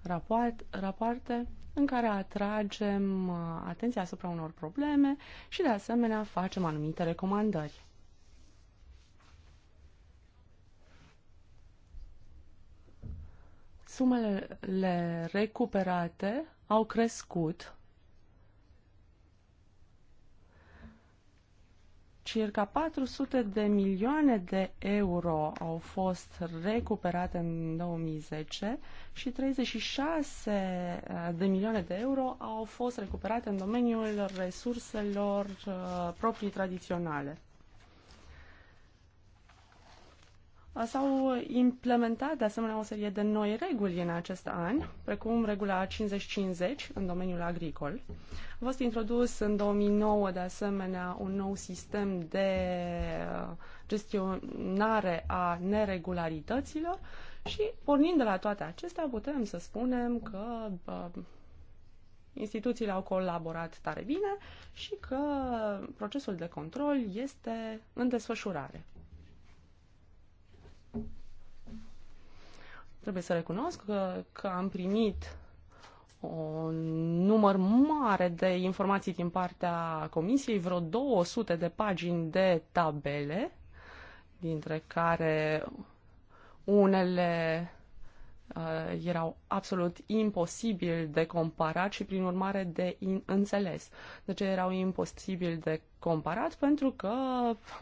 rapoarte, rapoarte în care atragem atenția asupra unor probleme și, de asemenea, facem anumite recomandări. sumele recuperate au crescut circa 400 de milioane de euro au fost recuperate în 2010 și 36 uh, de milioane de euro au fost recuperate în domeniul resurselor uh, proprii tradiționale. S-au implementat de asemenea o serie de noi reguli în acest an, precum regula 50-50 în domeniul agricol. A fost introdus în 2009 de asemenea un nou sistem de uh, gestionare a neregularităților și pornind de la toate acestea putem să spunem că bă, uh, instituțiile au colaborat tare bine și că procesul de control este în desfășurare. Trebuie să recunosc că, că am primit un număr mare de informații din partea comisiei, vreo 200 de pagini de tabele, dintre care unele uh, erau absolut imposibil de comparat și, prin urmare, de înțeles. De ce erau imposibil de comparat? Pentru că,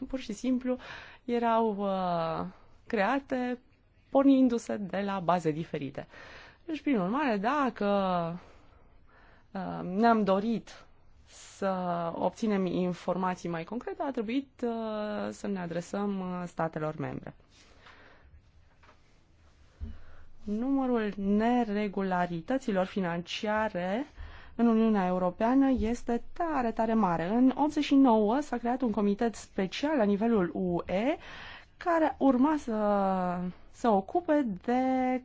pur și simplu, erau uh, create pornindu-se de la baze diferite. Deci, prin urmare, dacă uh, ne-am dorit să obținem informații mai concrete, a trebuit uh, să ne adresăm uh, statelor membre. Numărul neregularităților financiare în Uniunea Europeană este tare, tare mare. În 89 s-a creat un comitet special la nivelul UE care urma să se ocupe de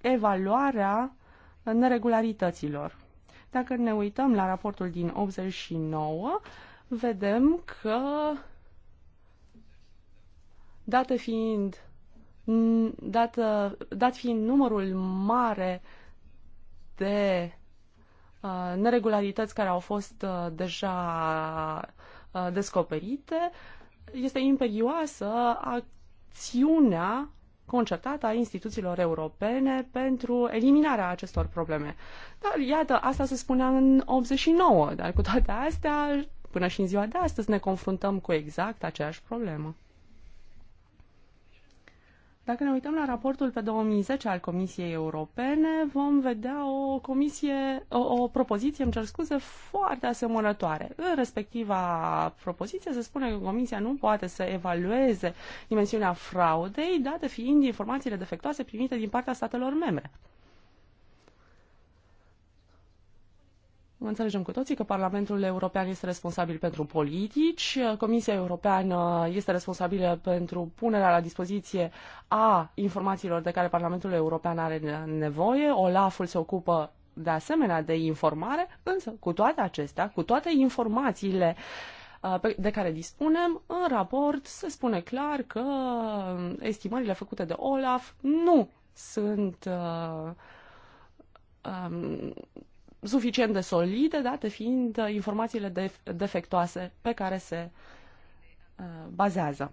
evaluarea neregularităților. Dacă ne uităm la raportul din 89, vedem că, date fiind, dată, dat fiind numărul mare de uh, neregularități care au fost uh, deja uh, descoperite, este imperioasă acțiunea concertată a instituțiilor europene pentru eliminarea acestor probleme. Dar iată, asta se spunea în 89, dar cu toate astea, până și în ziua de astăzi ne confruntăm cu exact aceeași problemă. Dacă ne uităm la raportul pe 2010 al Comisiei Europene, vom vedea o comisie, o, o propoziție, îmi cer scuze, foarte asemănătoare. În respectiva propoziție se spune că Comisia nu poate să evalueze dimensiunea fraudei, date fiind informațiile defectoase primite din partea statelor membre. Înțelegem cu toții că Parlamentul European este responsabil pentru politici, Comisia Europeană este responsabilă pentru punerea la dispoziție a informațiilor de care Parlamentul European are nevoie, OLAF-ul se ocupă de asemenea de informare, însă cu toate acestea, cu toate informațiile uh, de care dispunem, în raport se spune clar că estimările făcute de OLAF nu sunt uh, um, suficient de solide, date fiind uh, informațiile def- defectoase pe care se uh, bazează.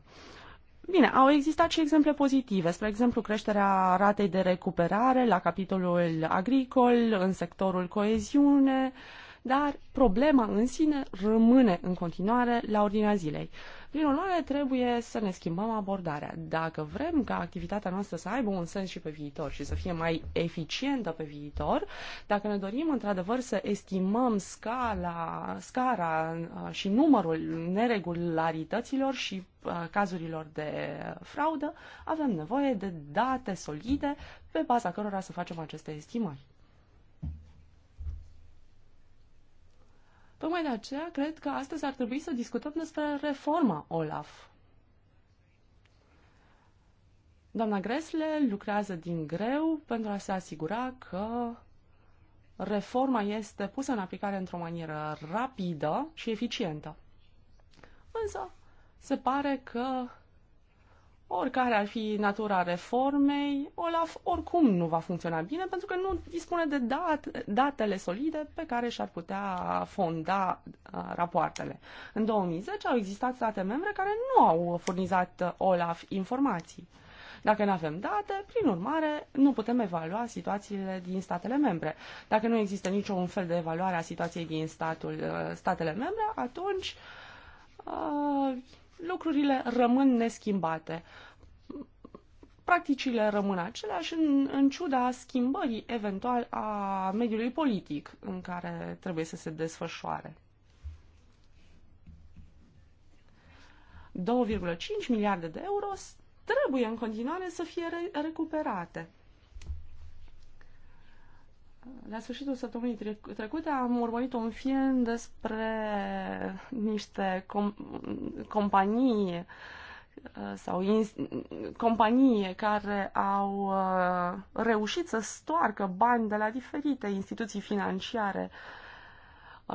Bine, au existat și exemple pozitive, spre exemplu creșterea ratei de recuperare la capitolul agricol, în sectorul coeziune, dar problema în sine rămâne în continuare la ordinea zilei. Uh, prin urmare, trebuie să ne schimbăm abordarea. Dacă vrem ca activitatea noastră să aibă un sens și pe viitor și să fie mai eficientă pe viitor, dacă ne dorim într-adevăr să estimăm scala, scara uh, și numărul neregularităților și uh, cazurilor de fraudă, avem nevoie de date solide pe baza cărora să facem aceste estimări. Tocmai de aceea cred că astăzi ar trebui să discutăm despre reforma OLAF. Doamna Gresle lucrează din greu pentru a se asigura că reforma este pusă în aplicare într-o manieră rapidă și eficientă. Însă, se pare că oricare ar fi natura reformei, Olaf oricum nu va funcționa bine pentru că nu dispune de dat, datele solide pe care și-ar putea fonda uh, rapoartele. În 2010 au existat state membre care nu au furnizat uh, Olaf informații. Dacă nu avem date, prin urmare, nu putem evalua situațiile din statele membre. Dacă nu există niciun fel de evaluare a situației din statul, uh, statele membre, atunci uh, lucrurile rămân neschimbate. Practicile rămân aceleași în, în ciuda schimbării eventual a mediului politic în care trebuie să se desfășoare. 2,5 miliarde de euro trebuie în continuare să fie recuperate la sfârșitul săptămânii trecute am urmărit un film despre niște com- companii uh, sau in- companii care au uh, reușit să stoarcă bani de la diferite instituții financiare uh,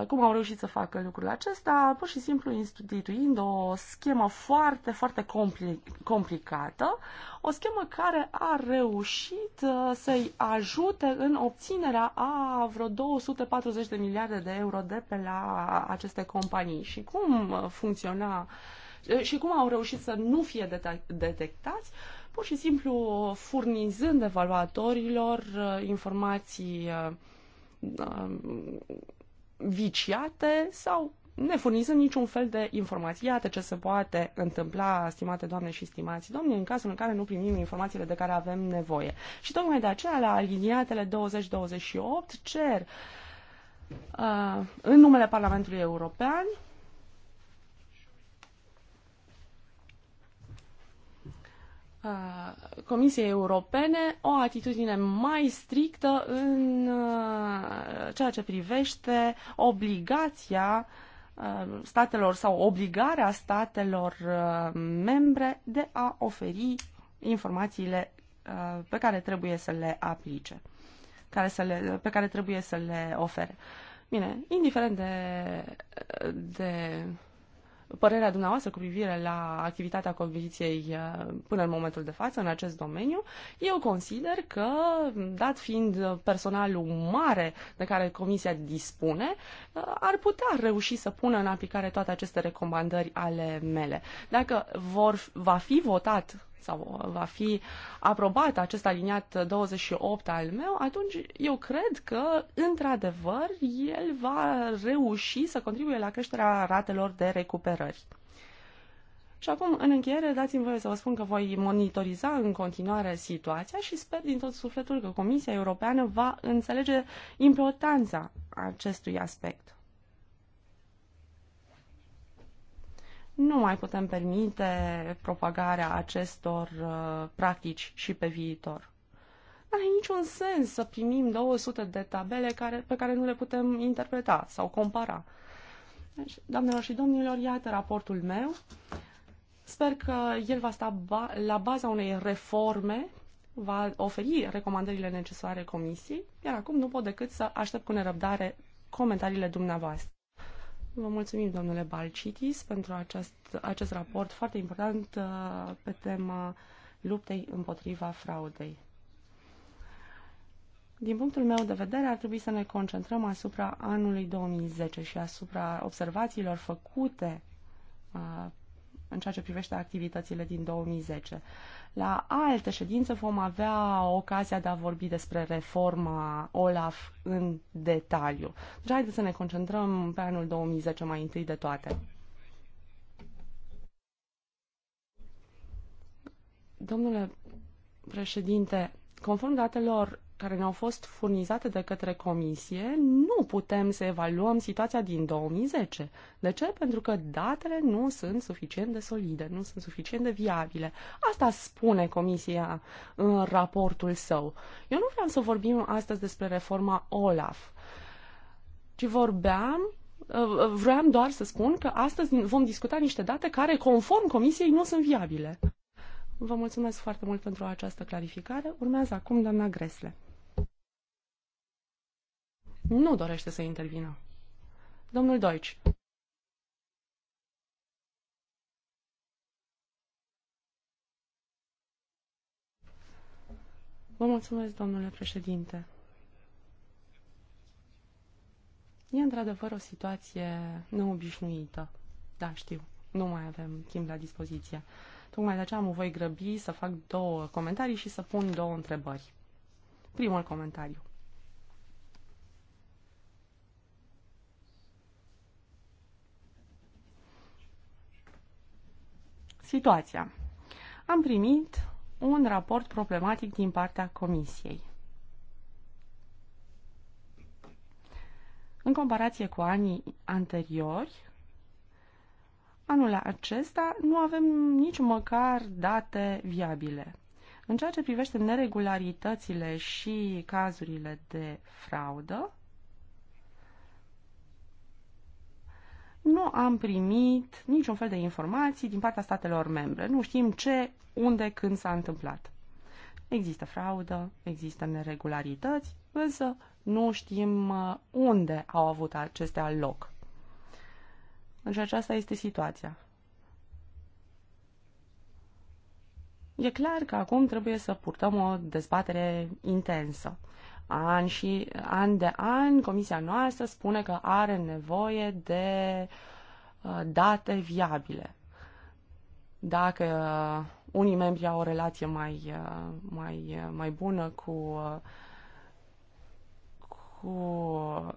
cum au reușit să facă lucrul acesta? Pur și simplu instituind o schemă foarte, foarte compli- complicată, o schemă care a reușit uh, să-i ajute în obținerea a vreo 240 de miliarde de euro de pe la aceste companii. Și cum uh, funcționa uh, și cum au reușit să nu fie detectați? Pur și simplu furnizând evaluatorilor informații viciate sau ne furnizând niciun fel de informații. Iată ce se poate întâmpla, stimate doamne și stimați domni, în cazul în care nu primim informațiile de care avem nevoie. Și tocmai de aceea, la aliniatele 20-28, cer uh, în numele Parlamentului European Uh, Comisiei Europene o atitudine mai strictă în uh, ceea ce privește obligația uh, statelor sau obligarea statelor membre de a oferi informațiile pe care trebuie să le aplice, care să le, pe care trebuie să le ofere. Bine, indiferent de, de părerea dumneavoastră cu privire la activitatea Comisiei uh, până în momentul de față în acest domeniu. Eu consider că, dat fiind personalul mare de care Comisia dispune, uh, ar putea reuși să pună în aplicare toate aceste recomandări ale mele. Dacă vor, va fi votat sau va fi aprobat acest aliniat 28 al meu, atunci eu cred că, într-adevăr, el va reuși să contribuie la creșterea ratelor de recuperări. Și acum, în încheiere, dați-mi voie să vă spun că voi monitoriza în continuare situația și sper din tot sufletul că Comisia Europeană va înțelege importanța acestui aspect. nu mai putem permite propagarea acestor uh, practici și pe viitor. N-are niciun sens să primim 200 de tabele care, pe care nu le putem interpreta sau compara. Deci, doamnelor și domnilor, iată raportul meu. Sper că el va sta ba- la baza unei reforme, va oferi recomandările necesare comisiei, iar acum nu pot decât să aștept cu nerăbdare comentariile dumneavoastră. Vă mulțumim, domnule Balcitis, pentru acest, acest raport foarte important uh, pe tema luptei împotriva fraudei. Din punctul meu de vedere, ar trebui să ne concentrăm asupra anului 2010 și asupra observațiilor făcute uh, în ceea ce privește activitățile din 2010. La alte ședințe vom avea ocazia de a vorbi despre reforma OLAF în detaliu. Deci haideți să ne concentrăm pe anul 2010 mai întâi de toate. Domnule președinte, conform datelor care ne-au fost furnizate de către comisie, nu putem să evaluăm situația din 2010. De ce? Pentru că datele nu sunt suficient de solide, nu sunt suficient de viabile. Asta spune comisia în raportul său. Eu nu vreau să vorbim astăzi despre reforma OLAF, ci vorbeam uh, Vreau doar să spun că astăzi vom discuta niște date care, conform Comisiei, nu sunt viabile. Vă mulțumesc foarte mult pentru această clarificare. Urmează acum doamna Gresle nu dorește să intervină. Domnul Deutsch. Vă mulțumesc, domnule președinte. E într-adevăr o situație neobișnuită. Da, știu, nu mai avem timp la dispoziție. Tocmai de aceea mă voi grăbi să fac două comentarii și să pun două întrebări. Primul comentariu. situația. Am primit un raport problematic din partea Comisiei. În comparație cu anii anteriori, anul acesta nu avem nici măcar date viabile. În ceea ce privește neregularitățile și cazurile de fraudă, nu am primit niciun fel de informații din partea statelor membre. Nu știm ce, unde, când s-a întâmplat. Există fraudă, există neregularități, însă nu știm uh, unde au avut acestea loc. Deci aceasta este situația. E clar că acum trebuie să purtăm o dezbatere intensă an și an de an, comisia noastră spune că are nevoie de uh, date viabile. Dacă unii membri au o relație mai, uh, mai, uh, mai bună cu, cu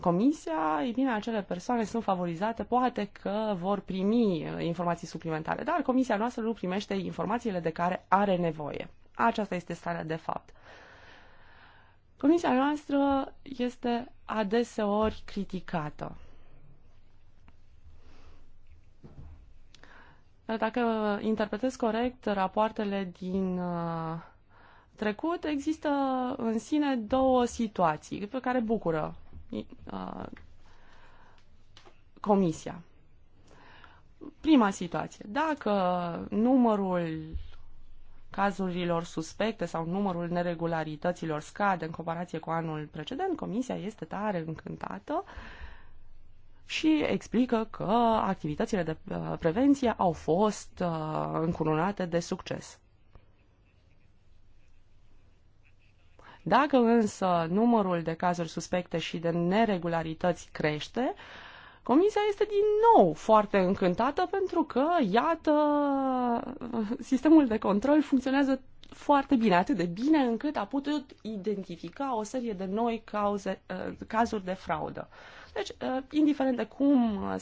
comisia, ei bine, acele persoane sunt favorizate, poate că vor primi informații suplimentare, dar comisia noastră nu primește informațiile de care are nevoie. Aceasta este starea de fapt. Comisia noastră este adeseori criticată. Dacă interpretez corect rapoartele din uh, trecut, există în sine două situații pe care bucură uh, Comisia. Prima situație, dacă numărul cazurilor suspecte sau numărul neregularităților scade în comparație cu anul precedent, comisia este tare încântată și explică că activitățile de uh, prevenție au fost uh, încununate de succes. Dacă însă numărul de cazuri suspecte și de neregularități crește, uh, Comisia este din nou foarte încântată pentru că, iată, sistemul de control funcționează foarte bine, atât de bine încât a putut identifica o serie de noi cauze, uh, cazuri de fraudă. Deci, uh, indiferent de cum uh,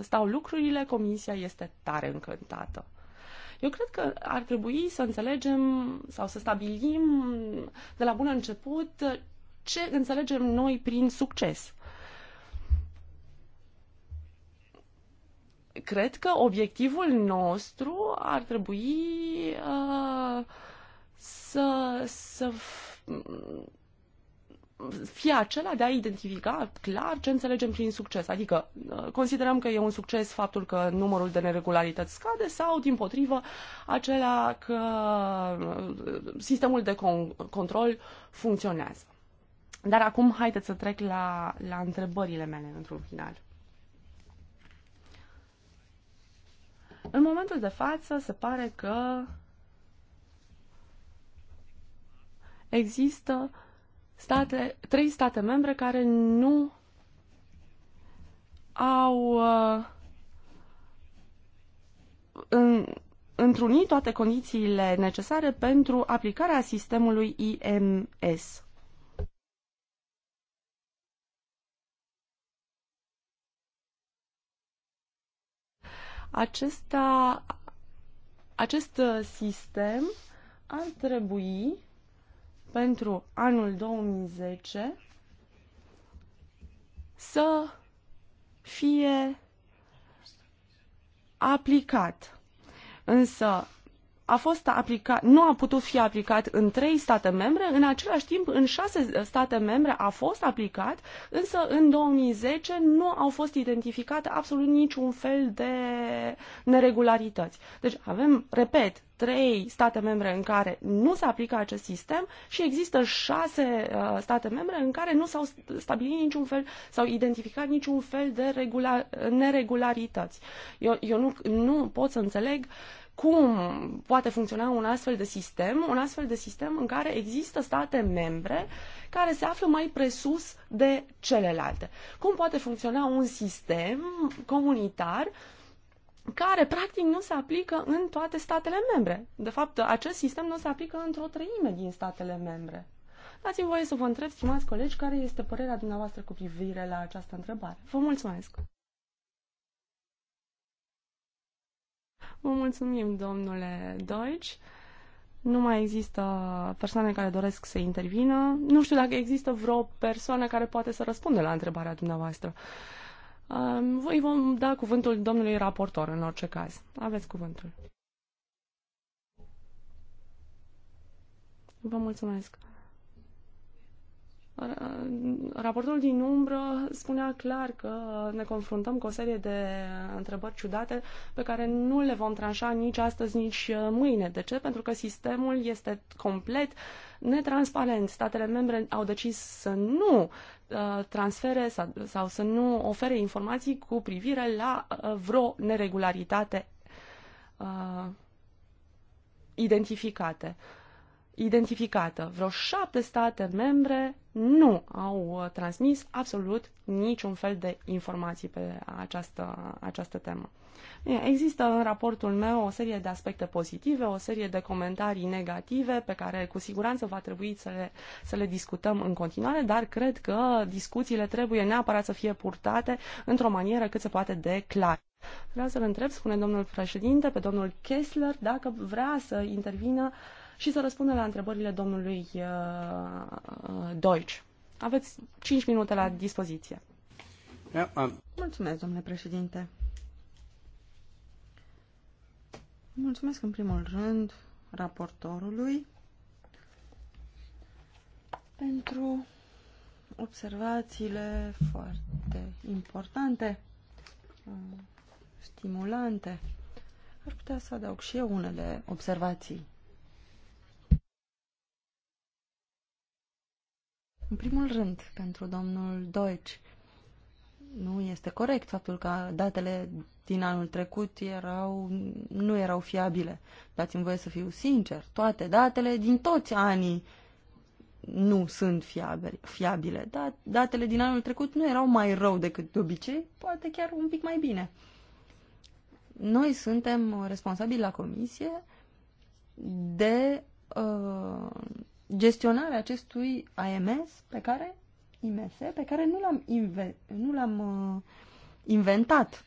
stau lucrurile, comisia este tare încântată. Eu cred că ar trebui să înțelegem sau să stabilim de la bun început ce înțelegem noi prin succes. cred că obiectivul nostru ar trebui uh, să, să fie acela de a identifica clar ce înțelegem prin succes. Adică uh, considerăm că e un succes faptul că numărul de neregularități scade sau, din potrivă, acela că uh, sistemul de con- control funcționează. Dar acum haideți să trec la, la întrebările mele într-un final. În momentul de față se pare că există state, trei state membre care nu au uh, în, întrunit toate condițiile necesare pentru aplicarea sistemului IMS. Acesta, acest uh, sistem ar trebui pentru anul 2010 să fie aplicat. Însă, a fost aplicat, nu a putut fi aplicat în trei state membre, în același timp în șase state membre a fost aplicat, însă în 2010 nu au fost identificate absolut niciun fel de neregularități. Deci avem, repet, trei state membre în care nu se aplică acest sistem și există șase uh, state membre în care nu s-au stabilit niciun fel sau identificat niciun fel de neregularități. Eu, eu nu, nu pot să înțeleg uh, cum poate funcționa un astfel de sistem, un astfel de sistem în care există state membre care se află mai presus de celelalte. Cum poate funcționa un sistem comunitar care practic nu se aplică în toate statele membre. De fapt, acest sistem nu se aplică într-o treime din statele membre. Dați-mi voie să vă întreb, stimați colegi, care este părerea dumneavoastră cu privire la această întrebare. Vă mulțumesc! Vă mulțumim, domnule Deutsch. Nu mai există persoane care doresc să intervină. Nu știu dacă există vreo persoană care poate să răspundă la întrebarea dumneavoastră. Voi vom da cuvântul domnului raportor în orice caz. Aveți cuvântul. Vă mulțumesc. Raportul din umbră spunea clar că ne confruntăm cu o serie de întrebări ciudate pe care nu le vom tranșa nici astăzi, nici uh, mâine. De ce? Pentru că sistemul este complet netransparent. Statele membre au decis să nu uh, transfere sau să nu ofere informații cu privire la uh, vreo neregularitate identificate identificată. Vreo șapte state membre nu au uh, transmis absolut niciun fel de informații pe această, această temă. Există în raportul meu o serie de aspecte pozitive, o serie de comentarii negative pe care cu siguranță va trebui să le, să le discutăm în continuare, dar cred că discuțiile trebuie neapărat să fie purtate într-o manieră cât se poate de clar. Vreau să-l întreb, spune domnul președinte, pe domnul Kessler dacă vrea să intervină uh, și să răspundă la întrebările domnului uh, Deutsch. Aveți 5 minute la dispoziție. Da, Mulțumesc, domnule președinte. Mulțumesc în primul rând raportorului pentru observațiile foarte importante, stimulante. Ar putea să adaug și eu unele observații. În primul rând, pentru domnul Deutsch, nu este corect faptul că datele din anul trecut erau, nu erau fiabile. Dați-mi voie să fiu sincer, toate datele din toți anii nu sunt fiabile. Da, datele din anul trecut nu erau mai rău decât de obicei, poate chiar un pic mai bine. Noi suntem responsabili la comisie de uh, gestionarea acestui AMS pe care, IMS, pe care nu l-am, inve- nu l-am uh, inventat.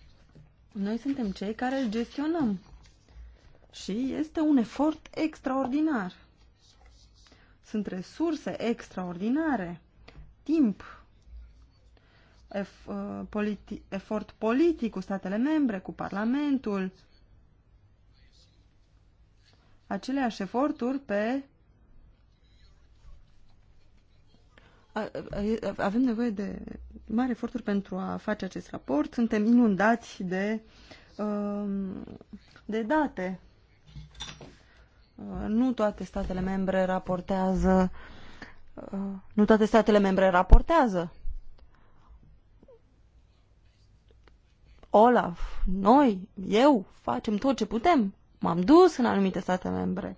Noi suntem cei care îl gestionăm. Și este un efort extraordinar. Sunt resurse extraordinare, timp, ef, uh, politi- efort politic cu statele membre, cu Parlamentul, aceleași eforturi pe avem nevoie de mari eforturi pentru a face acest raport. Suntem inundați de, um, de date. Uh, nu toate statele membre raportează. Uh, nu toate statele membre raportează. Olaf, noi, eu, facem tot ce putem. M-am dus în anumite state membre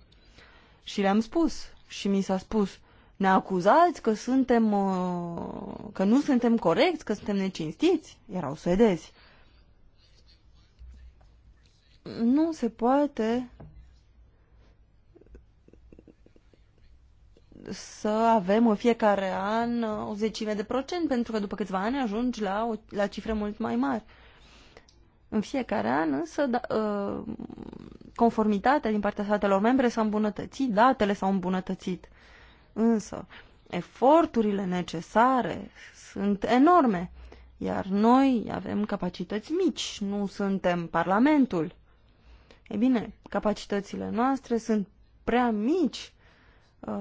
și le-am spus și mi s-a spus uh, ne acuzați că suntem, uh, că nu suntem corecți, că suntem necinstiți. Erau suedezi. Nu se poate să avem în fiecare an uh, o zecime de procent, pentru că după câțiva ani ajungi la, o, la cifre mult mai mari. În fiecare an, însă, da, uh, conformitatea din partea statelor membre s-a îmbunătățit, datele s-au îmbunătățit. Însă, eforturile necesare sunt enorme, iar noi avem capacități mici, nu suntem Parlamentul. E bine, capacitățile noastre sunt prea mici uh,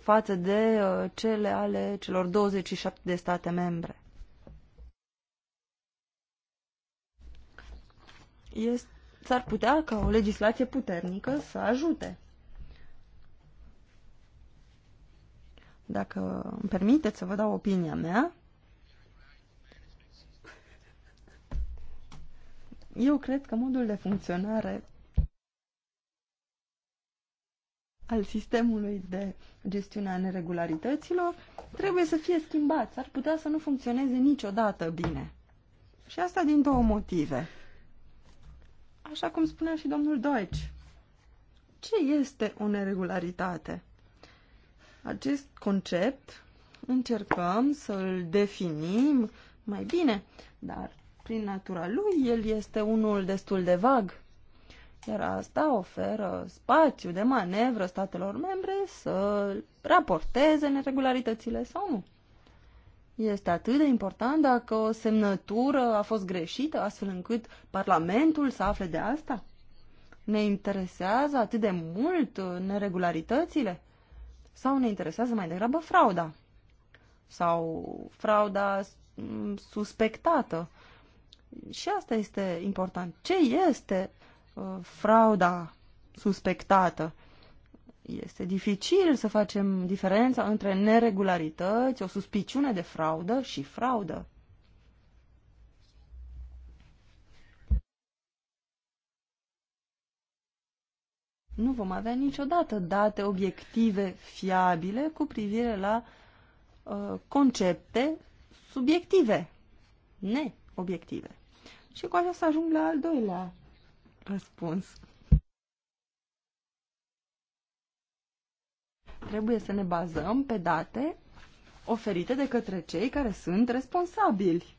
față de uh, cele ale celor 27 de state membre. s-ar putea ca o legislație puternică să ajute. Dacă îmi permiteți să vă dau opinia mea, eu cred că modul de funcționare al sistemului de gestiune a neregularităților trebuie să fie schimbat. S-ar putea să nu funcționeze niciodată bine. Și asta din două motive. Așa cum spunea și domnul Deutsch. Ce este o neregularitate? Acest concept încercăm să-l definim mai bine, dar prin natura lui el este unul destul de vag. Iar asta oferă spațiu de manevră statelor membre să raporteze neregularitățile sau nu. Este atât de important dacă o semnătură a fost greșită, astfel încât Parlamentul să afle de asta? Ne interesează atât de mult neregularitățile? sau ne interesează mai degrabă frauda sau frauda mm, suspectată. Și asta este important. Ce este uh, frauda suspectată? Este dificil să facem diferența între neregularități, o suspiciune de fraudă și fraudă. nu vom avea niciodată date obiective fiabile cu privire la uh, concepte subiective, neobiective. Și cu să ajung la al doilea răspuns. Trebuie să ne bazăm pe date oferite de către cei care sunt responsabili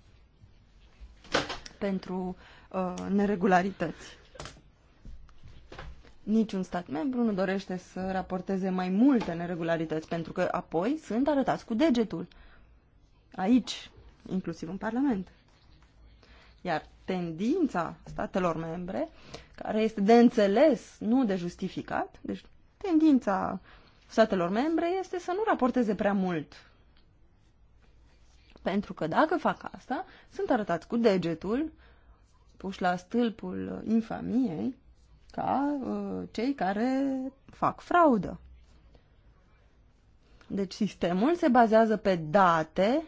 pentru uh, neregularități niciun stat membru nu dorește să raporteze mai multe neregularități, pentru că apoi sunt arătați cu degetul. Aici, inclusiv în Parlament. Iar tendința statelor membre, care este de înțeles, nu de justificat, deci tendința statelor membre este să nu raporteze prea mult. Pentru că dacă fac asta, sunt arătați cu degetul, puși la stâlpul infamiei, ca uh, cei care fac fraudă. Deci sistemul se bazează pe date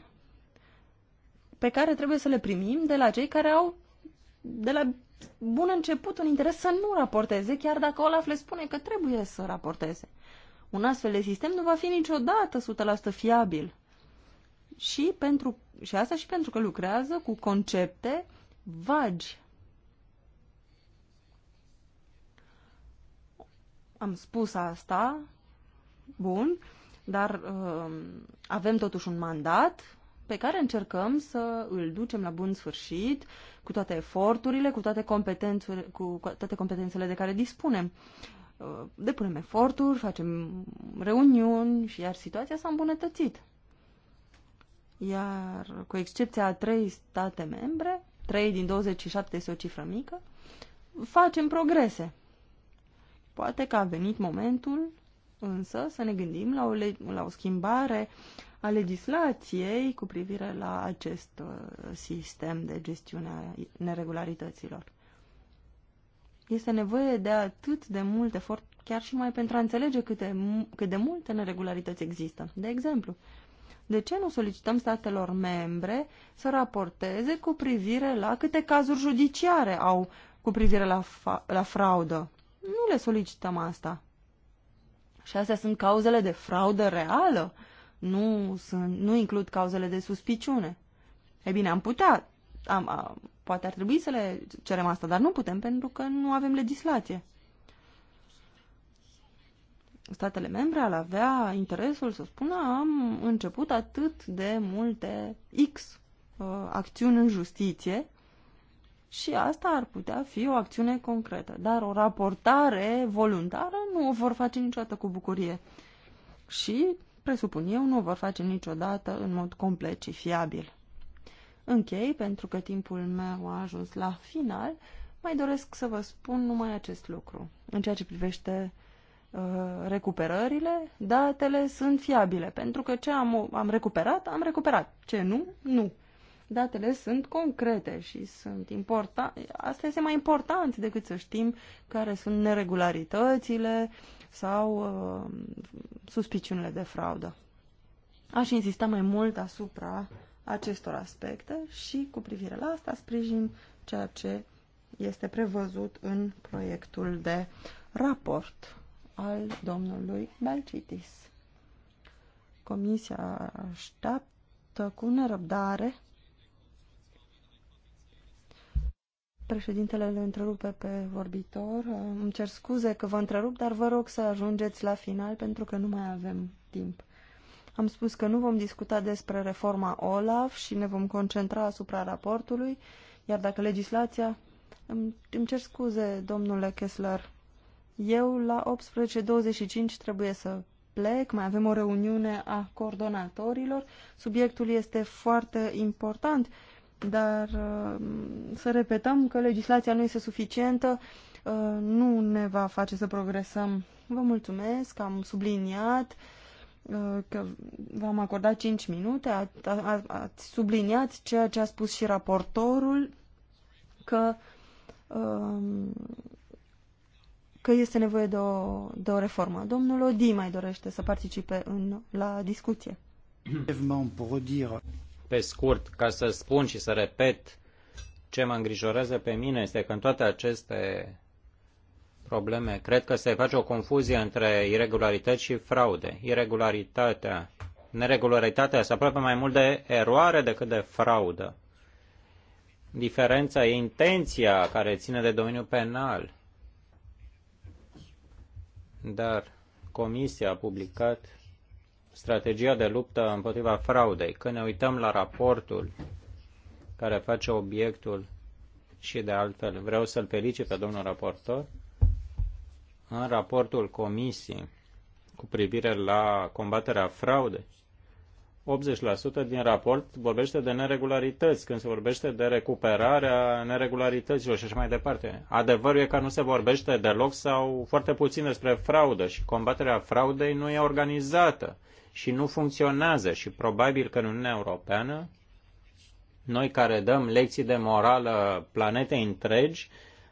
pe care trebuie să le primim de la cei care au de la bun început un interes să nu raporteze, chiar dacă Olaf le spune că trebuie să raporteze. Un astfel de sistem nu va fi niciodată 100% fiabil. Și, pentru, și asta și pentru că lucrează cu concepte vagi am spus asta, bun, dar uh, avem totuși un mandat pe care încercăm să îl ducem la bun sfârșit cu toate eforturile, cu toate, competențele, cu toate competențele de care dispunem. Uh, depunem eforturi, facem reuniuni și iar situația s-a îmbunătățit. Iar cu excepția a trei state membre, (trei din 27 este o cifră mică, facem progrese. Poate că a venit momentul însă să ne gândim la o, la o schimbare a legislației cu privire la acest uh, sistem de gestiune a neregularităților. Este nevoie de atât de mult efort, chiar și mai pentru a înțelege câte, cât de multe neregularități există. De exemplu, de ce nu solicităm statelor membre să raporteze cu privire la câte cazuri judiciare au cu privire la, la fraudă? nu le solicităm asta. Și astea sunt cauzele de fraudă reală, nu, sunt, nu includ cauzele de suspiciune. E bine, am putea, am, a, poate ar trebui să le cerem asta, dar nu putem pentru că nu avem legislație. Statele membre ar avea interesul să spună am început atât de multe X uh, acțiuni în justiție și asta ar putea fi o acțiune concretă. Dar o raportare voluntară nu o vor face niciodată cu bucurie. Și, presupun eu, nu o vor face niciodată în mod complet și fiabil. Închei, pentru că timpul meu a ajuns la final, mai doresc să vă spun numai acest lucru. În ceea ce privește uh, recuperările, datele sunt fiabile, pentru că ce am, am recuperat, am recuperat. Ce nu, nu datele sunt concrete și sunt importante. Asta este mai important decât să știm care sunt neregularitățile sau uh, suspiciunile de fraudă. Aș insista mai mult asupra acestor aspecte și cu privire la asta sprijin ceea ce este prevăzut în proiectul de raport al domnului Balcitis. Comisia așteaptă cu nerăbdare Președintele le întrerupe pe vorbitor. Îmi cer scuze că vă întrerup, dar vă rog să ajungeți la final pentru că nu mai avem timp. Am spus că nu vom discuta despre reforma OLAF și ne vom concentra asupra raportului, iar dacă legislația... Îmi, îmi cer scuze, domnule Kessler. Eu la 18.25 trebuie să plec, mai avem o reuniune a coordonatorilor. Subiectul este foarte important dar uh, să repetăm că legislația nu este suficientă uh, nu ne va face să progresăm. Vă mulțumesc, am subliniat uh, că v-am acordat 5 minute, ați subliniat ceea ce a spus și raportorul, că, um, că este nevoie de o, de o reformă. Domnul Odi mai dorește să participe în, la discuție pe scurt, ca să spun și să repet ce mă îngrijorează pe mine este că în toate aceste probleme cred că se face o confuzie între irregularități și fraude. Irregularitatea, neregularitatea se apropie mai mult de eroare decât de fraudă. Diferența e intenția care ține de domeniul penal. Dar Comisia a publicat strategia de luptă împotriva fraudei. Când ne uităm la raportul care face obiectul și de altfel vreau să-l felicit pe domnul raportor, în raportul comisiei cu privire la combaterea fraudei, 80% din raport vorbește de neregularități, când se vorbește de recuperarea neregularităților și așa mai departe. Adevărul e că nu se vorbește deloc sau foarte puțin despre fraudă și combaterea fraudei nu e organizată și nu funcționează și probabil că în Uniunea Europeană, noi care dăm lecții de morală planetei întregi,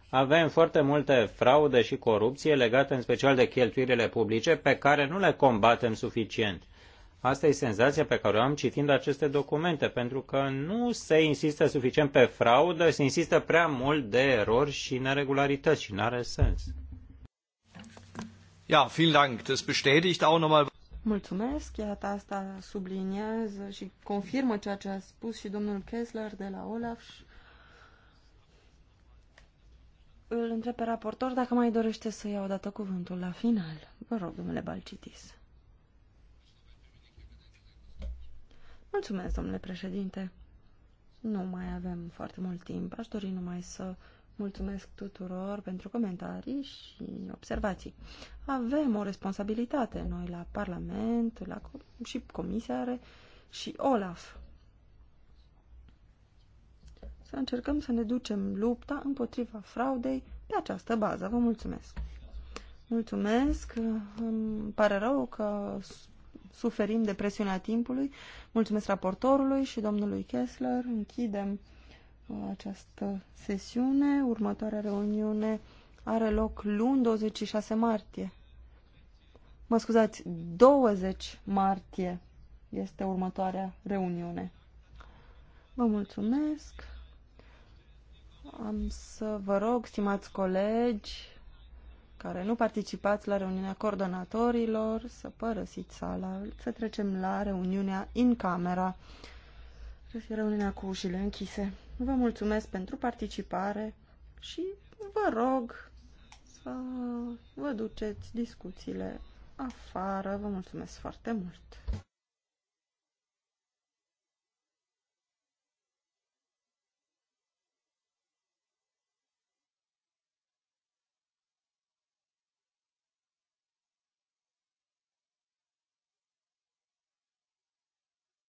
avem foarte multe fraude și corupție legate în special de cheltuirile publice pe care nu le combatem suficient. Asta e senzația pe care o am citind aceste documente, pentru că nu se insistă suficient pe fraudă, se insistă prea mult de erori și neregularități și nu are sens. Ja, vielen Dank. Das bestätigt auch nochmal Mulțumesc, iată asta subliniază și confirmă ceea ce a spus și domnul Kessler de la Olaf. Îl întreb pe raportor dacă mai dorește să ia dată cuvântul la final. Vă rog, domnule Balcitis. Mulțumesc, domnule președinte. Nu mai avem foarte mult timp. Aș dori numai să Mulțumesc tuturor pentru comentarii și observații. Avem o responsabilitate noi la Parlament la, și Comisia are și OLAF. Să încercăm să ne ducem lupta împotriva fraudei pe această bază. Vă mulțumesc! Mulțumesc! Îmi pare rău că suferim de presiunea timpului. Mulțumesc raportorului și domnului Kessler. Închidem această sesiune. Următoarea reuniune are loc luni, 26 martie. Mă scuzați, 20 martie este următoarea reuniune. Vă mulțumesc. Am să vă rog, stimați colegi care nu participați la reuniunea coordonatorilor, să părăsiți sala, să trecem la reuniunea în camera reuniunea cu ușile închise. Vă mulțumesc pentru participare și vă rog să vă duceți discuțiile afară. Vă mulțumesc foarte mult!